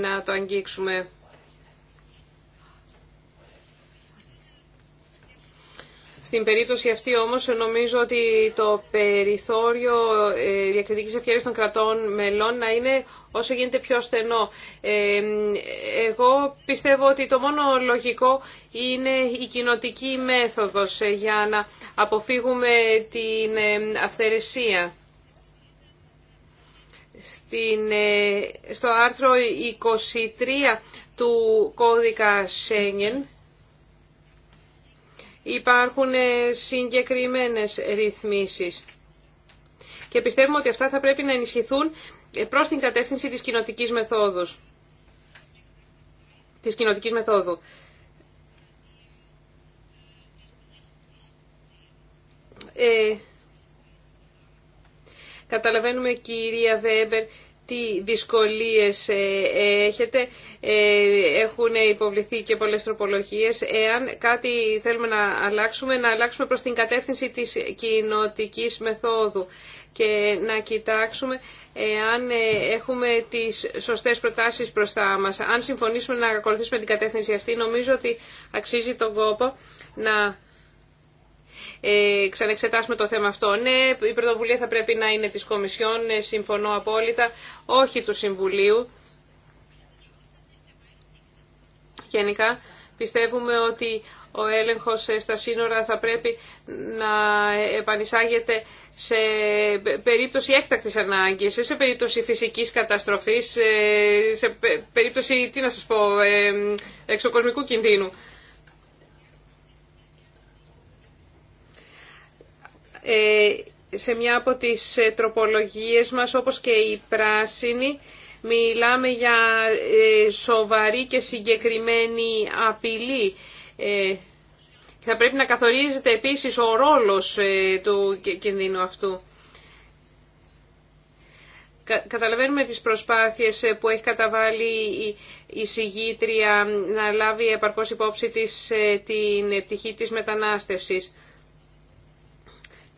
να το αγγίξουμε. Στην περίπτωση αυτή όμως νομίζω ότι το περιθώριο ε, διακριτικής ευκαιρίας των κρατών μελών να είναι όσο γίνεται πιο στενό. Ε, εγώ πιστεύω ότι το μόνο λογικό είναι η κοινοτική μέθοδος ε, για να αποφύγουμε την αυθαιρεσία. Στην, στο άρθρο 23 του κώδικα Schengen υπάρχουν ε, συγκεκριμένες ρυθμίσεις. Και πιστεύουμε ότι αυτά θα πρέπει να ενισχυθούν ε, προς την κατεύθυνση της κοινοτικής μεθόδου. Της κοινοτικής μεθόδου. Ε, καταλαβαίνουμε κυρία Βέμπερ τι δυσκολίες ε, έχετε. Ε, έχουν υποβληθεί και πολλές τροπολογίες. Εάν κάτι θέλουμε να αλλάξουμε, να αλλάξουμε προς την κατεύθυνση της κοινοτικής μεθόδου και να κοιτάξουμε εάν ε, έχουμε τις σωστές προτάσεις μπροστά μας. Αν συμφωνήσουμε να ακολουθήσουμε την κατεύθυνση αυτή, νομίζω ότι αξίζει τον κόπο να ε, ξανεξετάσουμε το θέμα αυτό. Ναι, η πρωτοβουλία θα πρέπει να είναι της Κομισιόν, ναι, συμφωνώ απόλυτα, όχι του Συμβουλίου. Γενικά πιστεύουμε ότι ο έλεγχος στα σύνορα θα πρέπει να επανεισάγεται σε περίπτωση έκτακτης ανάγκης, σε περίπτωση φυσικής καταστροφής, ε, σε περίπτωση, τι να σας πω, ε, εξοκοσμικού κινδύνου. Ε, σε μια από τις ε, τροπολογίες μας, όπως και η πράσινη, μιλάμε για ε, σοβαρή και συγκεκριμένη απειλή. Θα πρέπει να καθορίζεται επίσης ο ρόλος του κινδύνου αυτού. Καταλαβαίνουμε τις προσπάθειες που έχει καταβάλει η συγγήτρια να λάβει επαρκώς υπόψη της την πτυχή της μετανάστευσης.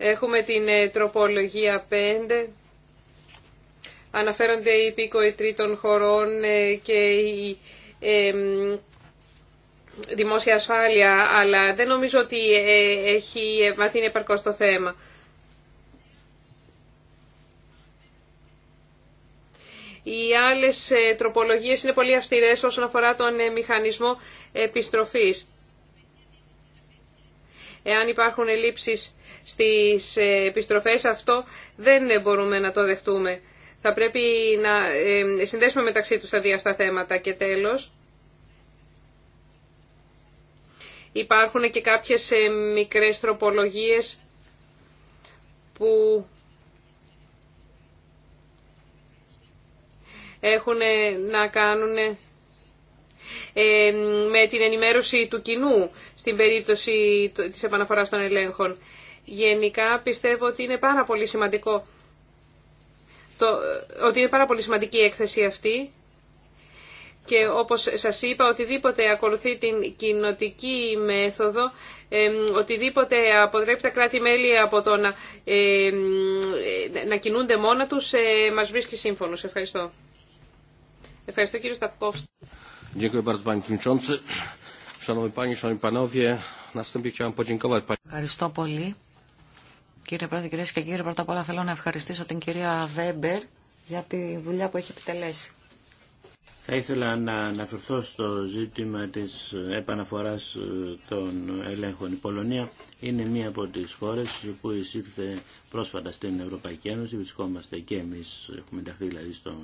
Έχουμε την ε, τροπολογία 5. Αναφέρονται οι υπήκοοι τρίτων χωρών ε, και η ε, δημόσια ασφάλεια, αλλά δεν νομίζω ότι έχει βαθύνει επαρκώς το θέμα. Οι άλλες τροπολογίες είναι πολύ αυστηρές όσον αφορά τον μηχανισμό επιστροφής. Εάν υπάρχουν ελλείψεις στις επιστροφές, αυτό δεν μπορούμε να το δεχτούμε. Θα πρέπει να ε, συνδέσουμε μεταξύ τους τα δύο αυτά θέματα. Και τέλος, υπάρχουν και κάποιες ε, μικρές τροπολογίες που έχουν ε, να κάνουν με την ενημέρωση του κοινού στην περίπτωση της επαναφοράς των ελέγχων. Γενικά πιστεύω ότι είναι πάρα πολύ σημαντικό το, ότι είναι πάρα πολύ σημαντική η έκθεση αυτή και όπως σας είπα οτιδήποτε ακολουθεί την κοινοτική μέθοδο οτιδήποτε αποτρέπει τα κράτη-μέλη από το να, ε, να κινούνται μόνα τους ε, μας βρίσκει σύμφωνος. Ευχαριστώ. Ευχαριστώ κύριο Σταπκόφσκι. Ευχαριστώ πολύ. Κύριε Πρόεδρε, κυρίε και κύριοι, πρώτα απ' όλα θέλω να ευχαριστήσω την κυρία Βέμπερ για τη δουλειά που έχει επιτελέσει. Θα ήθελα να αναφερθώ στο ζήτημα της επαναφοράς των ελέγχων. Η Πολωνία είναι μία από τις χώρες που εισήλθε πρόσφατα στην Ευρωπαϊκή Ένωση. Βρισκόμαστε και εμείς, έχουμε ενταχθεί δηλαδή στον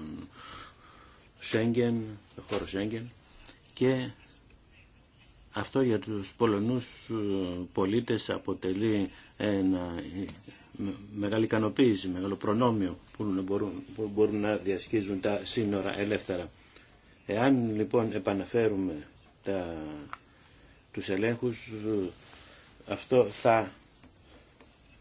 Σέγγεν, χώρο Σέγγεν και αυτό για τους Πολωνούς πολίτες αποτελεί ένα μεγάλη ικανοποίηση, μεγάλο προνόμιο που μπορούν, να διασχίζουν τα σύνορα ελεύθερα. Εάν λοιπόν επαναφέρουμε τα, τους ελέγχους, αυτό θα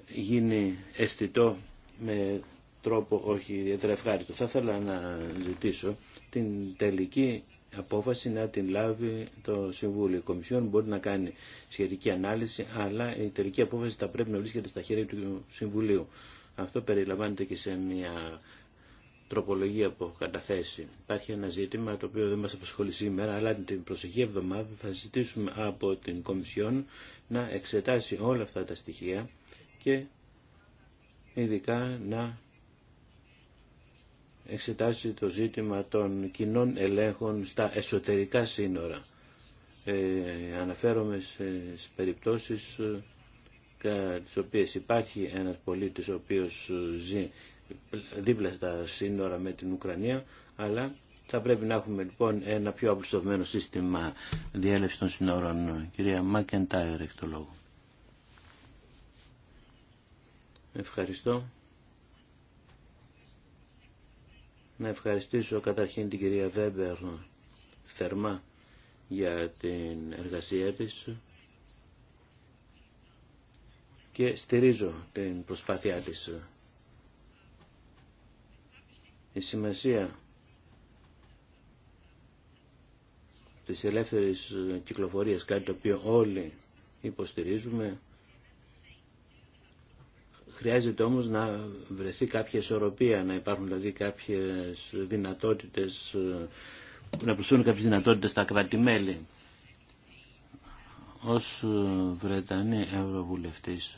γίνει αισθητό με τρόπο όχι ιδιαίτερα Θα ήθελα να ζητήσω την τελική απόφαση να την λάβει το Συμβούλιο. Η Κομισιόν μπορεί να κάνει σχετική ανάλυση, αλλά η τελική απόφαση θα πρέπει να βρίσκεται στα χέρια του Συμβουλίου. Αυτό περιλαμβάνεται και σε μια τροπολογία που έχω καταθέσει. Υπάρχει ένα ζήτημα το οποίο δεν μας απασχολεί σήμερα, αλλά την προσεχή εβδομάδα θα ζητήσουμε από την Κομισιόν να εξετάσει όλα αυτά τα στοιχεία και ειδικά να εξετάσει το ζήτημα των κοινών ελέγχων στα εσωτερικά σύνορα. Ε, αναφέρομαι σε περιπτώσεις ε, τις οποίες υπάρχει ένας πολίτης ο οποίος ε, ζει δίπλα στα σύνορα με την Ουκρανία, αλλά θα πρέπει να έχουμε λοιπόν ένα πιο απλουστευμένο σύστημα διέλευση των σύνορων. Κυρία Μάκεντάιρ, έχει το λόγο. Ευχαριστώ. Να ευχαριστήσω καταρχήν την κυρία Βέμπερ θερμά για την εργασία της και στηρίζω την προσπάθειά της. Η σημασία της ελεύθερης κυκλοφορίας, κάτι το οποίο όλοι υποστηρίζουμε, Χρειάζεται όμως να βρεθεί κάποια ισορροπία, να υπάρχουν δηλαδή κάποιες δυνατότητες, να προσφέρουν κάποιες δυνατότητες στα κρατη Ως Βρετανή Ευρωβουλευτής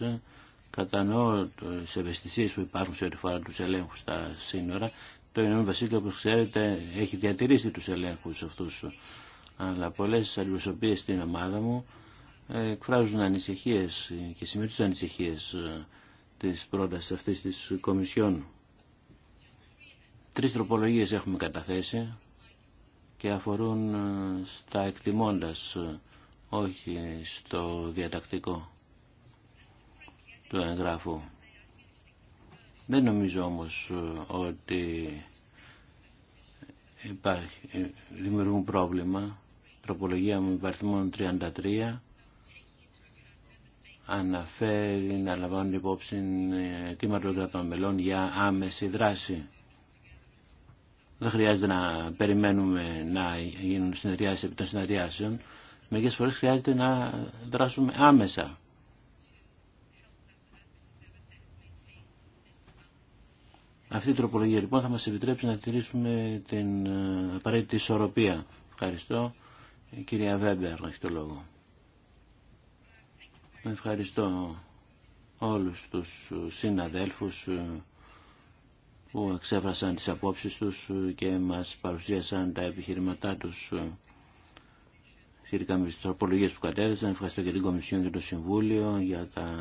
κατανοώ τις ευαισθησίες που υπάρχουν σε ό,τι φορά τους ελέγχους στα σύνορα. Το Ηνωμένο Βασίλειο, όπως ξέρετε, έχει διατηρήσει τους ελέγχους αυτούς. Αλλά πολλές αντιπροσωπείες στην ομάδα μου ε, εκφράζουν ανησυχίες και σημείωσαν ανησυχίες ε, της πρότασης αυτής της Κομισιόν. Τρεις τροπολογίες έχουμε καταθέσει και αφορούν ε, στα εκτιμώντας, ε, όχι στο διατακτικό του εγγράφου. Δεν νομίζω όμως ε, ότι υπάρχει, δημιουργούν πρόβλημα. Τροπολογία μου υπαριθμών 33 αναφέρει να λαμβάνουν υπόψη αιτήματα ε, των κρατών μελών για άμεση δράση. Δεν χρειάζεται να περιμένουμε να γίνουν συνεδριάσεις επί των συνεδριάσεων. Μερικές φορές χρειάζεται να δράσουμε άμεσα. Αυτή η τροπολογία λοιπόν θα μας επιτρέψει να τηρήσουμε την ε, απαραίτητη ισορροπία. Ευχαριστώ. Η κυρία Βέμπερ έχει το λόγο. Ευχαριστώ όλους τους ε, συναδέλφους ε, που εξέφρασαν τις απόψεις τους ε, και μας παρουσίασαν τα επιχειρηματά τους σχετικά με τις τροπολογίες που κατέθεσαν. Ευχαριστώ και την Κομισιόν και το Συμβούλιο για τα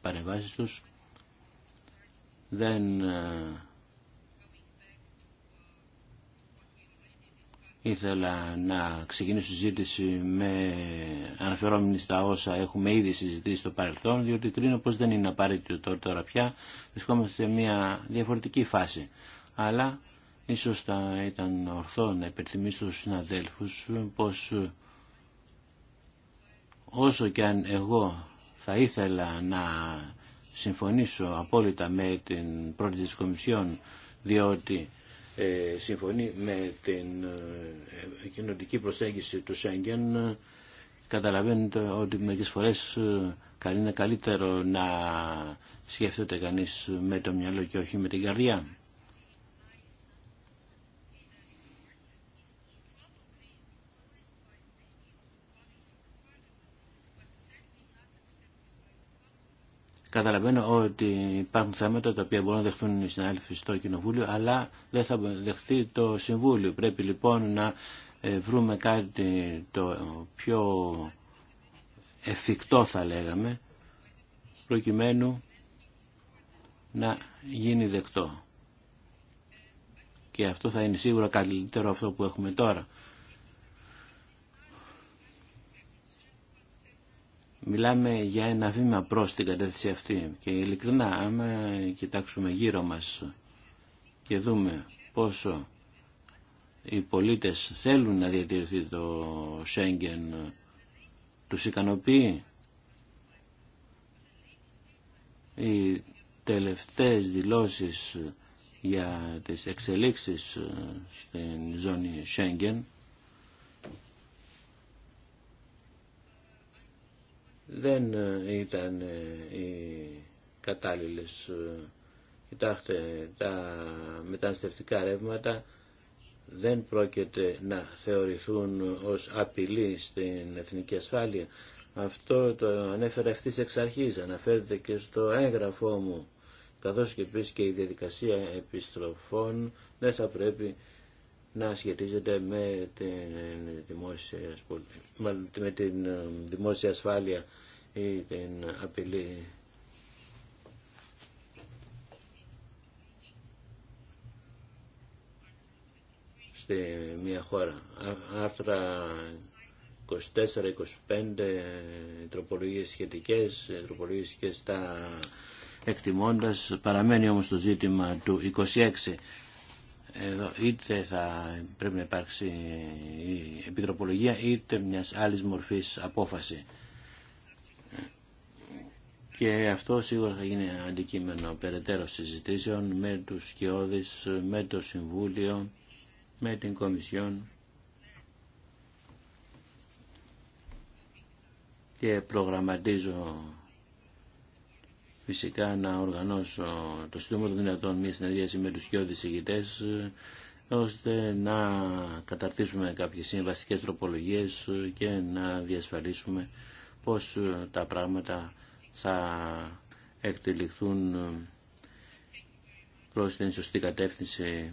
παρεμβάσεις τους. Δεν Ήθελα να ξεκινήσω συζήτηση με αναφερόμενη στα όσα έχουμε ήδη συζητήσει στο παρελθόν, διότι κρίνω πως δεν είναι απαραίτητο τώρα, τώρα πια. Βρισκόμαστε σε μια διαφορετική φάση. Αλλά ίσως θα ήταν ορθό να υπενθυμίσω στους συναδέλφους πως όσο και αν εγώ θα ήθελα να συμφωνήσω απόλυτα με την πρόταση της Κομισιόν, διότι ε, συμφωνεί με την ε, κοινωνική προσέγγιση του Σέγγεν καταλαβαίνετε ότι μερικές φορές είναι καλύτερο να σκέφτεται κανείς με το μυαλό και όχι με την καρδιά. Καταλαβαίνω ότι υπάρχουν θέματα τα οποία μπορούν να δεχτούν οι συνάδελφοι στο Κοινοβούλιο, αλλά δεν θα δεχθεί το Συμβούλιο. Πρέπει λοιπόν να ε, βρούμε κάτι το πιο εφικτό θα λέγαμε, προκειμένου να γίνει δεκτό. Και αυτό θα είναι σίγουρα καλύτερο αυτό που έχουμε τώρα. Μιλάμε για ένα βήμα προς την κατεύθυνση αυτή και ειλικρινά άμα κοιτάξουμε γύρω μας και δούμε πόσο οι πολίτες θέλουν να διατηρηθεί το Σέγγεν τους ικανοποιεί οι τελευταίες δηλώσεις για τις εξελίξεις στην ζώνη Σέγγεν δεν ε, ήταν ε, οι κατάλληλες. Ε, κοιτάξτε, τα μεταναστευτικά ρεύματα δεν πρόκειται να θεωρηθούν ως απειλή στην εθνική ασφάλεια. Αυτό το ανέφερα ευθύς εξ αρχής, αναφέρεται και στο έγγραφό μου, καθώς και επίσης και η διαδικασία επιστροφών δεν θα πρέπει να σχετίζεται με την δημόσια, με την ε, δημόσια ασφάλεια ή την απειλή στη μια χώρα. Άρθρα 24-25, τροπολογίες σχετικές, ε, τροπολογίες και στα εκτιμώντας, παραμένει όμως το ζήτημα του 26 εδώ είτε θα πρέπει να υπάρξει η επιτροπολογία είτε μιας άλλη μορφής απόφαση. Και αυτό σίγουρα θα γίνει αντικείμενο περαιτέρω συζητήσεων με τους σκιώδεις, με το Συμβούλιο, με την Κομισιόν και προγραμματίζω φυσικά να οργανώσω το σύντομο των δυνατών μια συνεδρίαση με τους σκιώδεις ηγητές ώστε να καταρτήσουμε κάποιες συμβαστικές τροπολογίες και να διασφαλίσουμε πώς τα πράγματα θα εκτεληχθούν προς την σωστή κατεύθυνση.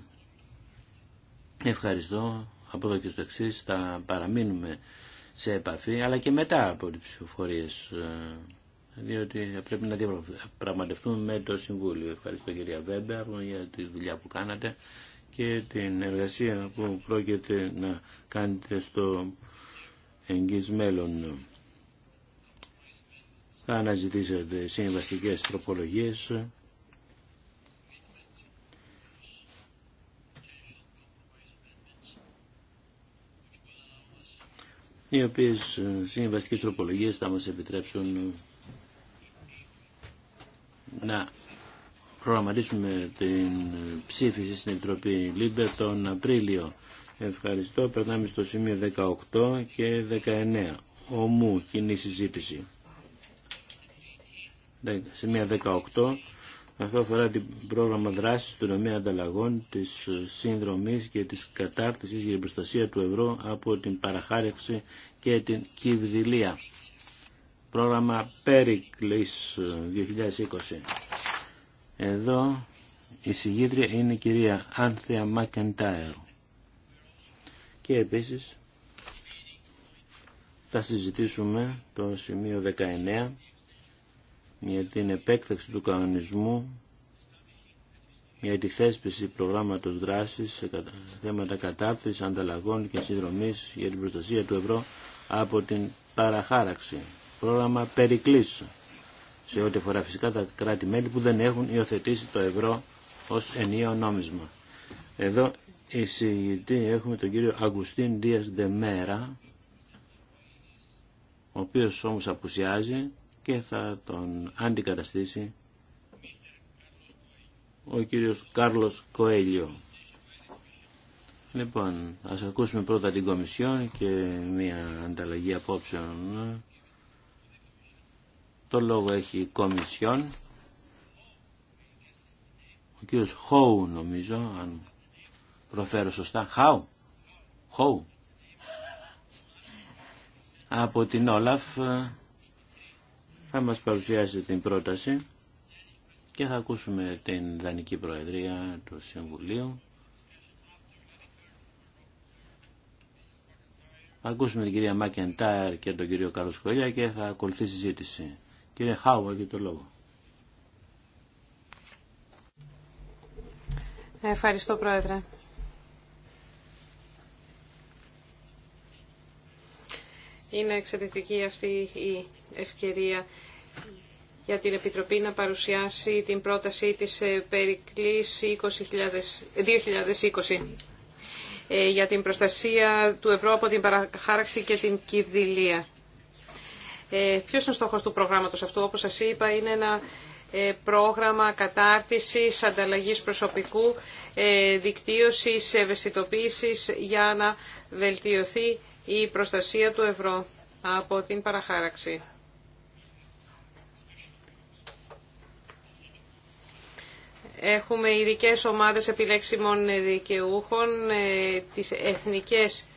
Ευχαριστώ. Από εδώ και στο εξή θα παραμείνουμε σε επαφή, αλλά και μετά από τις ψηφοφορίες διότι πρέπει να διαπραγματευτούμε με το Συμβούλιο. Ευχαριστώ κυρία Βέμπερ για τη δουλειά που κάνατε και την εργασία που πρόκειται να κάνετε στο εγγύς μέλλον. Θα αναζητήσετε συμβαστικές τροπολογίες οι οποίες συμβαστικές τροπολογίες θα μας επιτρέψουν να προγραμματίσουμε την ψήφιση στην Επιτροπή ΛΥΜΠΕ τον Απρίλιο. Ευχαριστώ. Περνάμε στο σημείο 18 και 19. Ομού κοινή συζήτηση. Σημείο 18. Αυτό αφορά την πρόγραμμα δράση του νομίου ανταλλαγών, τη συνδρομή και τη κατάρτιση για την προστασία του ευρώ από την παραχάρευση και την κυβδηλία πρόγραμμα Πέρικλεις ε, 2020. Εδώ η συγγήτρια είναι η κυρία Άνθια Μάκεντάερ. Και επίσης θα συζητήσουμε το σημείο 19 για την επέκταξη του κανονισμού για τη θέσπιση προγράμματος δράσης σε θέματα κατάρτισης, ανταλλαγών και συνδρομής για την προστασία του ευρώ από την παραχάραξη πρόγραμμα Περικλής σε ό,τι αφορά φυσικά τα κράτη-μέλη που δεν έχουν υιοθετήσει το ευρώ ως ενίο νόμισμα. Εδώ εισηγητή έχουμε τον κύριο Αγκουστίν Δίας Δεμέρα, ο οποίος όμως απουσιάζει και θα τον αντικαταστήσει ο κύριος Κάρλος Κοέλιο. Λοιπόν, ας ακούσουμε πρώτα την Κομισιόν και μια ανταλλαγή απόψεων το λόγο έχει η Κομισιόν. Ο κύριος Χόου νομίζω, αν προφέρω σωστά. Χάου. Χόου. Από την Όλαφ ε, θα μας παρουσιάσει την πρόταση και θα ακούσουμε την Δανική Προεδρία του Συμβουλίου. Θα ακούσουμε την κυρία μάκεντάρ και τον κύριο Καλοσκολιά και θα ακολουθεί συζήτηση. Κύριε Χάου, έχετε το λόγο. Ευχαριστώ, Πρόεδρε. Είναι εξαιρετική αυτή η ευκαιρία για την Επιτροπή να παρουσιάσει την πρότασή της Περικλής 2020 ε, για την προστασία του ευρώ από την παραχάραξη και την κυβδηλία. Ε, ποιος είναι ο στόχος του προγράμματος αυτού, όπως σας είπα, είναι ένα ε, πρόγραμμα κατάρτισης, ανταλλαγής προσωπικού, ε, δικτύωσης, ευαισθητοποίησης για να βελτιωθεί η προστασία του ευρώ από την παραχάραξη. Έχουμε ειδικέ ομάδες επιλέξιμων δικαιούχων, ε, τις, εθνικές,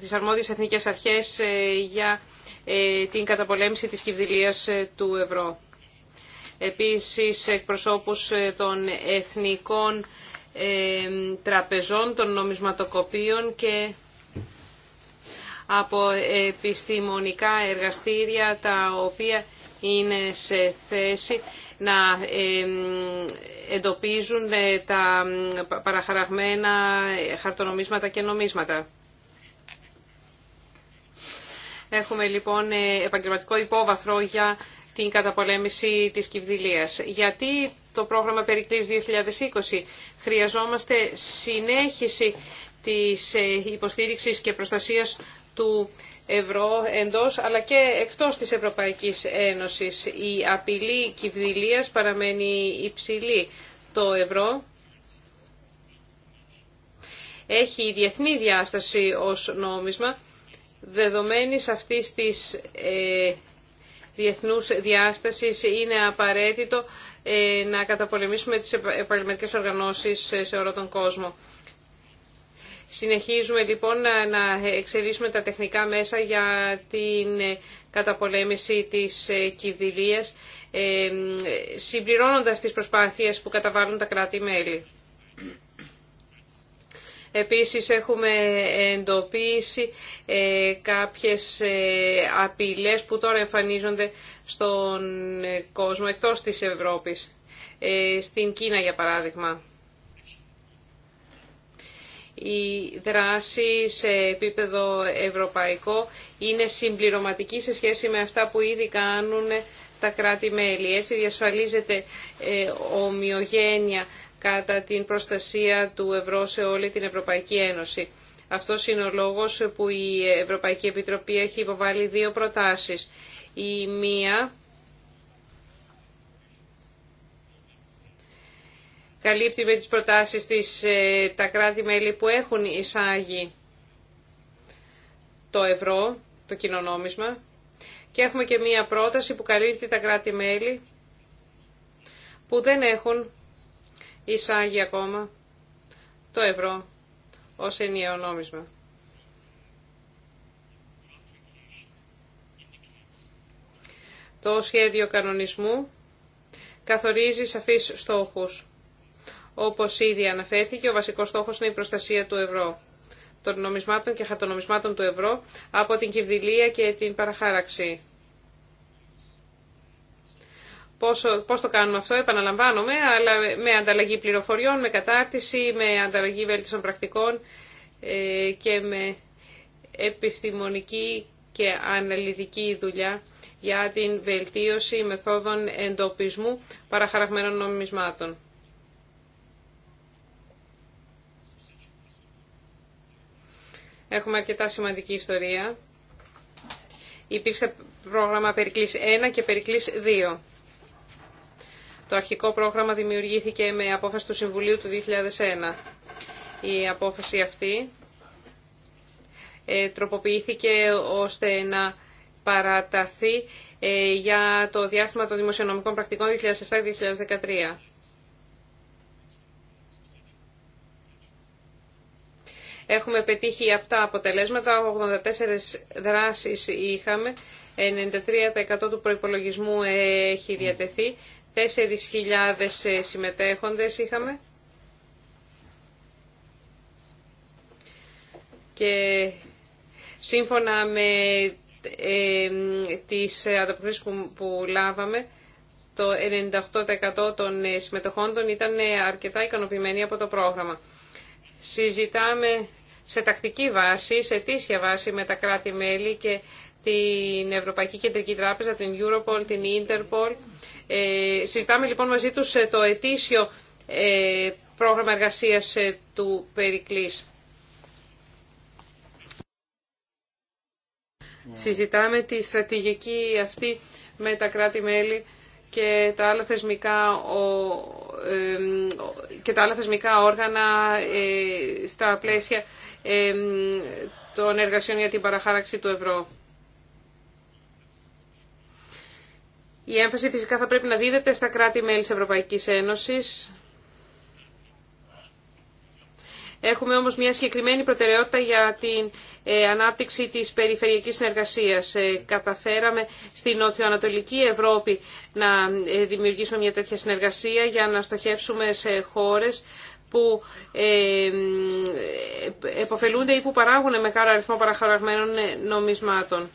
τις αρμόδιες εθνικές αρχές για ε, την καταπολέμηση της κυβδηλίας ε, του ευρώ. Επίσης εκπροσώπους ε, των εθνικών τραπεζών, των νομισματοκοπίων και από επιστημονικά εργαστήρια τα οποία είναι σε θέση να εντοπίζουν τα παραχαραγμένα χαρτονομίσματα και νομίσματα. Έχουμε λοιπόν ε, επαγγελματικό υπόβαθρο για την καταπολέμηση της κυβδηλίας. Γιατί το πρόγραμμα Περικλής 2020 χρειαζόμαστε συνέχιση της ε, υποστήριξης και προστασίας του ευρώ εντός αλλά και εκτός της Ευρωπαϊκής Ένωσης. Η απειλή κυβδηλίας παραμένει υψηλή. Το ευρώ έχει διεθνή διάσταση ως νόμισμα δεδομένης αυτής της ε, διεθνούς διάστασης είναι απαραίτητο ε, να καταπολεμήσουμε τις επαγγελματικές οργανώσεις ε, σε όλο τον κόσμο. Συνεχίζουμε λοιπόν να εξελίσσουμε τα τεχνικά μέσα για την καταπολέμηση της κυβδηλίας, συμπληρώνοντας τις προσπάθειες που καταβάλουν τα κράτη-μέλη. Επίσης έχουμε εντοπίσει ε, κάποιες ε, απειλές που τώρα εμφανίζονται στον κόσμο εκτός της Ευρώπης, ε, στην Κίνα για παράδειγμα. Η δράση σε επίπεδο ευρωπαϊκό είναι συμπληρωματική σε σχέση με αυτά που ήδη κάνουν τα κράτη-μέλη. Έτσι διασφαλίζεται ομοιογένεια κατά την προστασία του ευρώ σε όλη την Ευρωπαϊκή Ένωση. Αυτό είναι ο λόγος που η Ευρωπαϊκή Επιτροπή έχει υποβάλει δύο προτάσεις. Η μία καλύπτει με τις προτάσεις της ε, τα κράτη-μέλη που έχουν εισάγει το ευρώ, το κοινωνόμισμα. Και έχουμε και μία πρόταση που καλύπτει τα κράτη-μέλη που δεν έχουν εισάγει ακόμα το ευρώ ως ενιαίο νόμισμα. Το σχέδιο κανονισμού καθορίζει σαφείς στόχους. Όπως ήδη αναφέρθηκε, ο βασικός στόχος είναι η προστασία του ευρώ, των νομισμάτων και χαρτονομισμάτων του ευρώ από την κυβδηλία και την παραχάραξη. Πόσο, πώς το κάνουμε αυτό, επαναλαμβάνομαι, αλλά με ανταλλαγή πληροφοριών, με κατάρτιση, με ανταλλαγή βέλτιστων πρακτικών ε, και με επιστημονική και αναλυτική δουλειά για την βελτίωση μεθόδων εντοπισμού παραχαραγμένων νομισμάτων. Έχουμε αρκετά σημαντική ιστορία. Υπήρξε πρόγραμμα Περικλής 1 και Περικλής 2. Το αρχικό πρόγραμμα δημιουργήθηκε με απόφαση του Συμβουλίου του 2001. Η απόφαση αυτή ε, τροποποιήθηκε ώστε να παραταθεί ε, για το διάστημα των δημοσιονομικών πρακτικών 2007-2013. Έχουμε πετύχει αυτά αποτελέσματα, 84 δράσεις είχαμε, 93% του προϋπολογισμού έχει διατεθεί 4.000 ε, συμμετέχοντες είχαμε. Και σύμφωνα με ε, τις ανταποκρίσεις που, που λάβαμε, το 98% των ε, συμμετεχόντων ήταν ε, αρκετά ικανοποιημένοι από το πρόγραμμα. Συζητάμε σε τακτική βάση, σε τήσια βάση με τα κράτη-μέλη και την Ευρωπαϊκή Κεντρική Τράπεζα, την Europol, την Interpol. Ε, συζητάμε λοιπόν μαζί τους ε, το ετήσιο ε, πρόγραμμα εργασίας ε, του Περικλής. Συζητάμε τη στρατηγική αυτή με τα κράτη-μέλη και τα άλλα θεσμικά, και τα άλλα θεσμικά όργανα ε, στα πλαίσια των εργασιών για την παραχάραξη του ευρώ. Η έμφαση φυσικά θα πρέπει να δίδεται στα κράτη-μέλη της Ευρωπαϊκής Ένωσης. Έχουμε όμως μια συγκεκριμένη προτεραιότητα για την ε, ανάπτυξη της περιφερειακής συνεργασίας. Ε, καταφέραμε στην νότιο-ανατολική Ευρώπη να ε, δημιουργήσουμε μια τέτοια συνεργασία για να στοχεύσουμε σε χώρες που εποφελούνται ή που παράγουν μεγάλο αριθμό παραχαραγμένων νομισμάτων.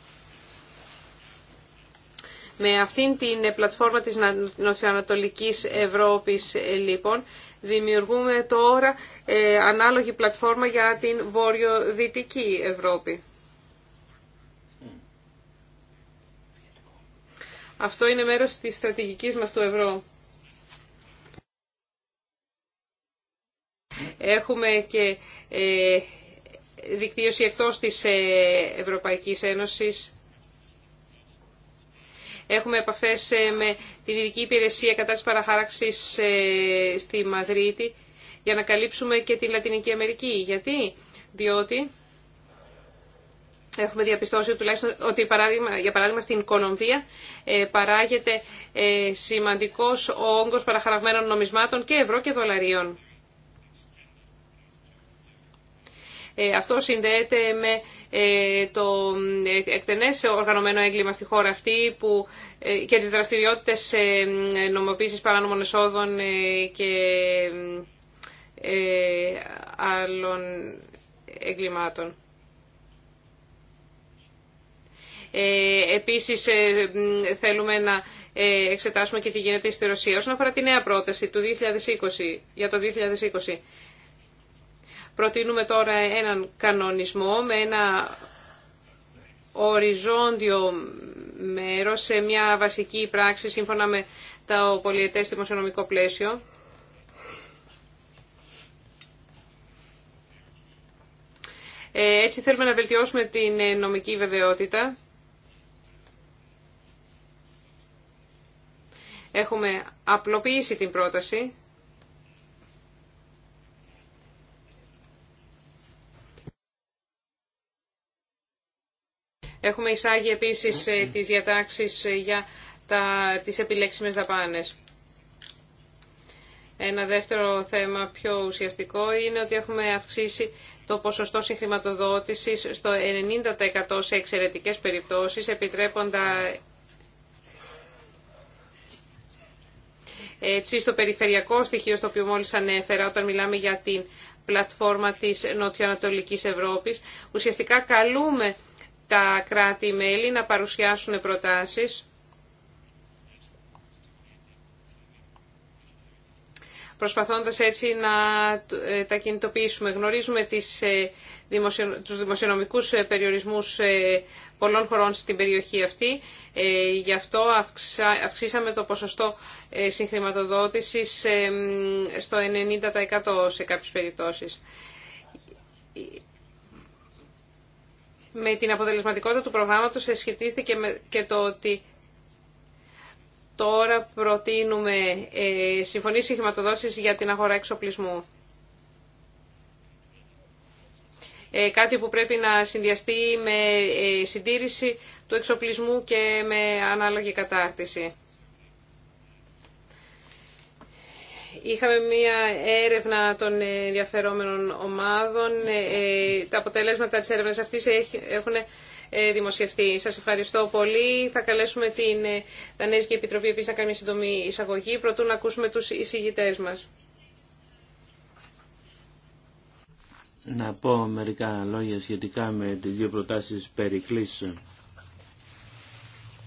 Με αυτήν την ε, πλατφόρμα της Νοτιοανατολικής Ευρώπης ε, λοιπόν δημιουργούμε τώρα ε, ανάλογη πλατφόρμα για την Βόρειο-Δυτική Ευρώπη. Αυτό είναι μέρος της στρατηγικής μας του ευρώ. Έχουμε και ε, δικτύωση εκτός της ε, Ευρωπαϊκής Ένωσης Έχουμε επαφές ε, με την Ειδική Υπηρεσία κατά της παραχάραξης ε, στη Μαδρίτη για να καλύψουμε και τη Λατινική Αμερική. Γιατί? Διότι έχουμε διαπιστώσει τουλάχιστον ότι παράδειγμα, για παράδειγμα στην Κολομβία ε, παράγεται σημαντικός όγκος παραχαραγμένων νομισμάτων και ευρώ και δολαρίων. Ε, αυτό συνδέεται με ε, το ε, εκτενές οργανωμένο έγκλημα στη χώρα αυτή που και τις δραστηριότητες νομοποίησης παράνομων εσόδων και άλλων εγκλημάτων. Επίσης θέλουμε να εξετάσουμε και τι γίνεται στη Ρωσία όσον αφορά τη νέα πρόταση του 2020, για το 2020. Προτείνουμε τώρα έναν κανονισμό με ένα οριζόντιο μέρος σε μια βασική πράξη σύμφωνα με το πολιετές δημοσιονομικό πλαίσιο. Ε, έτσι θέλουμε να βελτιώσουμε την ε, νομική βεβαιότητα. Έχουμε απλοποιήσει την πρόταση. Έχουμε εισάγει επίσης ε, τις διατάξεις ε, για τα, τις επιλέξιμες δαπάνες. Ένα δεύτερο θέμα πιο ουσιαστικό είναι ότι έχουμε αυξήσει το ποσοστό συγχρηματοδότησης στο 90% σε εξαιρετικές περιπτώσεις, επιτρέποντα έτσι στο περιφερειακό στοιχείο στο οποίο μόλις ανέφερα, όταν μιλάμε για την πλατφόρμα της Νοτιοανατολικής Ευρώπης, ουσιαστικά καλούμε τα κράτη-μέλη να παρουσιάσουν προτάσεις. προσπαθώντας έτσι να ε, τα κινητοποιήσουμε. Γνωρίζουμε τις, ε, τους δημοσιονομικούς ε, περιορισμούς πολλών χωρών στην περιοχή αυτή. Γι' αυτό αυξήσαμε το ποσοστό συγχρηματοδότησης στο 90% σε κάποιες περιπτώσεις με την αποτελεσματικότητα του προγράμματος σχετίστηκε και το ότι τώρα προτείνουμε ε, συμφωνίες για την αγορά εξοπλισμού. Ε, κάτι που πρέπει να συνδυαστεί με ε, συντήρηση του εξοπλισμού και με ανάλογη κατάρτιση. Είχαμε μία έρευνα των ενδιαφερόμενων ομάδων. Ε, ε, τα αποτελέσματα της έρευνας αυτής έχουν ε, δημοσιευτεί. Σας ευχαριστώ πολύ. Θα καλέσουμε την Δανέζικη Επιτροπή επίσης να κάνει μια σύντομη εισαγωγή, προτού να ακούσουμε τους εισηγητές μας. Να πω μερικά λόγια σχετικά με τις δύο προτάσεις περικλής.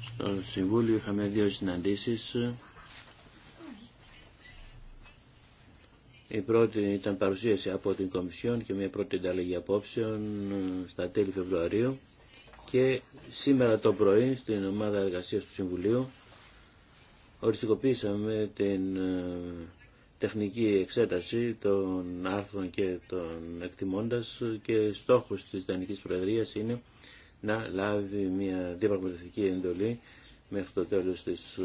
Στο Συμβούλιο είχαμε δύο συναντήσεις Η πρώτη ήταν παρουσίαση από την Κομισιόν και μια πρώτη ανταλλαγή απόψεων ε, στα τέλη Φεβρουαρίου και σήμερα το πρωί στην ομάδα εργασίας του Συμβουλίου οριστικοποίησαμε την ε, τεχνική εξέταση των άρθρων και των εκτιμώντας και στόχος της Δανικής Προεδρίας είναι να λάβει μια διαπραγματευτική εντολή μέχρι το τέλος της ε,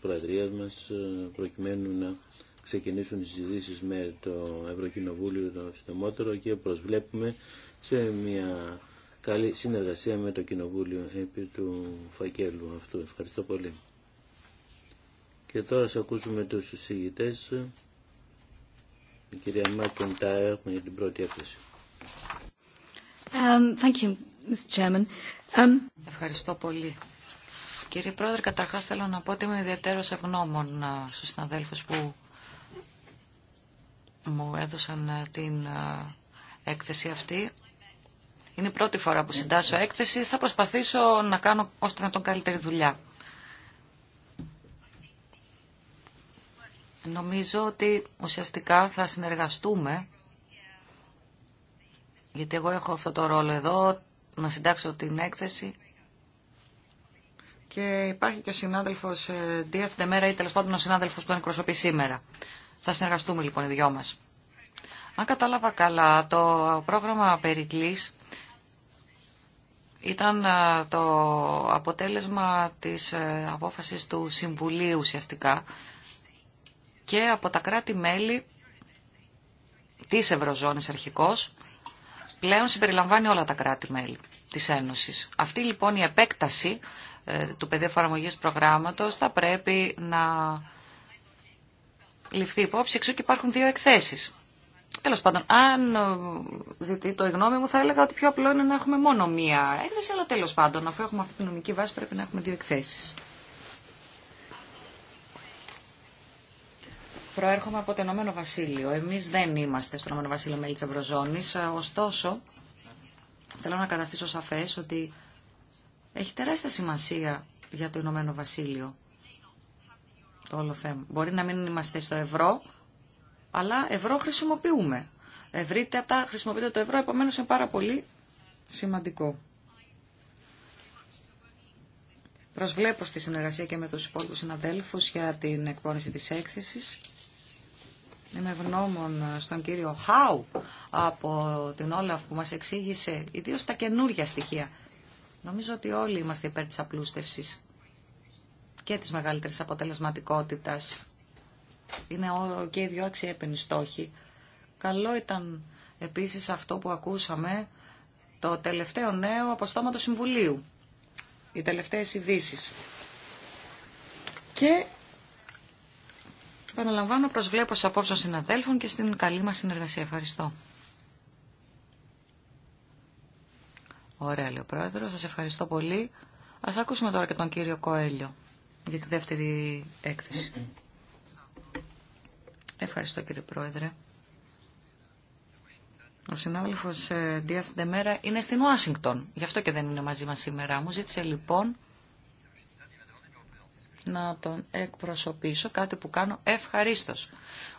Προεδρίας μας προκειμένου να ξεκινήσουν τις συζητήσεις με το Ευρωκοινοβούλιο το αυστημότερο και προσβλέπουμε σε μια καλή συνεργασία με το Κοινοβούλιο επί του φακέλου αυτού. Ευχαριστώ πολύ. Και τώρα σας ακούσουμε τους συζητητές. Η κυρία Μάκεν Τάερ την πρώτη έκθεση. Um, thank you, Mr. Chairman. Um, Ευχαριστώ πολύ. Κύριε Πρόεδρε, καταρχάς θέλω να πω ότι είμαι ιδιαίτερος ευγνώμων uh, στους συναδέλφους που μου έδωσαν ε, την ε, έκθεση αυτή. Είναι η πρώτη φορά που συντάσσω έκθεση. Θα προσπαθήσω να κάνω ώστε να τον καλύτερη δουλειά. Νομίζω ότι ουσιαστικά θα συνεργαστούμε, γιατί εγώ έχω αυτό το ρόλο εδώ, να συντάξω την έκθεση. Και υπάρχει και ο συνάδελφος Ντίαφ ε, μέρα ή τέλος πάντων ο συνάδελφος που τον εκπροσωπεί σήμερα. Θα συνεργαστούμε λοιπόν οι δυο μας. Αν κατάλαβα καλά, το πρόγραμμα Περικλής ήταν ε, το αποτέλεσμα της ε, απόφασης του Συμβουλίου ουσιαστικά και από τα κράτη-μέλη της Ευρωζώνης αρχικώς πλέον συμπεριλαμβάνει όλα τα κράτη-μέλη της Ένωσης. Αυτή λοιπόν η επέκταση ε, του πεδίου εφαρμογής προγράμματος θα πρέπει να ληφθεί υπόψη, εξού και υπάρχουν δύο εκθέσει. Τέλο πάντων, αν ε, ζητεί το γνώμη μου, θα έλεγα ότι πιο απλό είναι να έχουμε μόνο μία έκθεση, αλλά τέλος πάντων, αφού έχουμε αυτή τη νομική βάση, πρέπει να έχουμε δύο εκθέσει. Προέρχομαι από το Ενωμένο Βασίλειο. Εμεί δεν είμαστε στο Ενωμένο Βασίλειο μέλη τη ε, ωστόσο, θέλω να καταστήσω σαφέ ότι έχει τεράστια σημασία για το Ηνωμένο Βασίλειο το όλο θέμα. Μπορεί να μην είμαστε στο ευρώ, αλλά ευρώ χρησιμοποιούμε. Ευρύτερα χρησιμοποιείται το ευρώ, επομένως είναι πάρα πολύ σημαντικό. Προσβλέπω στη συνεργασία και με τους υπόλοιπους συναδέλφους για την εκπόνηση της έκθεσης. Είμαι ευγνώμων στον κύριο Χάου από την Όλαφ που μας εξήγησε ιδίως τα καινούργια στοιχεία. Νομίζω ότι όλοι είμαστε υπέρ της απλούστευσης και της μεγαλύτερης αποτελεσματικότητας. Είναι και οι δύο αξιέπαινοι στόχοι. Καλό ήταν επίσης αυτό που ακούσαμε το τελευταίο νέο αποστόματο Συμβουλίου. Οι τελευταίες ειδήσει. Και επαναλαμβάνω προσβλέπω σε απόψεων συναδέλφων και στην καλή μας συνεργασία. Ευχαριστώ. Ωραία, λέει ο Πρόεδρος. Σας ευχαριστώ πολύ. Ας ακούσουμε τώρα και τον κύριο Κοέλιο για τη δεύτερη έκθεση. Ευχαριστώ κύριε Πρόεδρε. Ο συνάδελφος Ντίαθ ε, Ντεμέρα είναι στην Ουάσιγκτον, γι' αυτό και δεν είναι μαζί μας σήμερα. Μου ζήτησε λοιπόν να τον εκπροσωπήσω, κάτι που κάνω ευχαρίστως.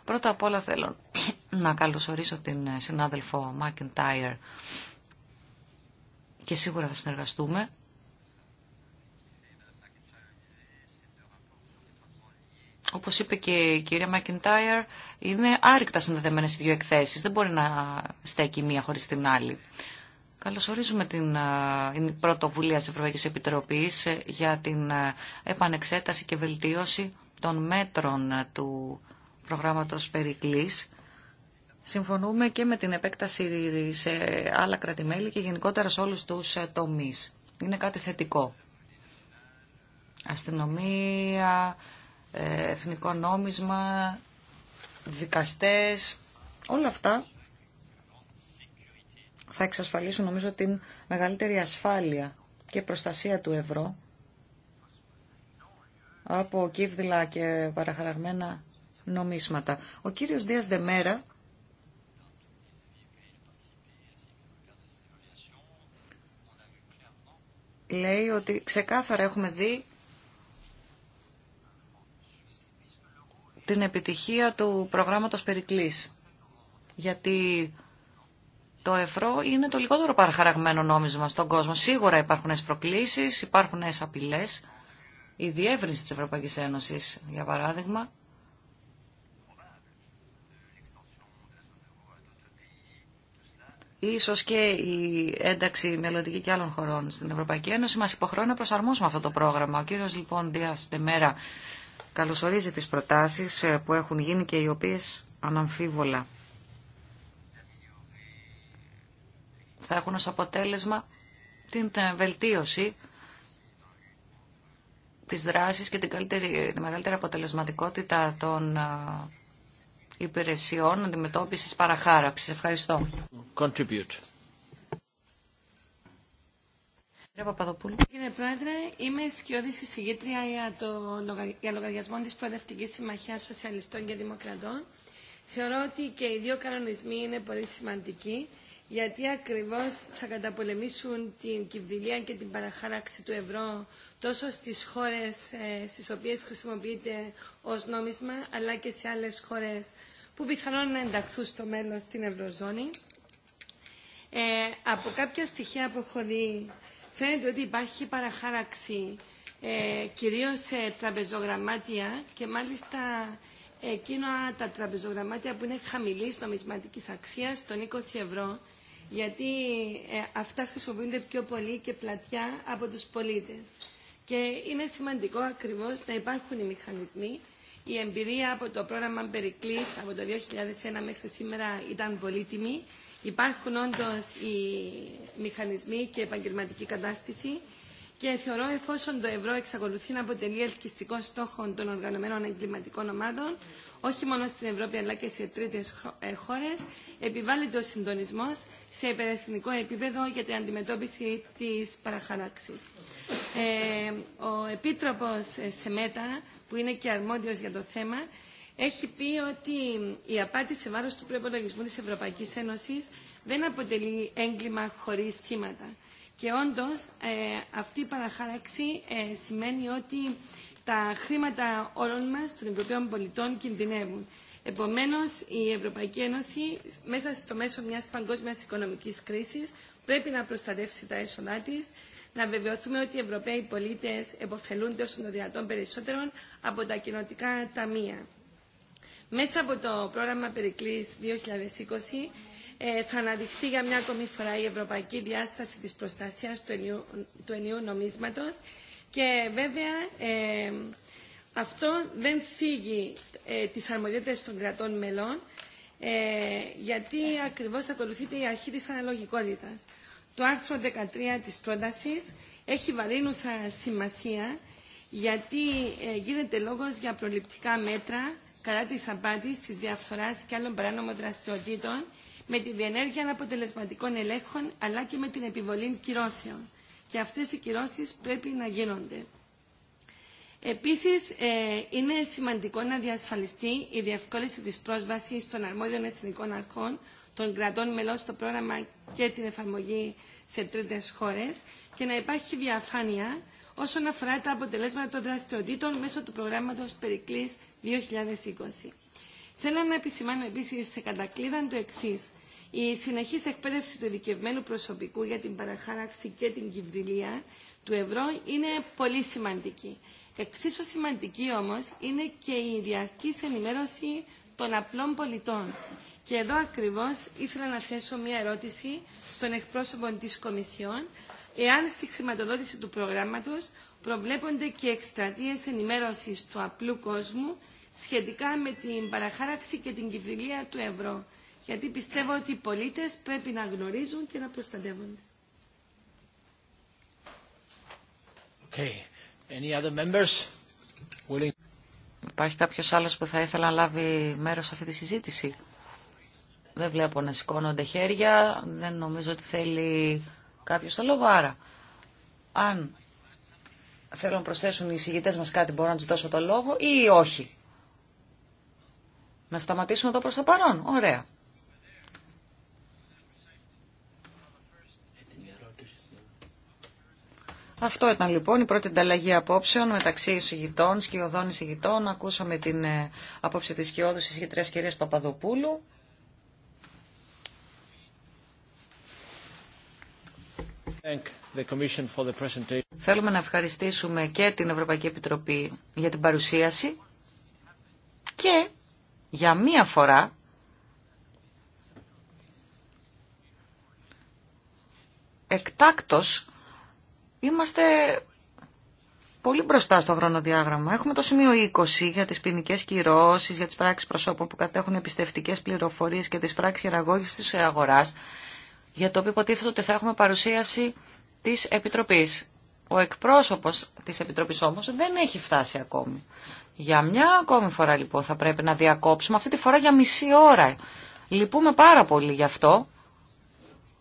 Πρώτα απ' όλα θέλω να καλωσορίσω την ε, συνάδελφο Τάιερ και σίγουρα θα συνεργαστούμε Όπως είπε και η κυρία Μακιντάιρ, είναι άρρηκτα συνδεδεμένες οι δύο εκθέσεις. Δεν μπορεί να στέκει μία χωρίς την άλλη. Καλωσορίζουμε την, την πρωτοβουλία της Ευρωπαϊκής Επιτροπής ε, για την επανεξέταση και βελτίωση των μέτρων του προγράμματος Περικλής. Συμφωνούμε και με την επέκταση σε άλλα κρατημέλη και γενικότερα σε όλους τους ε, τομείς. Είναι κάτι θετικό. Αστυνομία, εθνικό νόμισμα, δικαστές, όλα αυτά θα εξασφαλίσουν νομίζω την μεγαλύτερη ασφάλεια και προστασία του ευρώ από κύβδηλα και παραχαραγμένα νομίσματα. Ο κύριος Δίας Δεμέρα λέει ότι ξεκάθαρα έχουμε δει την επιτυχία του προγράμματος Περικλής. Γιατί το ευρώ είναι το λιγότερο παραχαραγμένο νόμισμα στον κόσμο. Σίγουρα υπάρχουν νέες προκλήσεις, υπάρχουν νέες απειλές. Η διεύρυνση της Ευρωπαϊκής Ένωσης, για παράδειγμα, ίσως και η ένταξη μελλοντική και άλλων χωρών στην Ευρωπαϊκή Ένωση μας υποχρεώνει να προσαρμόσουμε αυτό το πρόγραμμα. Ο κύριος λοιπόν Δίας Δεμέρα καλωσορίζει τις προτάσεις ε, που έχουν γίνει και οι οποίες αναμφίβολα θα έχουν ως αποτέλεσμα την ε, βελτίωση της δράσης και τη μεγαλύτερη αποτελεσματικότητα των ε, υπηρεσιών αντιμετώπισης παραχάραξης. Ευχαριστώ. Contribute. Κύριε Παπαδοπούλου. Κύριε Πρόεδρε, είμαι σκιώδη εισηγήτρια για, για λογαριασμό τη Προοδευτική Συμμαχία Σοσιαλιστών και Δημοκρατών. Θεωρώ ότι και οι δύο κανονισμοί είναι πολύ σημαντικοί, γιατί ακριβώ θα καταπολεμήσουν την κυβδηλία και την παραχάραξη του ευρώ τόσο στι χώρε ε, στι οποίε χρησιμοποιείται ω νόμισμα, αλλά και σε άλλε χώρε που πιθανόν να ενταχθούν στο μέλλον στην Ευρωζώνη. Ε, από κάποια στοιχεία που έχω δει φαίνεται ότι υπάρχει παραχάραξη ε, κυρίως σε τραπεζογραμμάτια και μάλιστα εκείνα τα τραπεζογραμμάτια που είναι χαμηλής νομισματικής αξίας των 20 ευρώ γιατί ε, αυτά χρησιμοποιούνται πιο πολύ και πλατιά από τους πολίτες. Και είναι σημαντικό ακριβώς να υπάρχουν οι μηχανισμοί. Η εμπειρία από το πρόγραμμα Περικλής από το 2001 μέχρι σήμερα ήταν πολύτιμη Υπάρχουν όντως οι μηχανισμοί και επαγγελματική κατάρτιση και θεωρώ εφόσον το ευρώ εξακολουθεί να αποτελεί ελκυστικό στόχο των οργανωμένων εγκληματικών ομάδων, όχι μόνο στην Ευρώπη αλλά και σε τρίτες ε, χώρε, επιβάλλεται ο συντονισμό σε υπερεθνικό επίπεδο για την αντιμετώπιση τη παραχαράξη. Ε, ο Επίτροπο Σεμέτα, που είναι και αρμόδιο για το θέμα, έχει πει ότι η απάτη σε βάρος του προπολογισμού της Ευρωπαϊκής Ένωσης δεν αποτελεί έγκλημα χωρίς θύματα. Και όντως ε, αυτή η παραχάραξη ε, σημαίνει ότι τα χρήματα όλων μας, των Ευρωπαίων πολιτών, κινδυνεύουν. Επομένως, η Ευρωπαϊκή Ένωση, μέσα στο μέσο μιας παγκόσμιας οικονομικής κρίσης, πρέπει να προστατεύσει τα έσοδά της, να βεβαιωθούμε ότι οι Ευρωπαίοι πολίτες εποφελούνται όσο το δυνατόν περισσότερων από τα κοινοτικά ταμεία μέσα από το πρόγραμμα Περικλής 2020 ε, θα αναδειχθεί για μια ακόμη φορά η ευρωπαϊκή διάσταση της προστασίας του ενιού, του νομίσματος και βέβαια ε, αυτό δεν φύγει ε, τις αρμοδιότητες των κρατών μελών ε, γιατί ακριβώς ακολουθείται η αρχή της αναλογικότητας. Το άρθρο 13 της πρότασης έχει βαρύνουσα σημασία γιατί γίνεται λόγος για προληπτικά μέτρα κατά τη απάντηση τη διαφθορά και άλλων παράνομων δραστηριοτήτων, με τη διενέργεια αποτελεσματικών ελέγχων αλλά και με την επιβολή κυρώσεων. Και αυτέ οι κυρώσει πρέπει να γίνονται. Επίση, ε, είναι σημαντικό να διασφαλιστεί η διευκόλυνση τη πρόσβαση των αρμόδιων εθνικών αρχών των κρατών μελών στο πρόγραμμα και την εφαρμογή σε τρίτε χώρε και να υπάρχει διαφάνεια όσον αφορά τα αποτελέσματα των δραστηριοτήτων μέσω του προγράμματο Περικλή 2020. Θέλω να επισημάνω επίση σε κατακλείδαν το εξή. Η συνεχή εκπαίδευση του ειδικευμένου προσωπικού για την παραχάραξη και την κυβδηλία του ευρώ είναι πολύ σημαντική. Εξίσου σημαντική όμω είναι και η διαρκή ενημέρωση των απλών πολιτών. Και εδώ ακριβώ ήθελα να θέσω μια ερώτηση στον εκπρόσωπο τη Κομισιόν, εάν στη χρηματοδότηση του προγράμματο προβλέπονται και εκστρατείε ενημέρωση του απλού κόσμου σχετικά με την παραχάραξη και την κυβδηλία του ευρώ. Γιατί πιστεύω ότι οι πολίτες πρέπει να γνωρίζουν και να προστατεύονται. Okay. Any other members? Willing... Υπάρχει κάποιος άλλος που θα ήθελα να λάβει μέρος σε αυτή τη συζήτηση. Δεν βλέπω να σηκώνονται χέρια. Δεν νομίζω ότι θέλει κάποιος το λόγο. Άρα, αν θέλουν να προσθέσουν οι συγγητές μας κάτι, μπορώ να τους δώσω το λόγο ή όχι. Να σταματήσουμε εδώ προς το παρόν. Ωραία. Αυτό ήταν λοιπόν η πρώτη ανταλλαγή απόψεων μεταξύ εισηγητών, σκιωδών εισηγητών. Ακούσαμε την ε, απόψη της σκιώδου εισηγητρίας κυρίας Παπαδοπούλου. Θέλουμε να ευχαριστήσουμε και την Ευρωπαϊκή Επιτροπή για την παρουσίαση και για μία φορά εκτάκτος είμαστε πολύ μπροστά στο χρονοδιάγραμμα. Έχουμε το σημείο 20 για τις ποινικέ κυρώσεις, για τις πράξεις προσώπων που κατέχουν εμπιστευτικές πληροφορίες και τις πράξεις χειραγώγησης της αγοράς, για το οποίο υποτίθεται ότι θα έχουμε παρουσίαση της Επιτροπής. Ο εκπρόσωπος της Επιτροπής όμως δεν έχει φτάσει ακόμη. Για μια ακόμη φορά λοιπόν θα πρέπει να διακόψουμε, αυτή τη φορά για μισή ώρα. Λυπούμε πάρα πολύ γι' αυτό.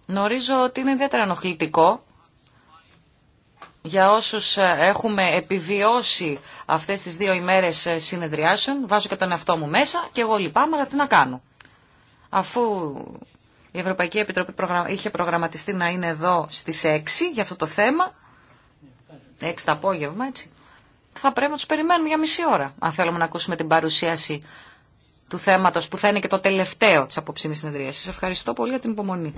Γνωρίζω ότι είναι ιδιαίτερα ενοχλητικό για όσους ε, έχουμε επιβιώσει αυτές τις δύο ημέρες ε, συνεδριάσεων. Βάζω και τον εαυτό μου μέσα και εγώ λυπάμαι, αλλά τι να κάνω. Αφού η Ευρωπαϊκή Επιτροπή είχε προγραμματιστεί να είναι εδώ στις 6 για αυτό το θέμα, 6 το απόγευμα έτσι, θα πρέπει να του περιμένουμε για μισή ώρα, αν θέλουμε να ακούσουμε την παρουσίαση του θέματος που θα είναι και το τελευταίο της απόψινης συνεδρίας. Σας ευχαριστώ πολύ για την υπομονή.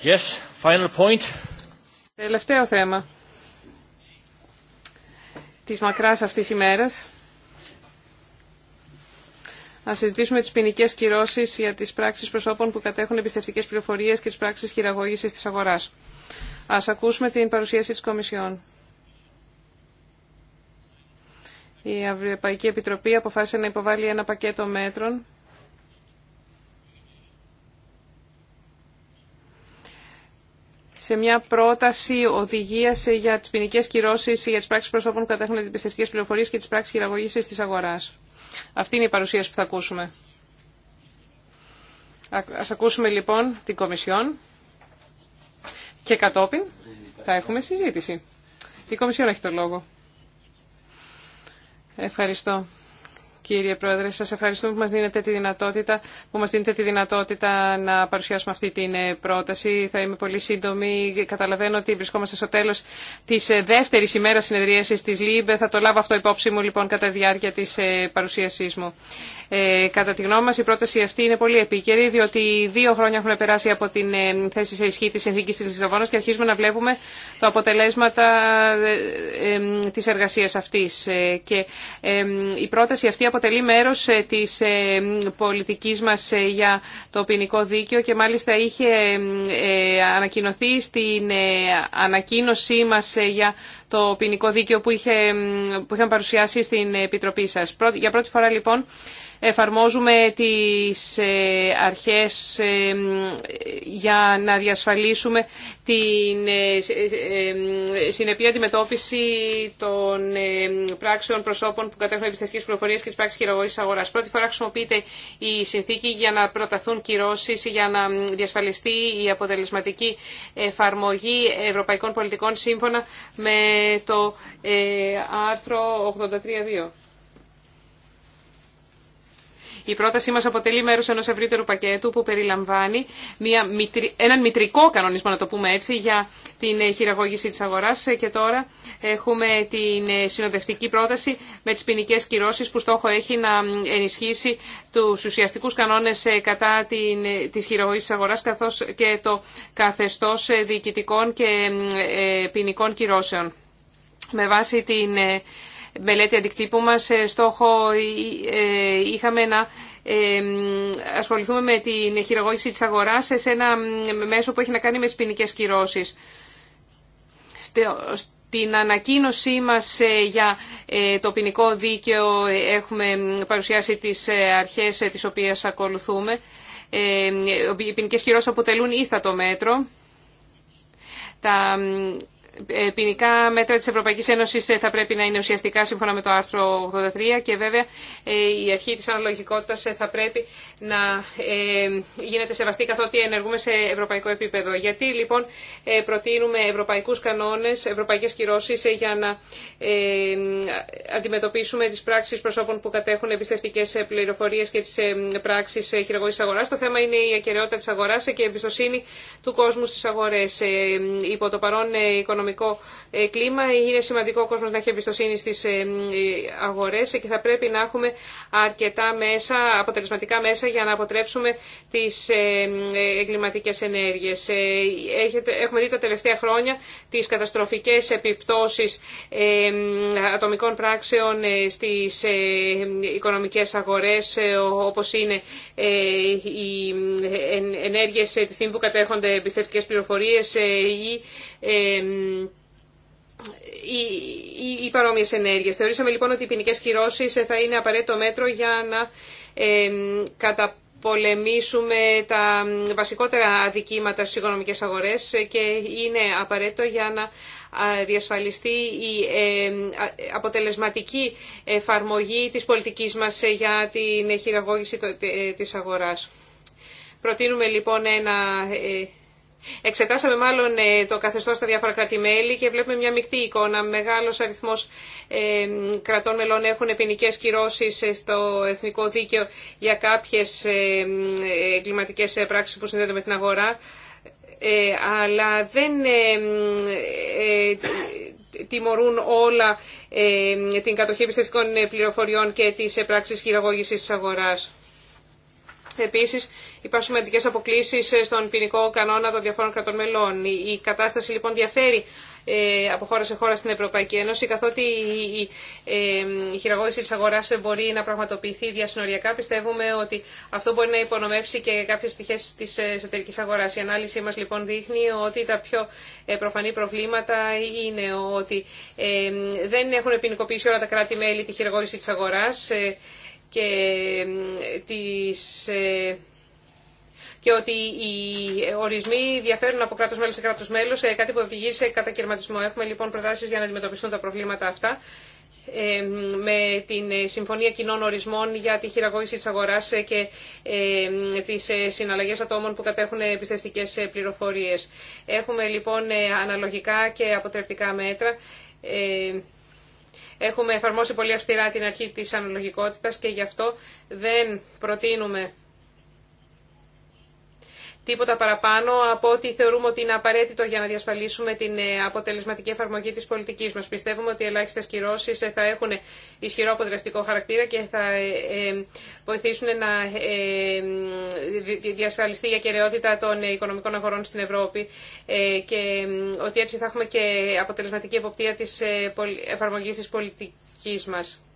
Yes, Τελευταίο θέμα της μακράς αυτής ημέρας. Να συζητήσουμε τις ποινικέ κυρώσει για τις πράξεις προσώπων που κατέχουν εμπιστευτικέ πληροφορίε και τις πράξεις χειραγώγησης τη αγοράς. Ας ακούσουμε την παρουσίαση της Κομισιόν. Η Ευρωπαϊκή Επιτροπή αποφάσισε να υποβάλει ένα πακέτο μέτρων σε μια πρόταση οδηγία για τι ποινικέ κυρώσει για τι πράξει προσώπων που κατέχουν αντιπιστευτικέ πληροφορίε και τι πράξει χειραγωγήσει τη αγορά. Αυτή είναι η παρουσίαση που θα ακούσουμε. Α ακούσουμε λοιπόν την Κομισιόν και κατόπιν θα έχουμε συζήτηση. Η Κομισιόν έχει το λόγο. Ευχαριστώ κύριε Πρόεδρε. Σας ευχαριστούμε που μας δίνετε τη δυνατότητα, που μας δίνετε τη δυνατότητα να παρουσιάσουμε αυτή την ε, πρόταση. Θα είμαι πολύ σύντομη. Καταλαβαίνω ότι βρισκόμαστε στο τέλος της ε, δεύτερης ημέρας συνεδρίασης της ΛΥΜΠΕ. Θα το λάβω αυτό υπόψη μου λοιπόν κατά διάρκεια της ε, παρουσίασής μου. Ε, κατά τη γνώμη μας η πρόταση αυτή είναι πολύ επίκαιρη, διότι δύο χρόνια έχουν περάσει από την ε, θέση σε ισχύ της συνθήκη τη Λισαβόνα και αρχίζουμε να βλέπουμε τα αποτελέσματα ε, της εργασίας αυτής. Και η πρόταση αυτή αποτελεί μέρος της πολιτικής μας για το ποινικό δίκαιο και μάλιστα είχε ανακοινωθεί στην ανακοίνωσή μας για το ποινικό δίκαιο που, είχε, που είχαν παρουσιάσει στην Επιτροπή σας. Για πρώτη φορά λοιπόν εφαρμόζουμε τις ε, αρχές ε, για να διασφαλίσουμε την ε, συνεπή αντιμετώπιση των πράξεων προσώπων που κατέχουν επιστημονικές πληροφορίες και τις πράξεις χειραγωγής αγοράς. Πρώτη φορά χρησιμοποιείται η συνθήκη για να προταθούν κυρώσεις για να διασφαλιστεί η αποτελεσματική εφαρμογή ευρωπαϊκών πολιτικών σύμφωνα με το ε, άρθρο 83.2. Η πρότασή μας αποτελεί μέρος ενός ευρύτερου πακέτου που περιλαμβάνει μια, έναν μητρικό κανονισμό, να το πούμε έτσι, για την ε, χειραγώγηση της αγοράς ε, και τώρα έχουμε την συνοδευτική πρόταση με τις ποινικέ κυρώσεις που στόχο έχει να ενισχύσει τους ουσιαστικούς κανόνες κατά την, της χειραγώγησης της αγοράς καθώς και το καθεστώς διοικητικών και ποινικών κυρώσεων. Με βάση την ε, μελέτη αντικτύπου μας, ε, στόχο ε, είχαμε να ασχοληθούμε με την χειραγώγηση της αγοράς σε ένα μέσο που έχει να κάνει με τις ποινικέ κυρώσεις. Στην ανακοίνωσή μας για το ποινικό δίκαιο έχουμε παρουσιάσει τις αρχές τις οποίες ακολουθούμε. Οι ποινικές κυρώσεις αποτελούν ίστατο μέτρο. Τα ε, ποινικά μέτρα της Ευρωπαϊκής Ένωσης ε, θα πρέπει να είναι ουσιαστικά σύμφωνα με το άρθρο 83 και βέβαια ε, η αρχή της αναλογικότητας θα πρέπει να γίνεται σεβαστή καθότι ενεργούμε σε ευρωπαϊκό επίπεδο. Γιατί λοιπόν προτείνουμε ευρωπαϊκούς κανόνες, ευρωπαϊκές κυρώσεις για να αντιμετωπίσουμε τις πράξεις προσώπων που κατέχουν εμπιστευτικές πληροφορίες και τις πράξεις χειραγωγής αγοράς. Το θέμα είναι η ακεραιότητα της αγοράς και η εμπιστοσύνη του κόσμου στις αγορές. Υπό το παρόν οικονομικό ε, κλίμα. Είναι σημαντικό ο κόσμος να έχει εμπιστοσύνη στις ε, ε, αγορές και θα πρέπει να έχουμε αρκετά μέσα, αποτελεσματικά μέσα για να αποτρέψουμε τις εγκληματικές ενέργειες. Έχουμε δει τα τελευταία χρόνια τις καταστροφικές επιπτώσεις ατομικών πράξεων στις οικονομικές αγορές όπως είναι οι ενέργειες της στιγμή που κατέχονται εμπιστευτικές πληροφορίες ή οι, οι παρόμοιες ενέργειες. Θεωρήσαμε λοιπόν ότι οι ποινικέ κυρώσεις θα είναι απαραίτητο μέτρο για να καταπολεμήσουμε τα βασικότερα αδικήματα στις οικονομικές αγορές και είναι απαραίτητο για να διασφαλιστεί η αποτελεσματική εφαρμογή της πολιτικής μας για την χειραγώγηση της αγοράς. Προτείνουμε λοιπόν ένα ε, Εξετάσαμε μάλλον ε, το καθεστώς στα διάφορα και βλέπουμε μια μεικτή εικόνα. Μεγάλος αριθμός ε, κρατών μελών έχουν ποινικέ κυρώσεις ε, στο εθνικό δίκαιο για κάποιες εγκληματικές πράξεις που συνδέονται με την αγορά. Αλλά δεν τιμωρούν όλα την κατοχή εμπιστευτικών πληροφοριών και τις πράξεις χειραγώγησης της αγοράς. Επίσης, Υπάρχουν σημαντικέ αποκλήσει ε, στον ποινικό κανόνα των διαφόρων κρατών μελών. Η κατάσταση λοιπόν διαφέρει ε, από χώρα σε χώρα στην Ευρωπαϊκή Ένωση, καθότι η ε, χειραγώγηση τη αγορά μπορεί να πραγματοποιηθεί διασυνοριακά. Πιστεύουμε ότι αυτό μπορεί να υπονομεύσει και κάποιε πτυχέ τη εσωτερική αγορά. Η ανάλυση μα λοιπόν δείχνει ότι τα πιο προφανή προβλήματα είναι ότι δεν έχουν ποινικοποιήσει όλα τα κράτη-μέλη τη χειραγώγηση τη αγορά και τις και ότι οι ορισμοί διαφέρουν από κράτο μέλο σε κράτο μέλο, ε, κάτι που οδηγεί σε κατακαιρματισμό. Έχουμε λοιπόν προτάσει για να αντιμετωπιστούν τα προβλήματα αυτά ε, με την ε, Συμφωνία Κοινών Ορισμών για τη χειραγώγηση της αγοράς και τις συναλλαγές ατόμων που κατέχουν πιστευτικές πληροφορίες. Έχουμε λοιπόν αναλογικά και αποτρεπτικά μέτρα. Έχουμε εφαρμόσει πολύ αυστηρά την αρχή της αναλογικότητας και γι' αυτό δεν προτείνουμε τίποτα παραπάνω από ό,τι θεωρούμε ότι είναι απαραίτητο για να διασφαλίσουμε την ε, αποτελεσματική εφαρμογή της πολιτικής μας. Πιστεύουμε ότι οι ελάχιστες κυρώσεις ε, θα έχουν ισχυρό αποτρεπτικό χαρακτήρα και θα ε, βοηθήσουν να διασφαλιστεί η ακαιρεότητα των οικονομικών αγορών στην Ευρώπη και ότι έτσι θα έχουμε και αποτελεσματική εποπτεία τη εφαρμογή τη πολιτική μας.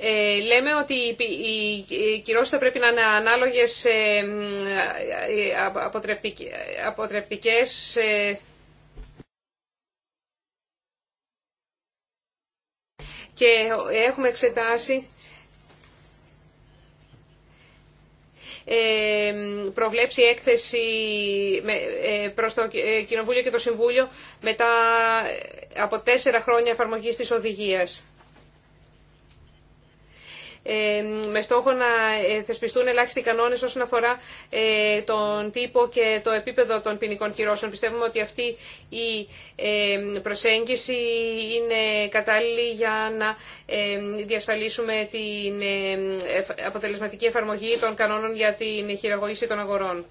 Ε, λέμε ότι οι κυρώσεις θα πρέπει να είναι ανάλογες ε, ε, αποτρεπτικές και έχουμε εξετάσει προβλέψει έκθεση προς το Κοινοβούλιο και το Συμβούλιο μετά από τέσσερα χρόνια εφαρμογής της οδηγίας. Ε, με στόχο να ε, θεσπιστούν ελάχιστοι κανόνες όσον αφορά ε, τον τύπο και το επίπεδο των ποινικών κυρώσεων. Πιστεύουμε ότι αυτή η προσέγγιση είναι κατάλληλη για να διασφαλίσουμε την αποτελεσματική εφαρμογή των κανόνων για την χειραγωγήση των αγορών.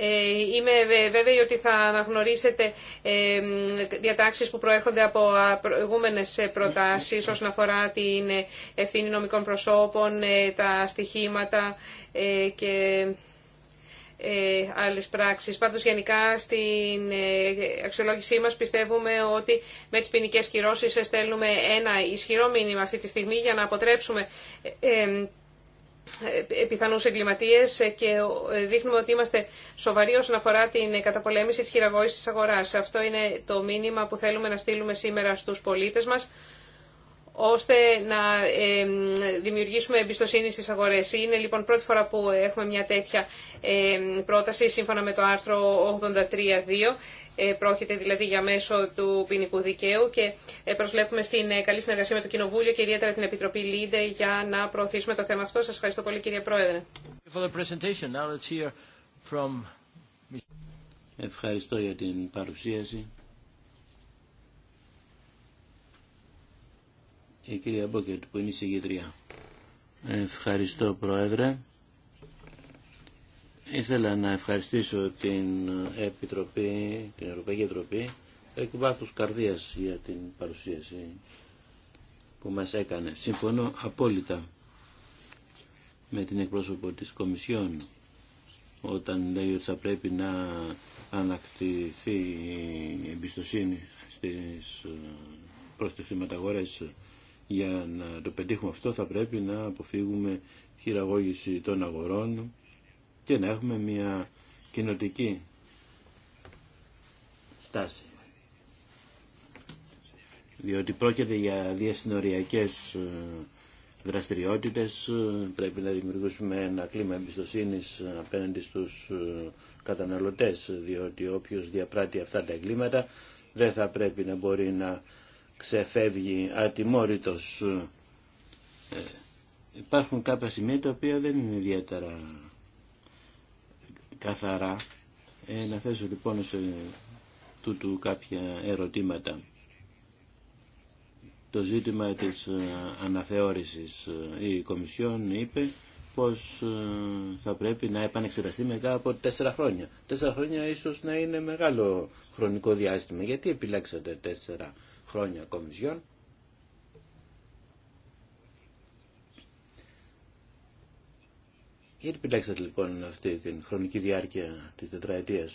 Ε, είμαι βέβαιη ότι θα αναγνωρίσετε ε, διατάξεις που προέρχονται από προηγούμενες ε, προτάσεις όσον αφορά την ευθύνη νομικών προσώπων, τα στοιχήματα και άλλες πράξεις. Πάντως γενικά στην αξιολόγησή μας πιστεύουμε ότι με τις ποινικέ κυρώσεις στέλνουμε ένα ισχυρό μήνυμα αυτή τη στιγμή για να αποτρέψουμε ε, πιθανούς εγκληματίες ε, και ε, δείχνουμε ότι είμαστε σοβαροί όσον αφορά την καταπολέμηση της χειραγώγησης της αγοράς. Αυτό είναι το μήνυμα που θέλουμε να στείλουμε σήμερα στους πολίτες μας ώστε να δημιουργήσουμε εμπιστοσύνη στις αγορές. Είναι λοιπόν πρώτη φορά που έχουμε μια τέτοια πρόταση σύμφωνα με το άρθρο 83.2 ε, πρόκειται δηλαδή για μέσο του ποινικού δικαίου και ε, προσβλέπουμε στην ε, καλή συνεργασία με το Κοινοβούλιο και ιδιαίτερα την Επιτροπή ΛΙΝΤΕ για να προωθήσουμε το θέμα αυτό. Σας ευχαριστώ πολύ κύριε Πρόεδρε. Ευχαριστώ για την παρουσίαση. Η κυρία Μπόκετ που είναι η συγγετριά. Ευχαριστώ Πρόεδρε. Ήθελα να ευχαριστήσω την Επιτροπή, την Ευρωπαϊκή Επιτροπή εκ βάθους καρδίας για την παρουσίαση που μας έκανε. Συμφωνώ απόλυτα με την εκπρόσωπο της Κομισιόν όταν λέει ότι θα πρέπει να ανακτηθεί η εμπιστοσύνη στις, προς για να το πετύχουμε αυτό θα πρέπει να αποφύγουμε χειραγώγηση των αγορών και να έχουμε μια κοινοτική στάση. Διότι πρόκειται για διασυνοριακές ε, δραστηριότητες, ε, πρέπει να δημιουργήσουμε ένα κλίμα εμπιστοσύνης ε, απέναντι στους καταναλωτές, διότι όποιος διαπράττει αυτά τα εγκλήματα δεν θα πρέπει να μπορεί να ξεφεύγει ατιμόρυτος. Υπάρχουν κάποια σημεία τα οποία δεν είναι ιδιαίτερα καθαρά. Ε, να θέσω λοιπόν σε τούτου κάποια ερωτήματα. Το ζήτημα της ε, αναθεώρησης ε, η Κομισιόν είπε πως ε, θα πρέπει να επανεξεταστεί μετά από τέσσερα χρόνια. Τέσσερα χρόνια ίσως να είναι μεγάλο χρονικό διάστημα. Γιατί επιλέξατε τέσσερα χρόνια Κομισιόν Γιατί επιλέξατε λοιπόν αυτή την χρονική διάρκεια τη τετραετία.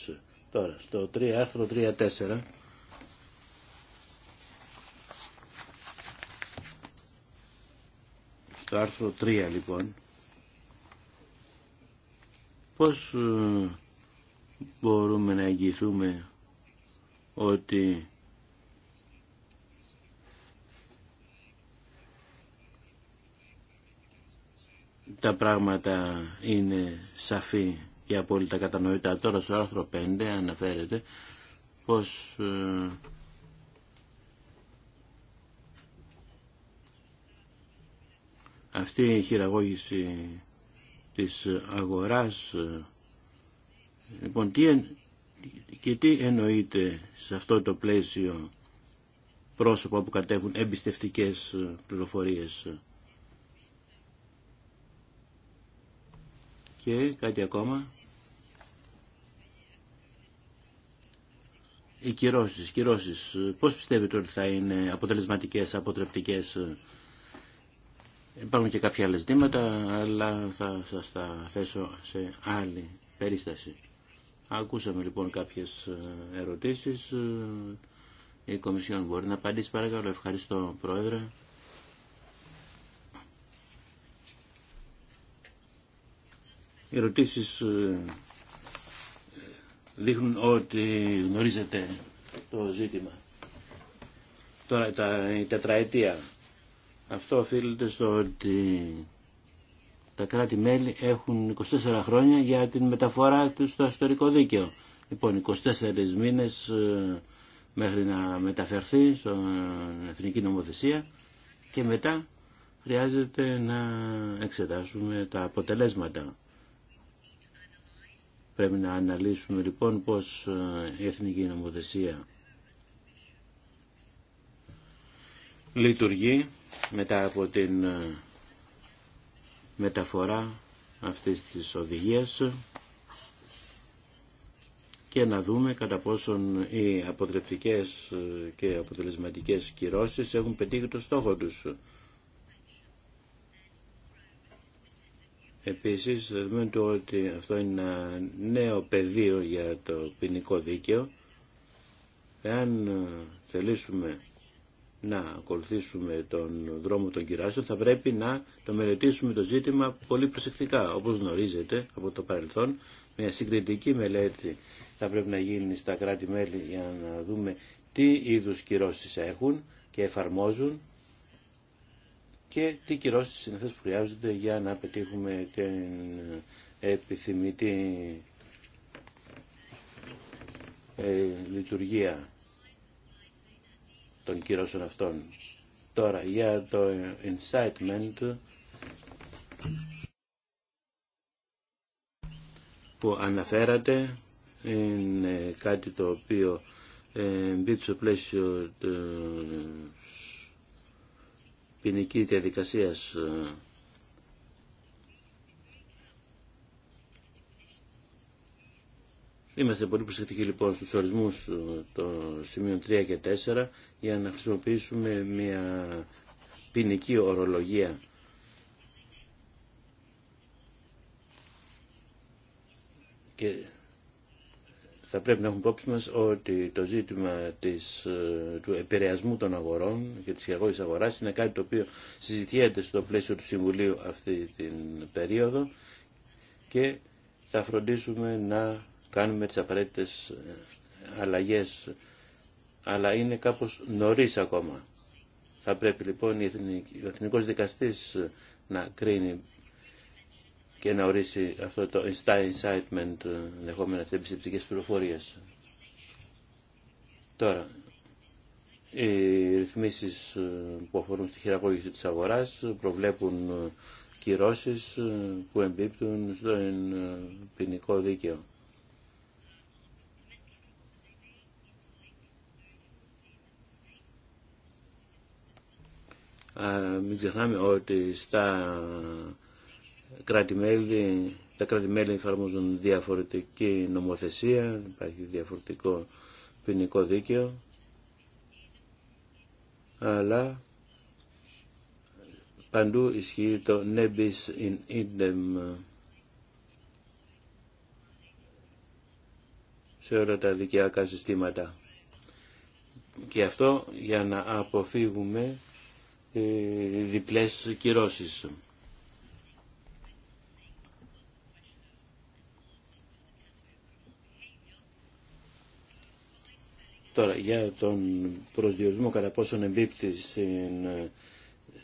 τώρα, στο 3, άρθρο 3-4. Στο άρθρο 3 λοιπόν, πώς ε, μπορούμε να εγγυηθούμε ότι τα πράγματα είναι σαφή και απόλυτα κατανοητά. Τώρα στο άρθρο 5 αναφέρεται πως ε, αυτή η χειραγώγηση της αγοράς ε, λοιπόν και τι εννοείται σε αυτό το πλαίσιο πρόσωπα που κατέχουν εμπιστευτικές ε, πληροφορίες Και κάτι ακόμα. Οι κυρώσεις, κυρώσεις. Πώς πιστεύετε ότι θα είναι αποτελεσματικές, αποτρεπτικές. Υπάρχουν και κάποια άλλα ζητήματα, αλλά θα σας τα θέσω σε άλλη περίσταση. Ακούσαμε λοιπόν κάποιες ε, ερωτήσεις. Ε, η Κομισιόν μπορεί να απαντήσει παρακαλώ. Ευχαριστώ Πρόεδρε. Οι ρωτήσεις ε, δείχνουν ότι γνωρίζετε το ζήτημα. Τώρα τα, η τετραετία. Αυτό οφείλεται στο ότι τα κράτη-μέλη έχουν 24 χρόνια για την μεταφορά του στο ιστορικό δίκαιο. Λοιπόν, 24 μήνες ε, μέχρι να μεταφερθεί στην ε, εθνική νομοθεσία και μετά χρειάζεται να εξετάσουμε τα αποτελέσματα. Πρέπει να αναλύσουμε λοιπόν πώς ε, η εθνική νομοθεσία λειτουργεί μετά από την ε, μεταφορά αυτής της οδηγίας και να δούμε κατά πόσον οι αποτρεπτικές ε, και αποτελεσματικές κυρώσεις έχουν πετύχει το στόχο τους. Επίσης, δεδομένου ότι αυτό είναι ένα νέο πεδίο για το ποινικό δίκαιο, εάν ε, θελήσουμε να ακολουθήσουμε τον δρόμο των κυράσεων, θα πρέπει να το μελετήσουμε το ζήτημα πολύ προσεκτικά. Όπως γνωρίζετε από το παρελθόν, μια συγκριτική μελέτη θα πρέπει να γίνει στα κράτη-μέλη για να δούμε τι είδους κυρώσεις έχουν και εφαρμόζουν και τι κυρώσεις συνήθως που χρειάζονται για να πετύχουμε την επιθυμητή ε, λειτουργία των κυρώσεων αυτών. Τώρα για το incitement που αναφέρατε είναι κάτι το οποίο ε, μπει στο πλαίσιο του ποινική διαδικασία. Ε, είμαστε πολύ προσεκτικοί λοιπόν στους ορισμούς ε, των σημείων 3 και 4 για να χρησιμοποιήσουμε μια ποινική ορολογία και θα πρέπει να έχουμε υπόψη μας ότι το ζήτημα της, ε, του επηρεασμού των αγορών και της χειαγώγης αγοράς είναι κάτι το οποίο συζητιέται στο πλαίσιο του Συμβουλίου αυτή την περίοδο και θα φροντίσουμε να κάνουμε τις απαραίτητες ε, αλλαγές αλλά είναι κάπως νωρίς ακόμα. Θα πρέπει λοιπόν ο Εθνικός Δικαστής να κρίνει και να ορίσει αυτό το incitement ε, αυτές τις εμπιστευτικές πληροφορίες. Τώρα, οι ρυθμίσεις ε, που αφορούν στη χειραγώγηση της αγοράς ε, προβλέπουν κυρώσεις που εμπίπτουν στο ποινικό δίκαιο. μην ξεχνάμε ότι στα τα κράτη-μέλη εφαρμόζουν διαφορετική νομοθεσία, υπάρχει διαφορετικό ποινικό δίκαιο, αλλά παντού ισχύει το nebis in idem σε όλα τα δικαιάκα συστήματα. Και αυτό για να αποφύγουμε ε, διπλές κυρώσεις. Τώρα, για τον προσδιορισμό κατά πόσον εμπίπτει ε,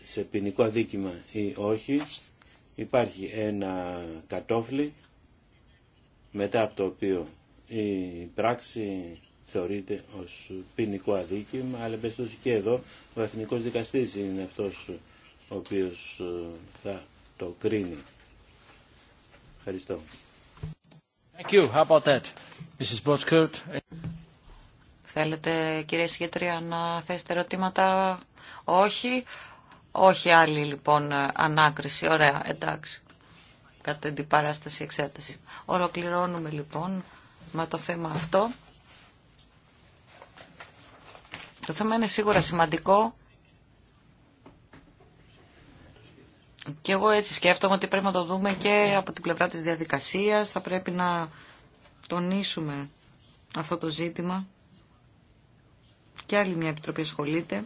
σε ποινικό αδίκημα ή όχι, υπάρχει ένα κατόφλι μετά από το οποίο η πράξη θεωρείται ως ποινικό αδίκημα, αλλά εμπεστώσει και εδώ ο εθνικό Δικαστής είναι αυτός ο οποίος ε, θα το κρίνει. Ευχαριστώ. Thank you. about Θέλετε κυρία Σιγητρία, να θέσετε ερωτήματα. Όχι. Όχι άλλη λοιπόν ανάκριση. Ωραία. Εντάξει. Κατά την παράσταση εξέταση. Ολοκληρώνουμε λοιπόν με το θέμα αυτό. Το θέμα είναι σίγουρα σημαντικό. Και εγώ έτσι σκέφτομαι ότι πρέπει να το δούμε και από την πλευρά της διαδικασίας. Θα πρέπει να τονίσουμε αυτό το ζήτημα και άλλη μια επιτροπή ασχολείται.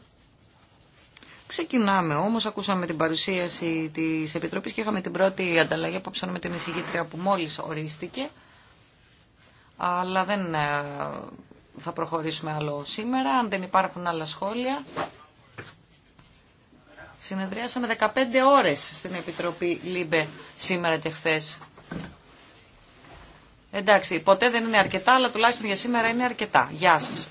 Ξεκινάμε όμως, ακούσαμε την παρουσίαση της Επιτροπής και είχαμε την πρώτη ανταλλαγή απόψε με την εισηγήτρια που μόλις ορίστηκε. Αλλά δεν ε, θα προχωρήσουμε άλλο σήμερα, αν δεν υπάρχουν άλλα σχόλια. Συνεδριάσαμε 15 ώρες στην Επιτροπή ΛΥΜΠΕ σήμερα και χθε. Εντάξει, ποτέ δεν είναι αρκετά, αλλά τουλάχιστον για σήμερα είναι αρκετά. Γεια σας.